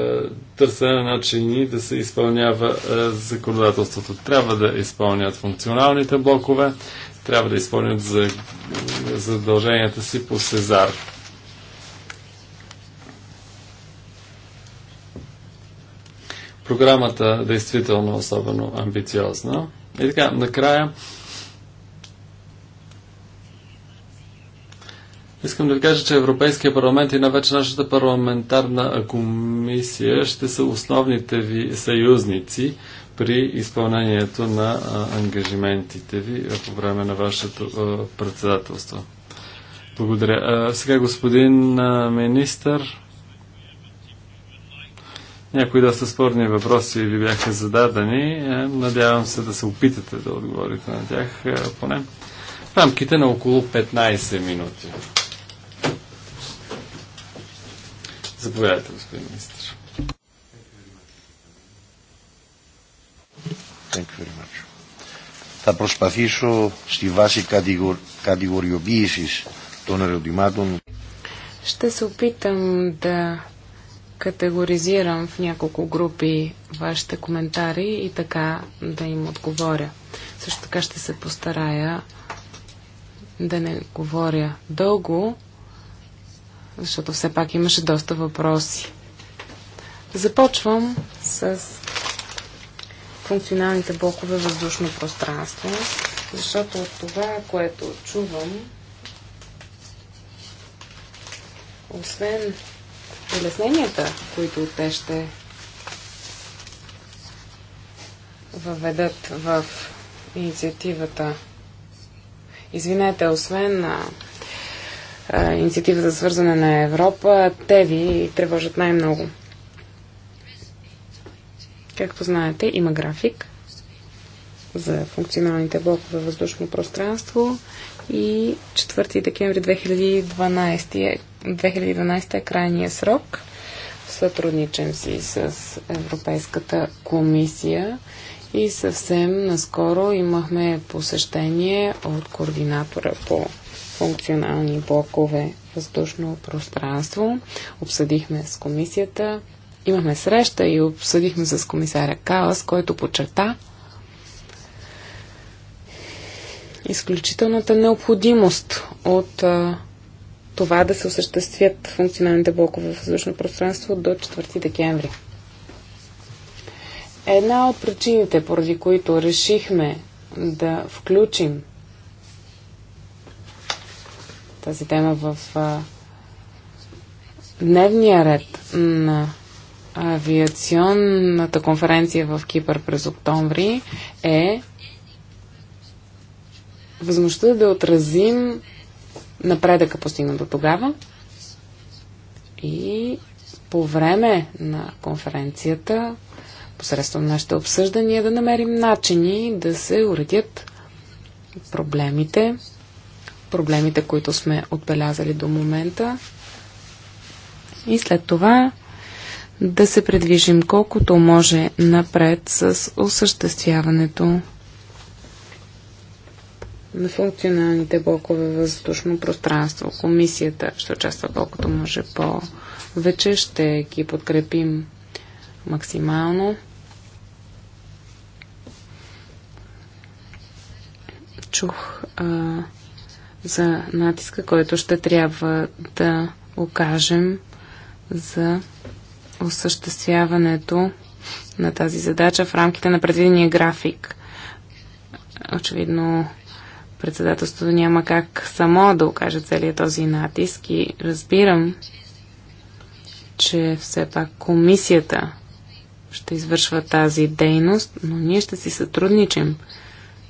Speaker 1: търсене на начини да се изпълнява е, законодателството. Трябва да изпълнят функционалните блокове, трябва да изпълнят задълженията си по Сезар Програмата е действително особено амбициозна. И така, накрая Искам да ви кажа, че Европейския парламент и навече нашата парламентарна комисия ще са основните ви съюзници при изпълнението на ангажиментите ви по време на вашето председателство. Благодаря. Сега господин министър. Някои доста спорни въпроси ви бяха зададени. Е, надявам се да се опитате да отговорите на тях е, поне в рамките на около 15 минути. Заповядайте, господин министр. Thank you very much. Θα προσπαθήσω στη βάση κατηγοριοποίησης των ερωτημάτων.
Speaker 3: Ще се опитам да категоризирам в няколко групи вашите коментари и така да им отговоря. Също така ще се постарая да не говоря дълго, защото все пак имаше доста въпроси. Започвам с функционалните блокове въздушно пространство, защото от това, което чувам, освен улесненията, които те ще въведат в инициативата. Извинете, освен на инициативата за свързане на Европа, те ви тревожат най-много. Както знаете, има график за функционалните блокове въздушно пространство и 4 декември 2012, 2012 е, е крайния срок. Сътрудничам си с Европейската комисия и съвсем наскоро имахме посещение от координатора по функционални блокове въздушно пространство. Обсъдихме с комисията, имахме среща и обсъдихме с комисаря Калас, който подчерта, изключителната необходимост от а, това да се осъществят функционалните блокове в въздушно пространство до 4 декември. Една от причините, поради които решихме да включим тази тема в а, дневния ред на авиационната конференция в Кипър през октомври е възможността да отразим напредъка постигнат до тогава и по време на конференцията, посредством нашите обсъждания, да намерим начини да се уредят проблемите, проблемите, които сме отбелязали до момента и след това да се предвижим колкото може напред с осъществяването на функционалните блокове въздушно пространство. Комисията ще участва колкото може по-вече. Ще ги подкрепим максимално. Чух а, за натиска, който ще трябва да окажем за осъществяването на тази задача в рамките на предвидения график. Очевидно, председателството няма как само да окаже целият този натиск и разбирам, че все пак комисията ще извършва тази дейност, но ние ще си сътрудничим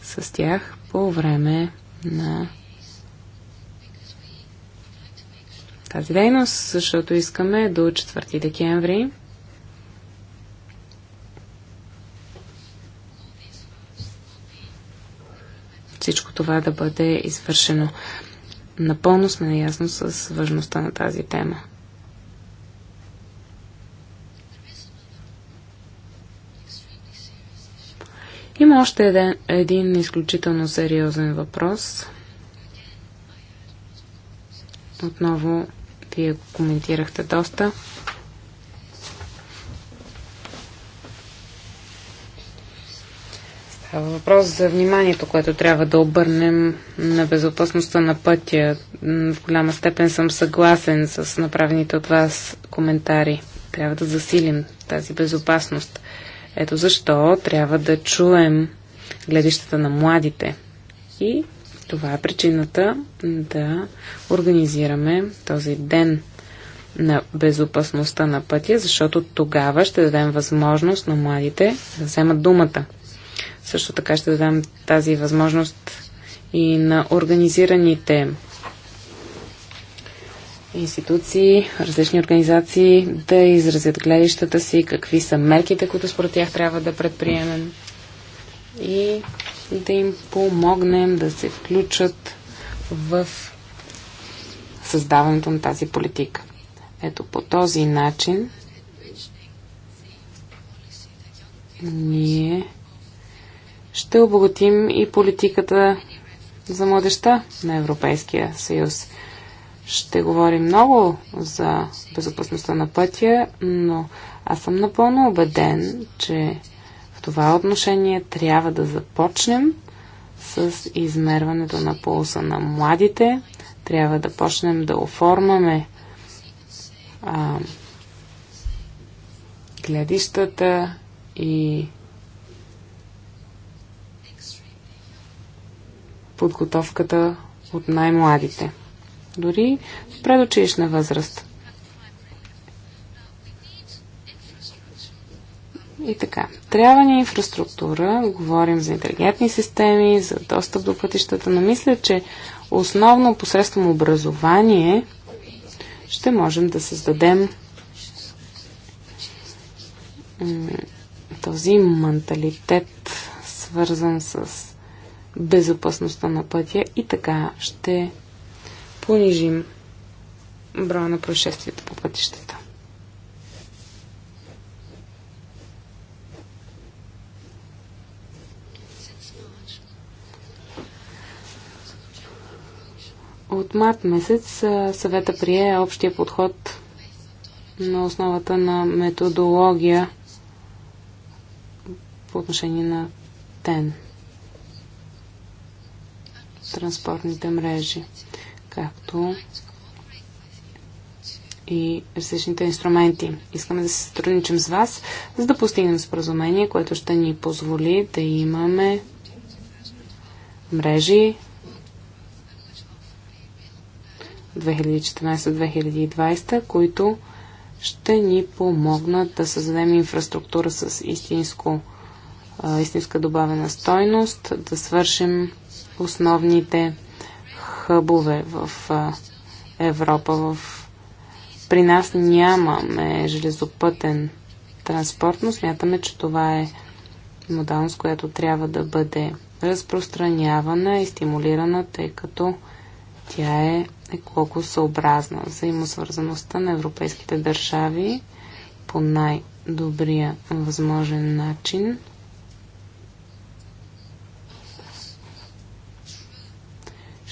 Speaker 3: с тях по време на тази дейност, защото искаме до 4 декември всичко това да бъде извършено. Напълно сме наясно с важността на тази тема. Има още един, един изключително сериозен въпрос. Отново вие го коментирахте доста. въпрос за вниманието, което трябва да обърнем на безопасността на пътя. В голяма степен съм съгласен с направените от вас коментари. Трябва да засилим тази безопасност. Ето защо трябва да чуем гледищата на младите. И това е причината да организираме този ден на безопасността на пътя, защото тогава ще дадем възможност на младите да вземат думата също така ще дадем тази възможност и на организираните институции, различни организации да изразят гледищата си, какви са мерките, които според тях трябва да предприемем и да им помогнем да се включат в създаването на тази политика. Ето по този начин ние ще обогатим и политиката за младеща на Европейския съюз. Ще говорим много за безопасността на пътя, но аз съм напълно убеден, че в това отношение трябва да започнем с измерването на полуса на младите. Трябва да почнем да оформяме а, гледищата и подготовката от най-младите. Дори в предучилищна възраст. И така. Трябва ни инфраструктура, говорим за интелигентни системи, за достъп до пътищата, но мисля, че основно посредством образование ще можем да създадем този менталитет, свързан с безопасността на пътя и така ще понижим броя на происшествията по пътищата. От март месец съвета прие общия подход на основата на методология по отношение на ТЕН транспортните мрежи, както и различните инструменти. Искаме да се сътрудничим с вас, за да постигнем споразумение, което ще ни позволи да имаме мрежи 2014-2020, които ще ни помогнат да създадем инфраструктура с истинско, истинска добавена стойност, да свършим основните хъбове в Европа. В... При нас нямаме железопътен транспорт, но смятаме, че това е модалност, която трябва да бъде разпространявана и стимулирана, тъй като тя е екологосъобразна. Взаимосвързаността на европейските държави по най-добрия възможен начин –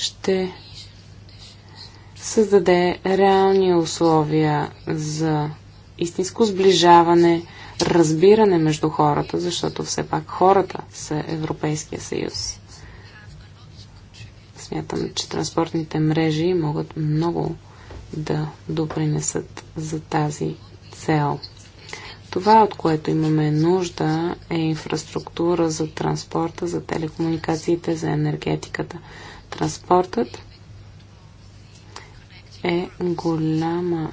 Speaker 3: ще създаде реални условия за истинско сближаване, разбиране между хората, защото все пак хората са Европейския съюз. Смятам, че транспортните мрежи могат много да допринесат за тази цел. Това, от което имаме нужда, е инфраструктура за транспорта, за телекомуникациите, за енергетиката. Транспортът е голяма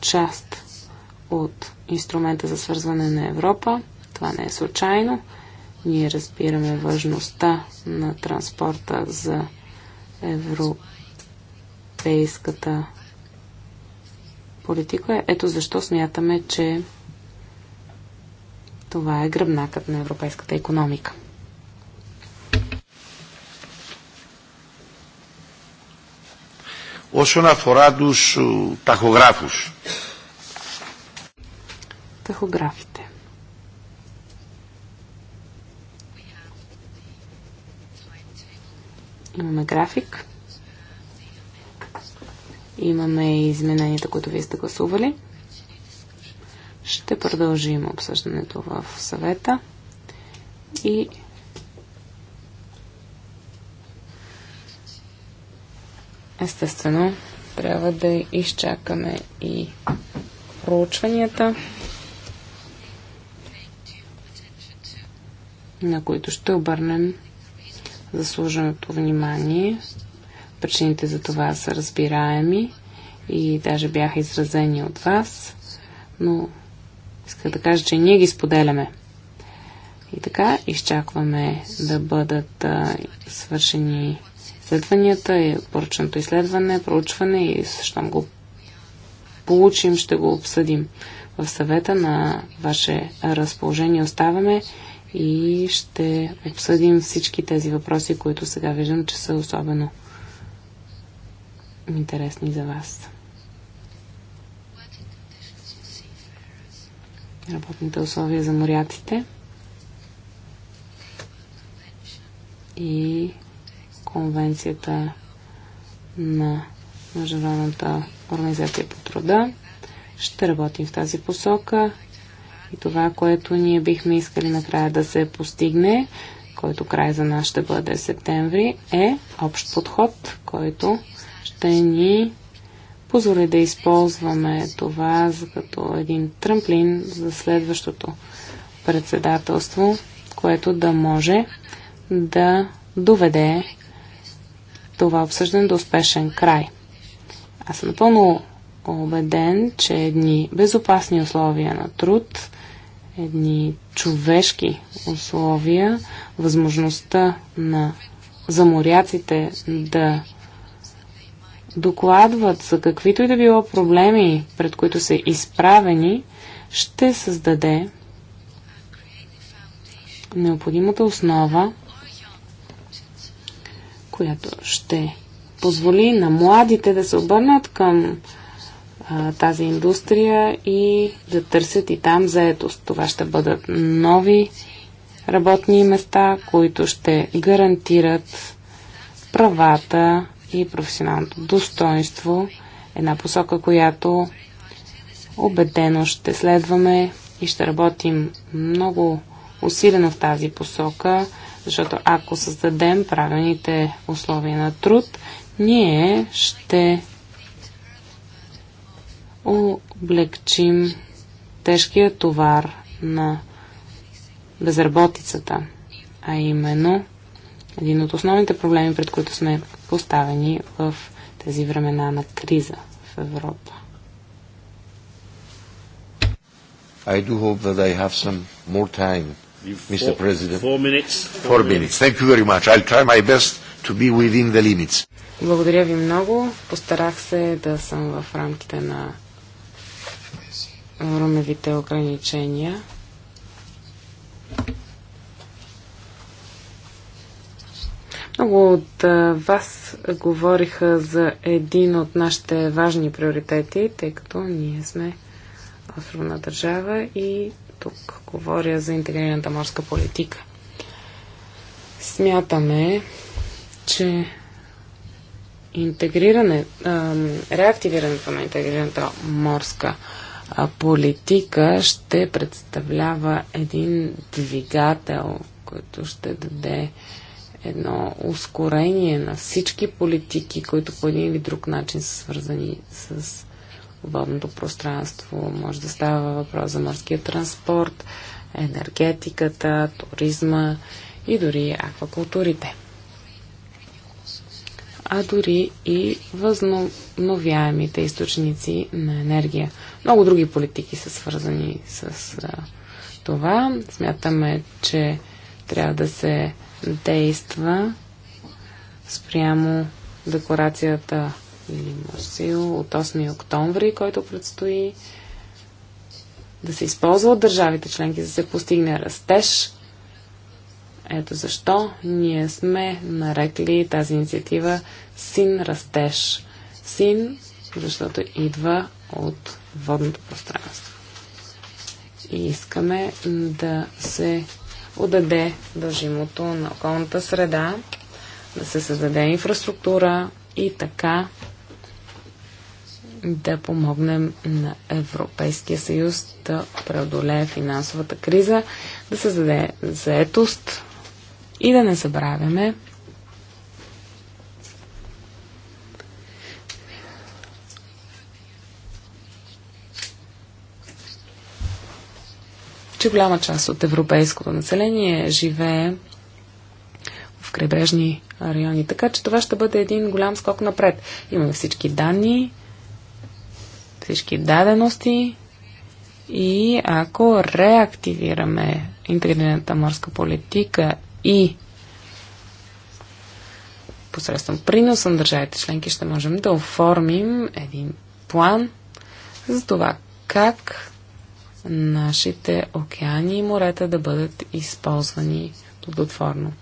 Speaker 3: част от инструмента за свързване на Европа. Това не е случайно. Ние разбираме важността на транспорта за европейската политика. Ето защо смятаме, че това е гръбнакът на европейската економика.
Speaker 1: όσον αφορά τους ταχογράφους.
Speaker 3: Ταχογράφητε. Имаме график. Имаме и измененията, които вие сте гласували. Ще продължим обсъждането в съвета и Естествено, трябва да изчакаме и проучванията, на които ще обърнем заслуженото внимание. Причините за това са разбираеми и даже бяха изразени от вас, но иска да кажа, че ние ги споделяме. И така, изчакваме да бъдат а, свършени изследванията и поръчното изследване, проучване и щом го получим, ще го обсъдим. В съвета на ваше разположение оставаме и ще обсъдим всички тези въпроси, които сега виждам, че са особено интересни за вас. Работните условия за моряците и конвенцията на Международната организация по труда. Ще работим в тази посока и това, което ние бихме искали накрая да се постигне, който край за нас ще бъде септември, е общ подход, който ще ни позволи да използваме това за като един тръмплин за следващото председателство, което да може да доведе това обсъждане до успешен край. Аз съм напълно убеден, че едни безопасни условия на труд, едни човешки условия, възможността на заморяците да докладват за каквито и да било проблеми, пред които са изправени, ще създаде необходимата основа която ще позволи на младите да се обърнат към а, тази индустрия и да търсят и там заетост. Това ще бъдат нови работни места, които ще гарантират правата и професионалното достоинство. Една посока, която убедено ще следваме и ще работим много усилено в тази посока. Защото ако създадем правилните условия на труд, ние ще облегчим тежкия товар на безработицата, а именно един от основните проблеми, пред които сме поставени в тези времена на криза в Европа.
Speaker 1: I do hope that I have some more time Mr. President. Four minutes. Four minutes. Thank you very much. I'll try my best to be within the limits.
Speaker 3: Благодаря ви много. Постарах се да съм в рамките на румевите ограничения. Много от вас говориха за един от нашите важни приоритети, тъй като ние сме островна държава и тук говоря за интегрираната морска политика. Смятаме, че интегриране, реактивирането на интегрираната морска политика ще представлява един двигател, който ще даде едно ускорение на всички политики, които по един или друг начин са свързани с водното пространство, може да става въпрос за морския транспорт, енергетиката, туризма и дори аквакултурите. А дори и възновяемите източници на енергия. Много други политики са свързани с това. Смятаме, че трябва да се действа спрямо декларацията господин Марсил от 8 октомври, който предстои да се използва от държавите членки, за да се постигне растеж. Ето защо ние сме нарекли тази инициатива Син растеж. Син, защото идва от водното пространство. И искаме да се отдаде дължимото на околната среда, да се създаде инфраструктура и така да помогнем на Европейския съюз да преодолее финансовата криза, да създаде заетост и да не забравяме, че голяма част от европейското население живее в крайбрежни райони. Така че това ще бъде един голям скок напред. Имаме всички данни, всички дадености и ако реактивираме интегрираната морска политика и посредством принос на държавите членки ще можем да оформим един план за това как нашите океани и морета да бъдат използвани плодотворно.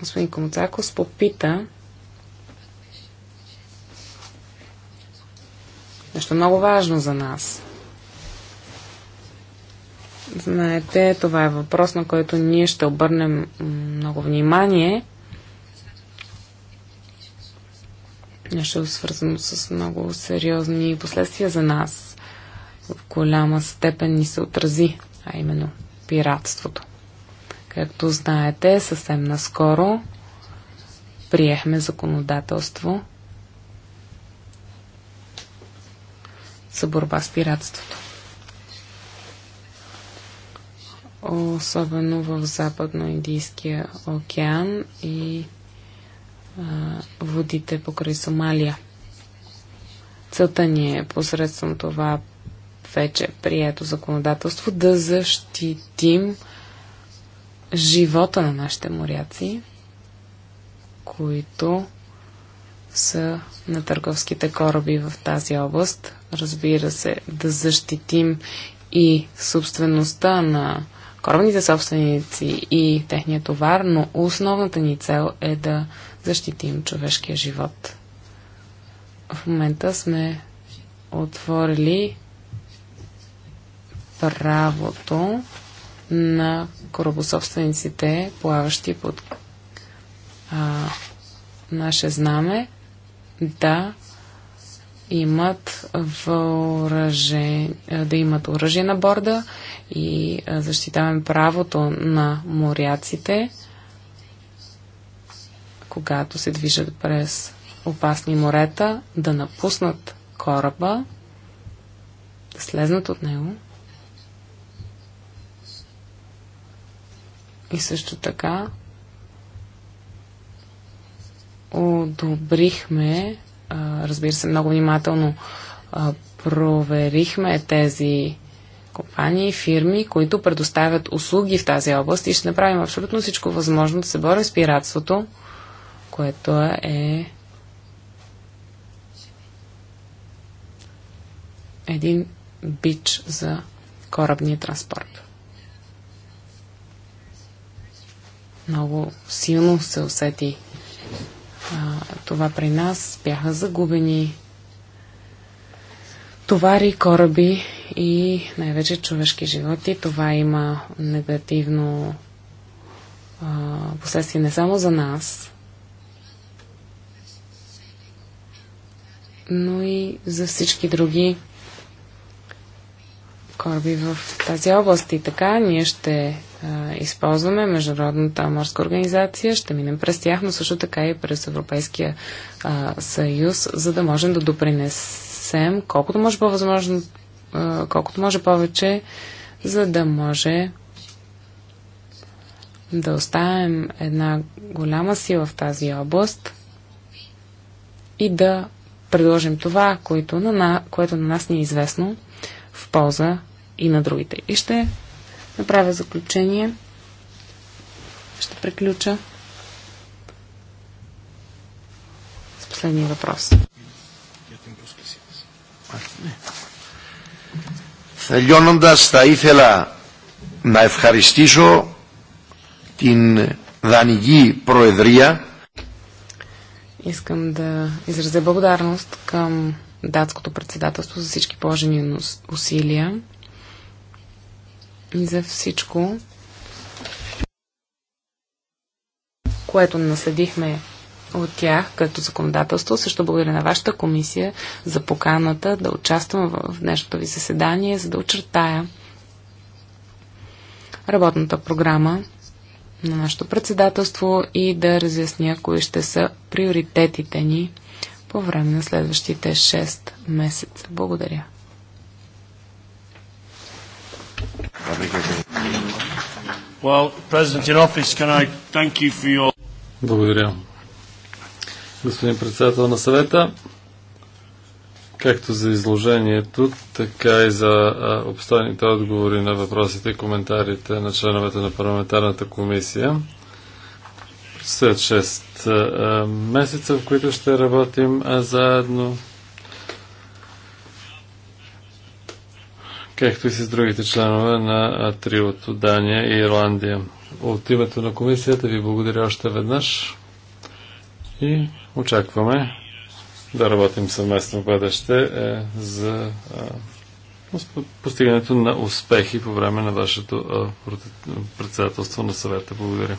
Speaker 3: Господин Комуцакос попита Нещо много важно за нас. Знаете, това е въпрос, на който ние ще обърнем много внимание. Нещо свързано с много сериозни последствия за нас. В голяма степен ни се отрази, а именно пиратството. Както знаете, съвсем наскоро приехме законодателство, за борба с пиратството. Особено в Западно-Индийския океан и а, водите покрай Сомалия. Целта ни е посредством това вече прието законодателство да защитим живота на нашите моряци, които са на търговските кораби в тази област, разбира се, да защитим и собствеността на корабните собственици и техния товар, но основната ни цел е да защитим човешкия живот. В момента сме отворили правото на корабособствениците, плаващи под а, наше знаме, да имат въоръже, да имат оръжие на борда и защитаваме правото на моряците, когато се движат през опасни морета, да напуснат кораба, да слезнат от него. И също така одобрихме разбира се, много внимателно а, проверихме тези компании, фирми, които предоставят услуги в тази област и ще направим абсолютно всичко възможно да се борим с пиратството, което е, е един бич за корабния транспорт. Много силно се усети а, това при нас бяха загубени товари, кораби и най-вече човешки животи. Това има негативно а, последствие не само за нас, но и за всички други кораби в тази област. И така ние ще а, използваме Международната морска организация, ще минем през тях, но също така и през Европейския а, съюз, за да можем да допринесем колкото може по-възможно, а, колкото може повече, за да може да оставим една голяма сила в тази област и да предложим това, което на, което на нас ни е известно в полза и на другите. И ще направя заключение. Ще приключа с последния въпрос.
Speaker 1: Τελειώνοντας θα ήθελα να ευχαριστήσω την Δανική Προεδρία
Speaker 3: Искам да изразя благодарност към датското председателство за всички положени усилия и за всичко, което наследихме от тях като законодателство. Също благодаря на вашата комисия за поканата да участвам в днешното ви заседание, за да очертая работната програма на нашето председателство и да разясня кои ще са приоритетите ни по време на следващите 6 месеца. Благодаря.
Speaker 1: Благодаря. Господин председател на съвета, както за изложението, така и за обстойните отговори на въпросите и коментарите на членовете на парламентарната комисия. След 6 месеца, в които ще работим заедно. както и с другите членове на триото Дания и Ирландия. От името на комисията ви благодаря още веднъж и очакваме да работим съвместно в бъдеще е, за е, постигането на успехи по време на вашето е, председателство на съвета. Благодаря.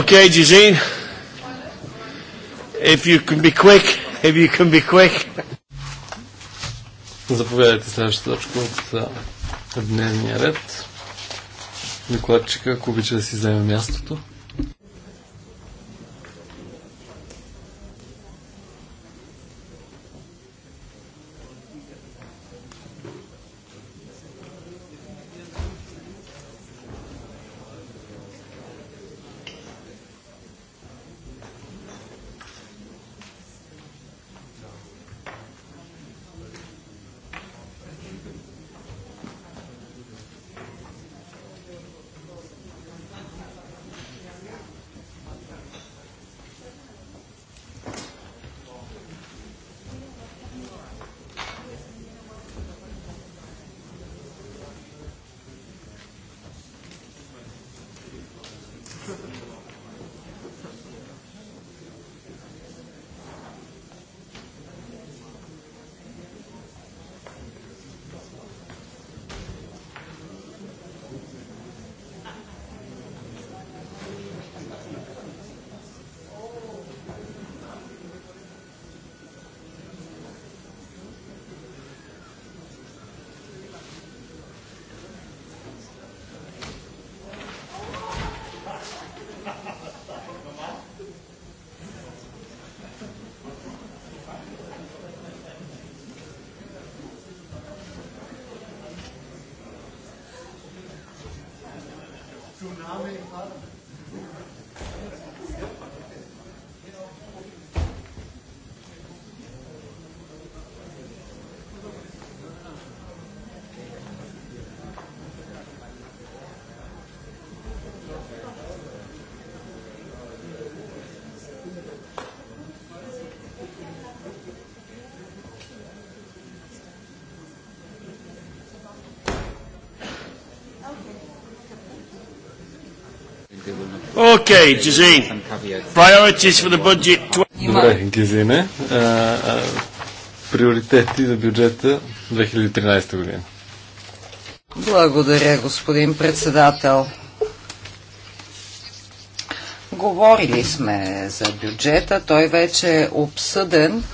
Speaker 1: Okay, Jazeen. If you can be quick, if you can be quick. Заповядайте следващата точка от дневния ред. Докладчика, ако обича да си вземе мястото. Окей, Jazeen. Priorities for the budget. Добре, Гезине. Приоритети за бюджета 2013 година.
Speaker 2: Благодаря, господин председател. Говорили сме за бюджета. Той вече е обсъден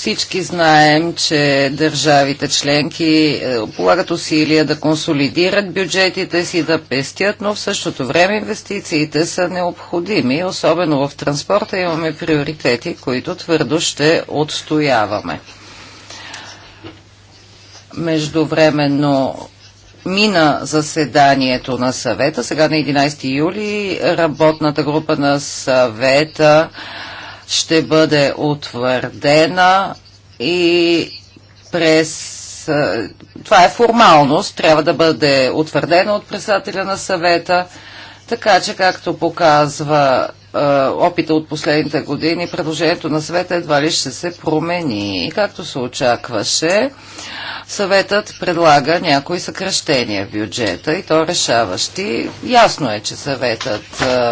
Speaker 2: всички знаем, че държавите членки е, полагат усилия да консолидират бюджетите си, да пестят, но в същото време инвестициите са необходими. Особено в транспорта имаме приоритети, които твърдо ще отстояваме. Междувременно мина заседанието на съвета. Сега на 11 юли работната група на съвета ще бъде утвърдена и през това е формалност, трябва да бъде утвърдена от председателя на съвета, така че, както показва е, опита от последните години, предложението на съвета едва ли ще се промени. И както се очакваше, съветът предлага някои съкръщения в бюджета и то решаващи. Ясно е, че съветът е,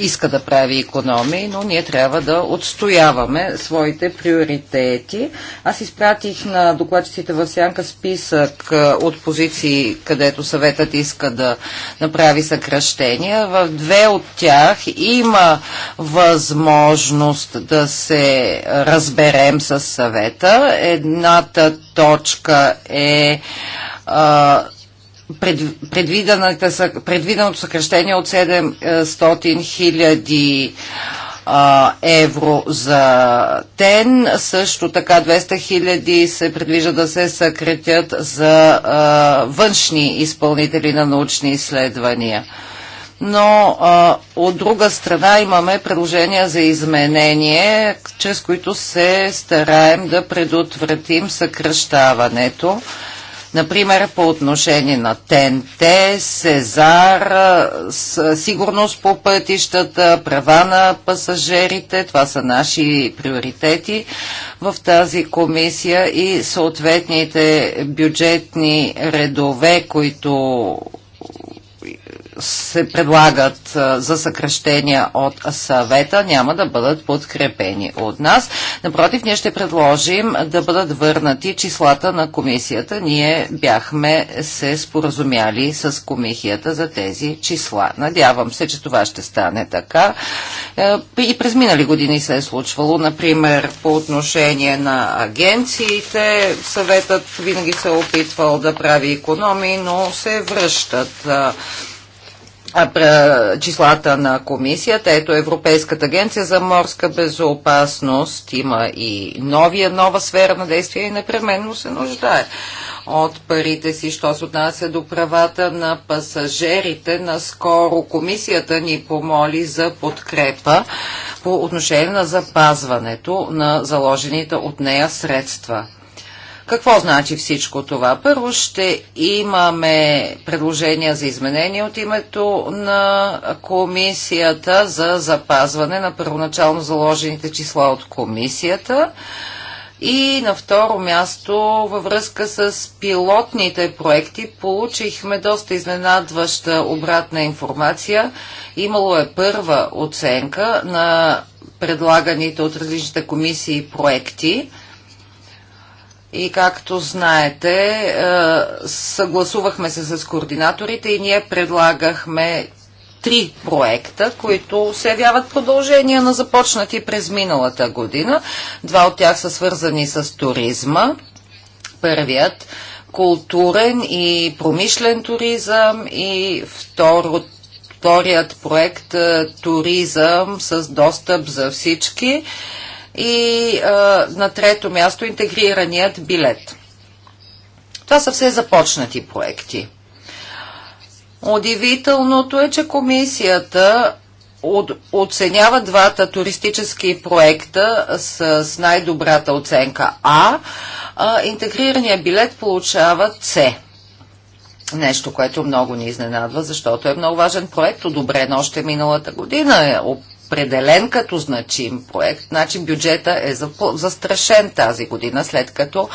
Speaker 2: иска да прави економии, но ние трябва да отстояваме своите приоритети. Аз изпратих на докладчиците в Сянка списък е, от позиции, където съветът иска да направи съкръщения. В две от тях има възможност да се разберем с съвета. Едната точка е а, е, предвиденото съкрещение от 700 хиляди евро за ТЕН. Също така 200 хиляди се предвижда да се съкретят за а, външни изпълнители на научни изследвания. Но а, от друга страна имаме предложения за изменение, чрез които се стараем да предотвратим съкръщаването. Например, по отношение на ТНТ, Сезар, сигурност по пътищата, права на пасажирите, това са наши приоритети в тази комисия и съответните бюджетни редове, които се предлагат за съкръщения от съвета, няма да бъдат подкрепени от нас. Напротив, ние ще предложим да бъдат върнати числата на комисията. Ние бяхме се споразумяли с комисията за тези числа. Надявам се, че това ще стане така. Е, и през минали години се е случвало, например, по отношение на агенциите. Съветът винаги се е опитвал да прави економии, но се връщат е, числата на комисията. Ето Европейската агенция за морска безопасност има и новия, нова сфера на действие и непременно се нуждае от парите си, що се отнася до правата на пасажерите. Наскоро комисията ни помоли за подкрепа по отношение на запазването на заложените от нея средства. Какво значи всичко това? Първо ще имаме предложения за изменение от името на комисията за запазване на първоначално заложените числа от комисията. И на второ място, във връзка с пилотните проекти, получихме доста изненадваща обратна информация. Имало е първа оценка на предлаганите от различните комисии проекти – и както знаете, е, съгласувахме се с координаторите и ние предлагахме три проекта, които се явяват продължения на започнати през миналата година. Два от тях са свързани с туризма. Първият културен и промишлен туризъм и второ, вторият проект туризъм с достъп за всички и а, на трето място интегрираният билет. Това са все започнати проекти. Удивителното е, че комисията оценява двата туристически проекта с, с най-добрата оценка А, а интегрирания билет получава С. Нещо, което много ни изненадва, защото е много важен проект, одобрен още миналата година. Е, определен като значим проект, значи бюджета е застрашен тази година, след като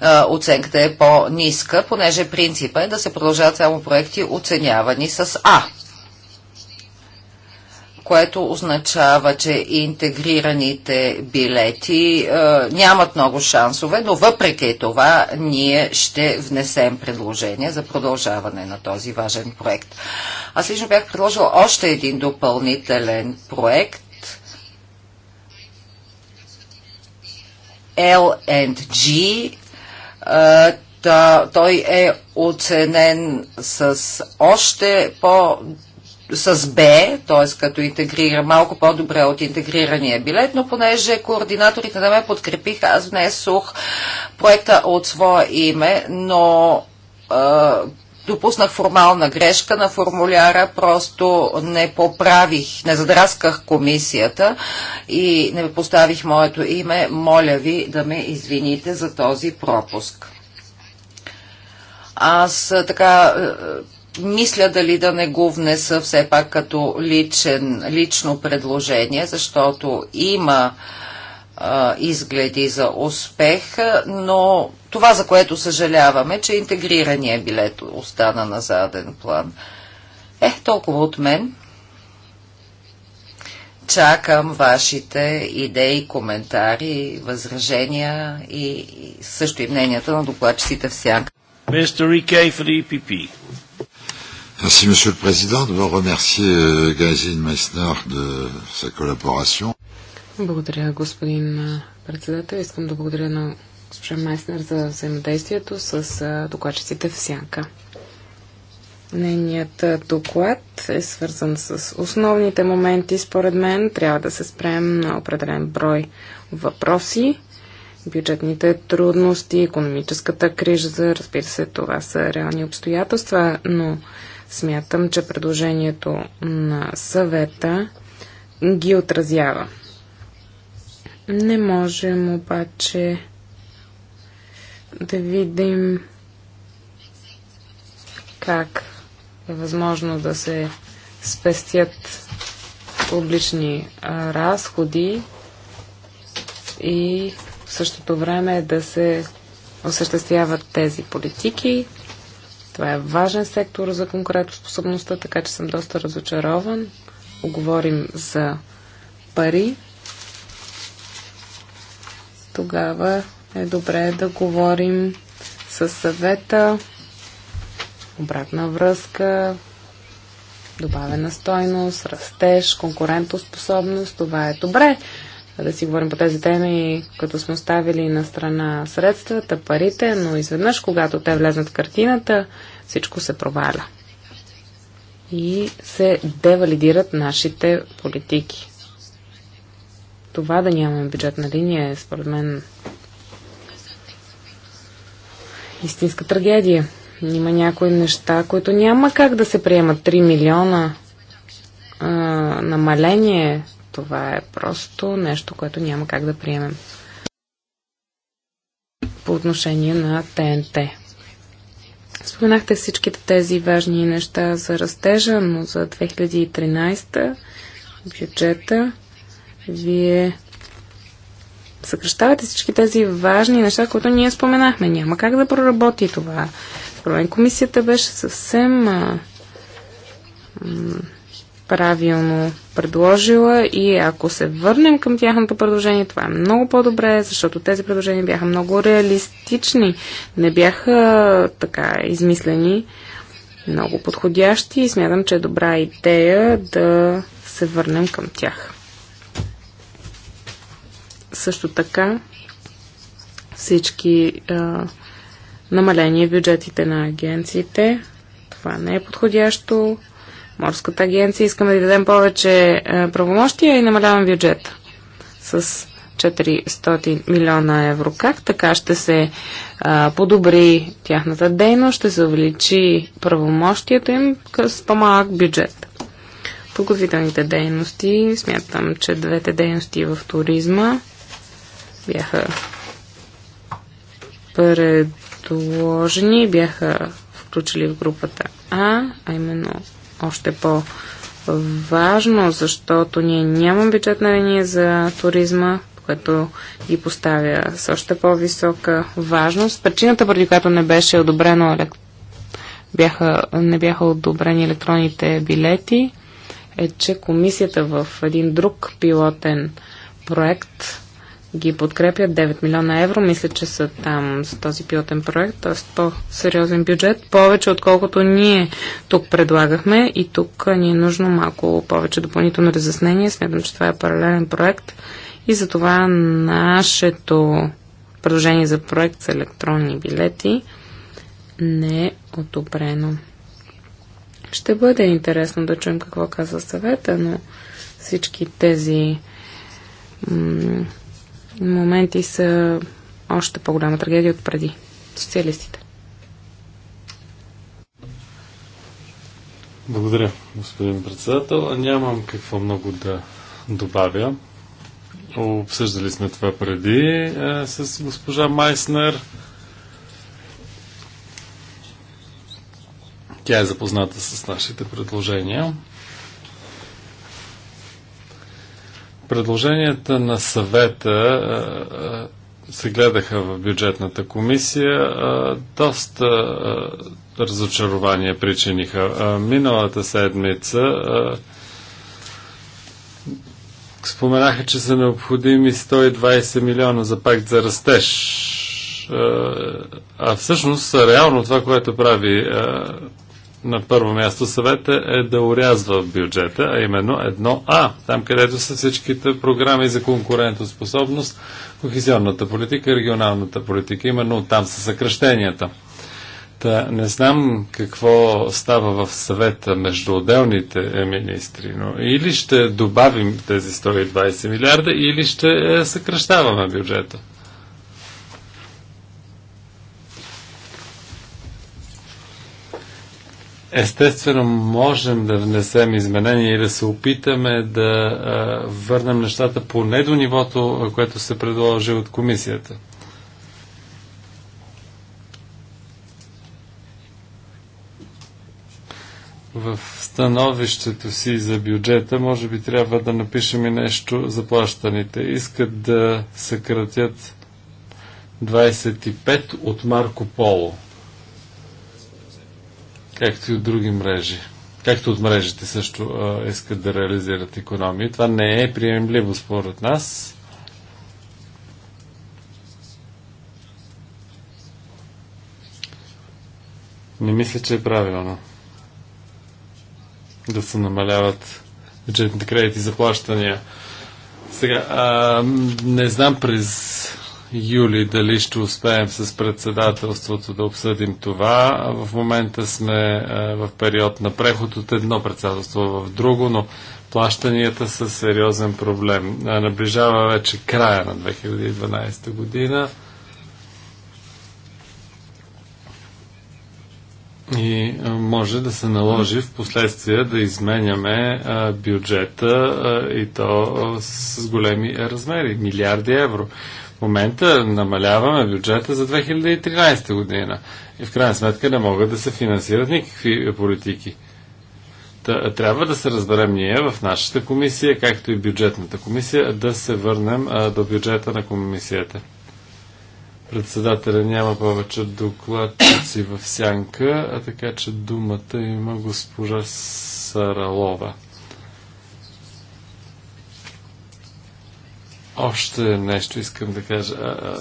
Speaker 2: а, оценката е по-ниска, понеже принципа е да се продължават само проекти оценявани с А което означава, че интегрираните билети е, нямат много шансове, но въпреки това ние ще внесем предложение за продължаване на този важен проект. Аз лично бях предложил още един допълнителен проект LNG, Е, той е оценен с още по с Б, т.е. като интегрира малко по-добре от интегрирания билет, но понеже координаторите не ме подкрепиха, аз внесох проекта от своя име, но е, допуснах формална грешка на формуляра, просто не поправих, не задрасках комисията и не поставих моето име. Моля ви да ме извините за този пропуск. Аз така мисля дали да не го внеса все пак като личен, лично предложение, защото има а, изгледи за успех, но това, за което съжаляваме, че интегрирания билет остана на заден план. Е, толкова от мен. Чакам вашите идеи, коментари, възражения и също и мненията на докладчиците в сянка.
Speaker 1: Mr. Rike for the EPP. Merci, Monsieur le Président. D'abord, remercier euh, Gazin Meissner de sa collaboration.
Speaker 3: Благодаря, господин председател. Искам да благодаря на госпожа Майснер за взаимодействието с докладчиците в Сянка. Нейният доклад е свързан с основните моменти, според мен. Трябва да се спрем на определен брой въпроси. Бюджетните трудности, економическата криза, разбира се, това са реални обстоятелства, но Смятам, че предложението на съвета ги отразява. Не можем обаче да видим как е възможно да се спестят публични разходи и в същото време да се осъществяват тези политики това е важен сектор за конкурентоспособността, така че съм доста разочарован. Говорим за пари. Тогава е добре да говорим с съвета, обратна връзка, добавена стойност, растеж, конкурентоспособност. Това е добре да си говорим по тези теми, като сме оставили на страна средствата, парите, но изведнъж, когато те влезнат в картината всичко се проваля. И се девалидират нашите политики. Това да нямаме бюджетна линия е според мен истинска трагедия. Има някои неща, които няма как да се приемат. 3 милиона а, намаление, това е просто нещо, което няма как да приемем. По отношение на ТНТ. Споменахте всичките тези важни неща за растежа, но за 2013 бюджета вие съкръщавате всички тези важни неща, които ние споменахме. Няма как да проработи това. Според комисията беше съвсем а, правилно предложила и ако се върнем към тяхното предложение, това е много по-добре, защото тези предложения бяха много реалистични, не бяха така измислени, много подходящи и смятам, че е добра идея да се върнем към тях. Също така всички е, намаления в бюджетите на агенциите, това не е подходящо морската агенция. Искаме да дадем повече е, правомощия и намаляваме бюджета с 400 милиона евро. Как така ще се а, е, подобри тяхната дейност, ще се увеличи правомощията им с по-малък бюджет? Подготвителните дейности, смятам, че двете дейности в туризма бяха предложени, бяха включили в групата А, а именно още по-важно, защото ние нямаме на линия за туризма, което ги поставя с още по-висока важност. Причината, поради която не беше одобрено бяха, не бяха одобрени електронните билети, е, че комисията в един друг пилотен проект ги подкрепят 9 милиона евро. Мисля, че са там с този пилотен проект, т.е. по-сериозен бюджет, повече отколкото ние тук предлагахме и тук ни е нужно малко повече допълнително разяснение. Смятам, че това е паралелен проект и затова нашето предложение за проект с електронни билети не е одобрено. Ще бъде интересно да чуем какво казва съвета, но всички тези моменти са още по-голяма трагедия от преди. Социалистите.
Speaker 1: Благодаря, господин председател. Нямам какво много да добавя. Обсъждали сме това преди е, с госпожа Майснер. Тя е запозната с нашите предложения. Предложенията на съвета е, е, се гледаха в бюджетната комисия, е, доста разочарования причиниха. Миналата седмица споменаха, че са необходими 120 милиона за пакт за растеж. А всъщност, реално това, което прави на първо място съвета е да урязва бюджета, а именно едно А, там където са всичките програми за конкурентоспособност, кохезионната политика, регионалната политика, именно там са съкръщенията. Та, не знам какво става в съвета между отделните е, министри, но или ще добавим тези 120 милиарда, или ще е, съкръщаваме бюджета. Естествено, можем да внесем изменения и да се опитаме да а, върнем нещата поне до нивото, което се предложи от комисията. В становището си за бюджета, може би трябва да напишем и нещо за плащаните. Искат да съкратят 25 от Марко Поло както и от други мрежи. Както от мрежите също а, искат да реализират економии. Това не е приемливо според нас. Не мисля, че е правилно да се намаляват бюджетните кредити за плащания. Сега, а, не знам през юли дали ще успеем с председателството да обсъдим това. В момента сме е, в период на преход от едно председателство в друго, но плащанията са сериозен проблем. Е, наближава вече края на 2012 година. И е, може да се наложи в последствие да изменяме бюджета и то с големи размери, милиарди евро момента намаляваме бюджета за 2013 година и в крайна сметка не могат да се финансират никакви политики. трябва да се разберем ние в нашата комисия, както и бюджетната комисия, да се върнем до бюджета на комисията. Председателя няма повече докладчици в сянка, а така че думата има госпожа Саралова. Още нещо искам да кажа. А,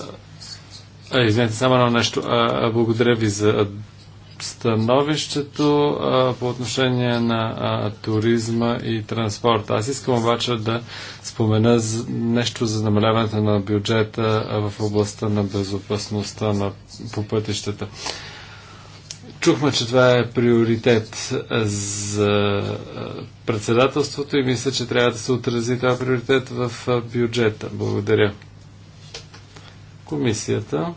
Speaker 1: а, извинете, само едно нещо. А, а, благодаря ви за становището а, по отношение на а, туризма и транспорта. Аз искам обаче да спомена нещо за намаляването на бюджета а, в областта на безопасността на, по пътищата. А, Чухме, че това е приоритет за председателството и мисля, че трябва да се отрази това приоритет в бюджета. Благодаря. Комисията.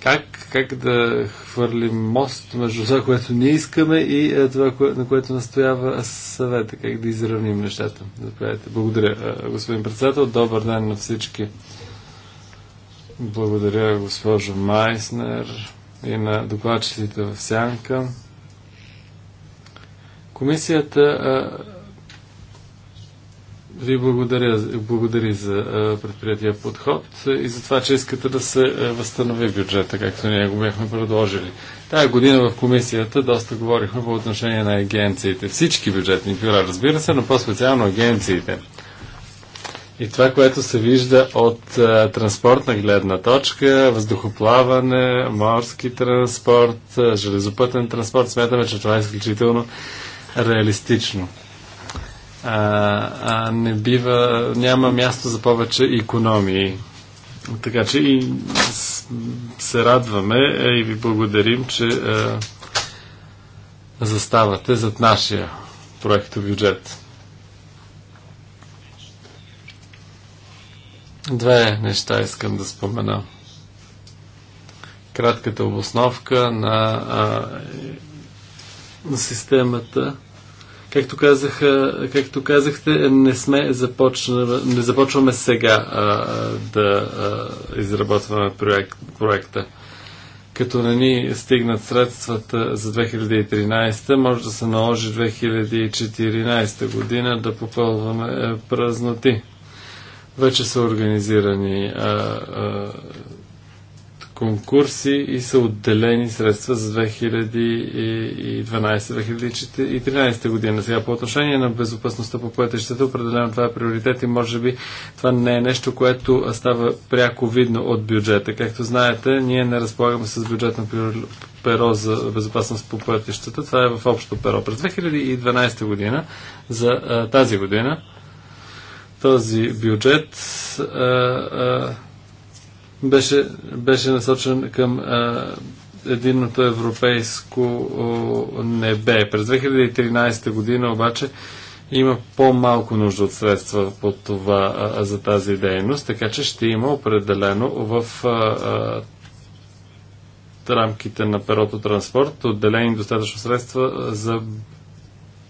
Speaker 1: Как, как да хвърлим мост между това, което ние искаме и това, на което настоява съвета? Как да изравним нещата? Заповядайте. Благодаря, господин председател. Добър ден на всички. Благодаря, госпожо Майснер и на докладчиците в Сянка. Комисията а, ви благодаря, благодари за а, предприятия подход и за това, че искате да се възстанови бюджета, както ние го бяхме предложили. Тая година в комисията доста говорихме по отношение на агенциите. Всички бюджетни бюра, разбира се, но по-специално агенциите. И това, което се вижда от а, е, транспортна гледна точка, въздухоплаване, морски транспорт, а, е, железопътен транспорт, смятаме, че това е изключително реалистично. А, а не бива, няма място за повече економии. Така че и се радваме е, и ви благодарим, че а, заставате зад нашия проект бюджет. Две неща искам да спомена. Кратката обосновка на, а, на системата. Както, казах, както казахте, не сме започна, не започваме сега а, да а, изработваме проект, проекта. Като не ни стигнат средствата за 2013, може да се наложи 2014 година да попълваме празноти вече са организирани а, а, конкурси и са отделени средства за 2012-2013 година. Сега по отношение на безопасността по пътищата, определено това е приоритет и може би това не е нещо, което става пряко видно от бюджета. Както знаете, ние не разполагаме с бюджетно перо за безопасност по пътищата. Това е в общо перо. През 2012 година, за а, тази година, този бюджет беше, беше насочен към единното европейско небе. През 2013 година обаче има по-малко нужда от средства по това, за тази дейност, така че ще има определено в рамките на перото транспорт отделени достатъчно средства за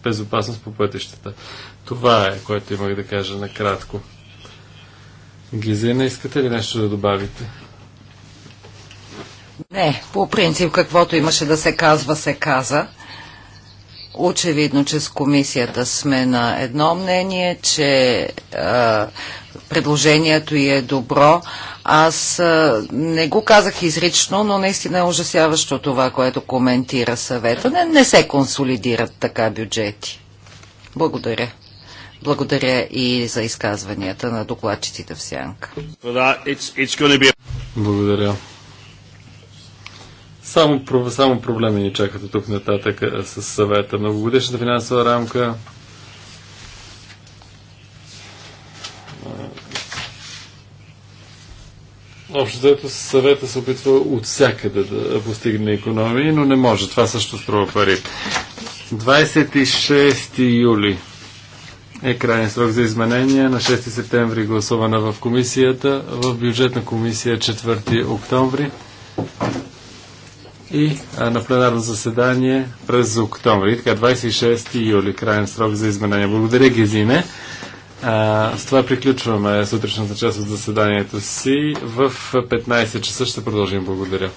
Speaker 1: безопасност по пътищата. Това е, което имах да кажа накратко. Гизина, искате ли нещо да добавите?
Speaker 2: Не, по принцип каквото имаше да се казва, се каза. Очевидно, че с комисията сме на едно мнение, че а, предложението и е добро. Аз а, не го казах изрично, но наистина е ужасяващо това, което коментира съвета. Не, не се консолидират така бюджети. Благодаря. Благодаря и за изказванията на докладчиците в Сянка.
Speaker 1: Благодаря. Само, само проблеми ни чакат тук нататък с съвета. Многогодишната финансова рамка общо заето съвета се опитва от всякъде да постигне економии, но не може. Това също струва пари. 26 юли е крайен срок за изменение. На 6 септември гласувана в комисията, в бюджетна комисия 4 е октомври и а, на пленарно заседание през октомври. така, 26 юли, крайен срок за изменение. Благодаря, Гезине. А, с това приключваме сутрешната част от заседанието си. В 15 часа ще продължим. Благодаря.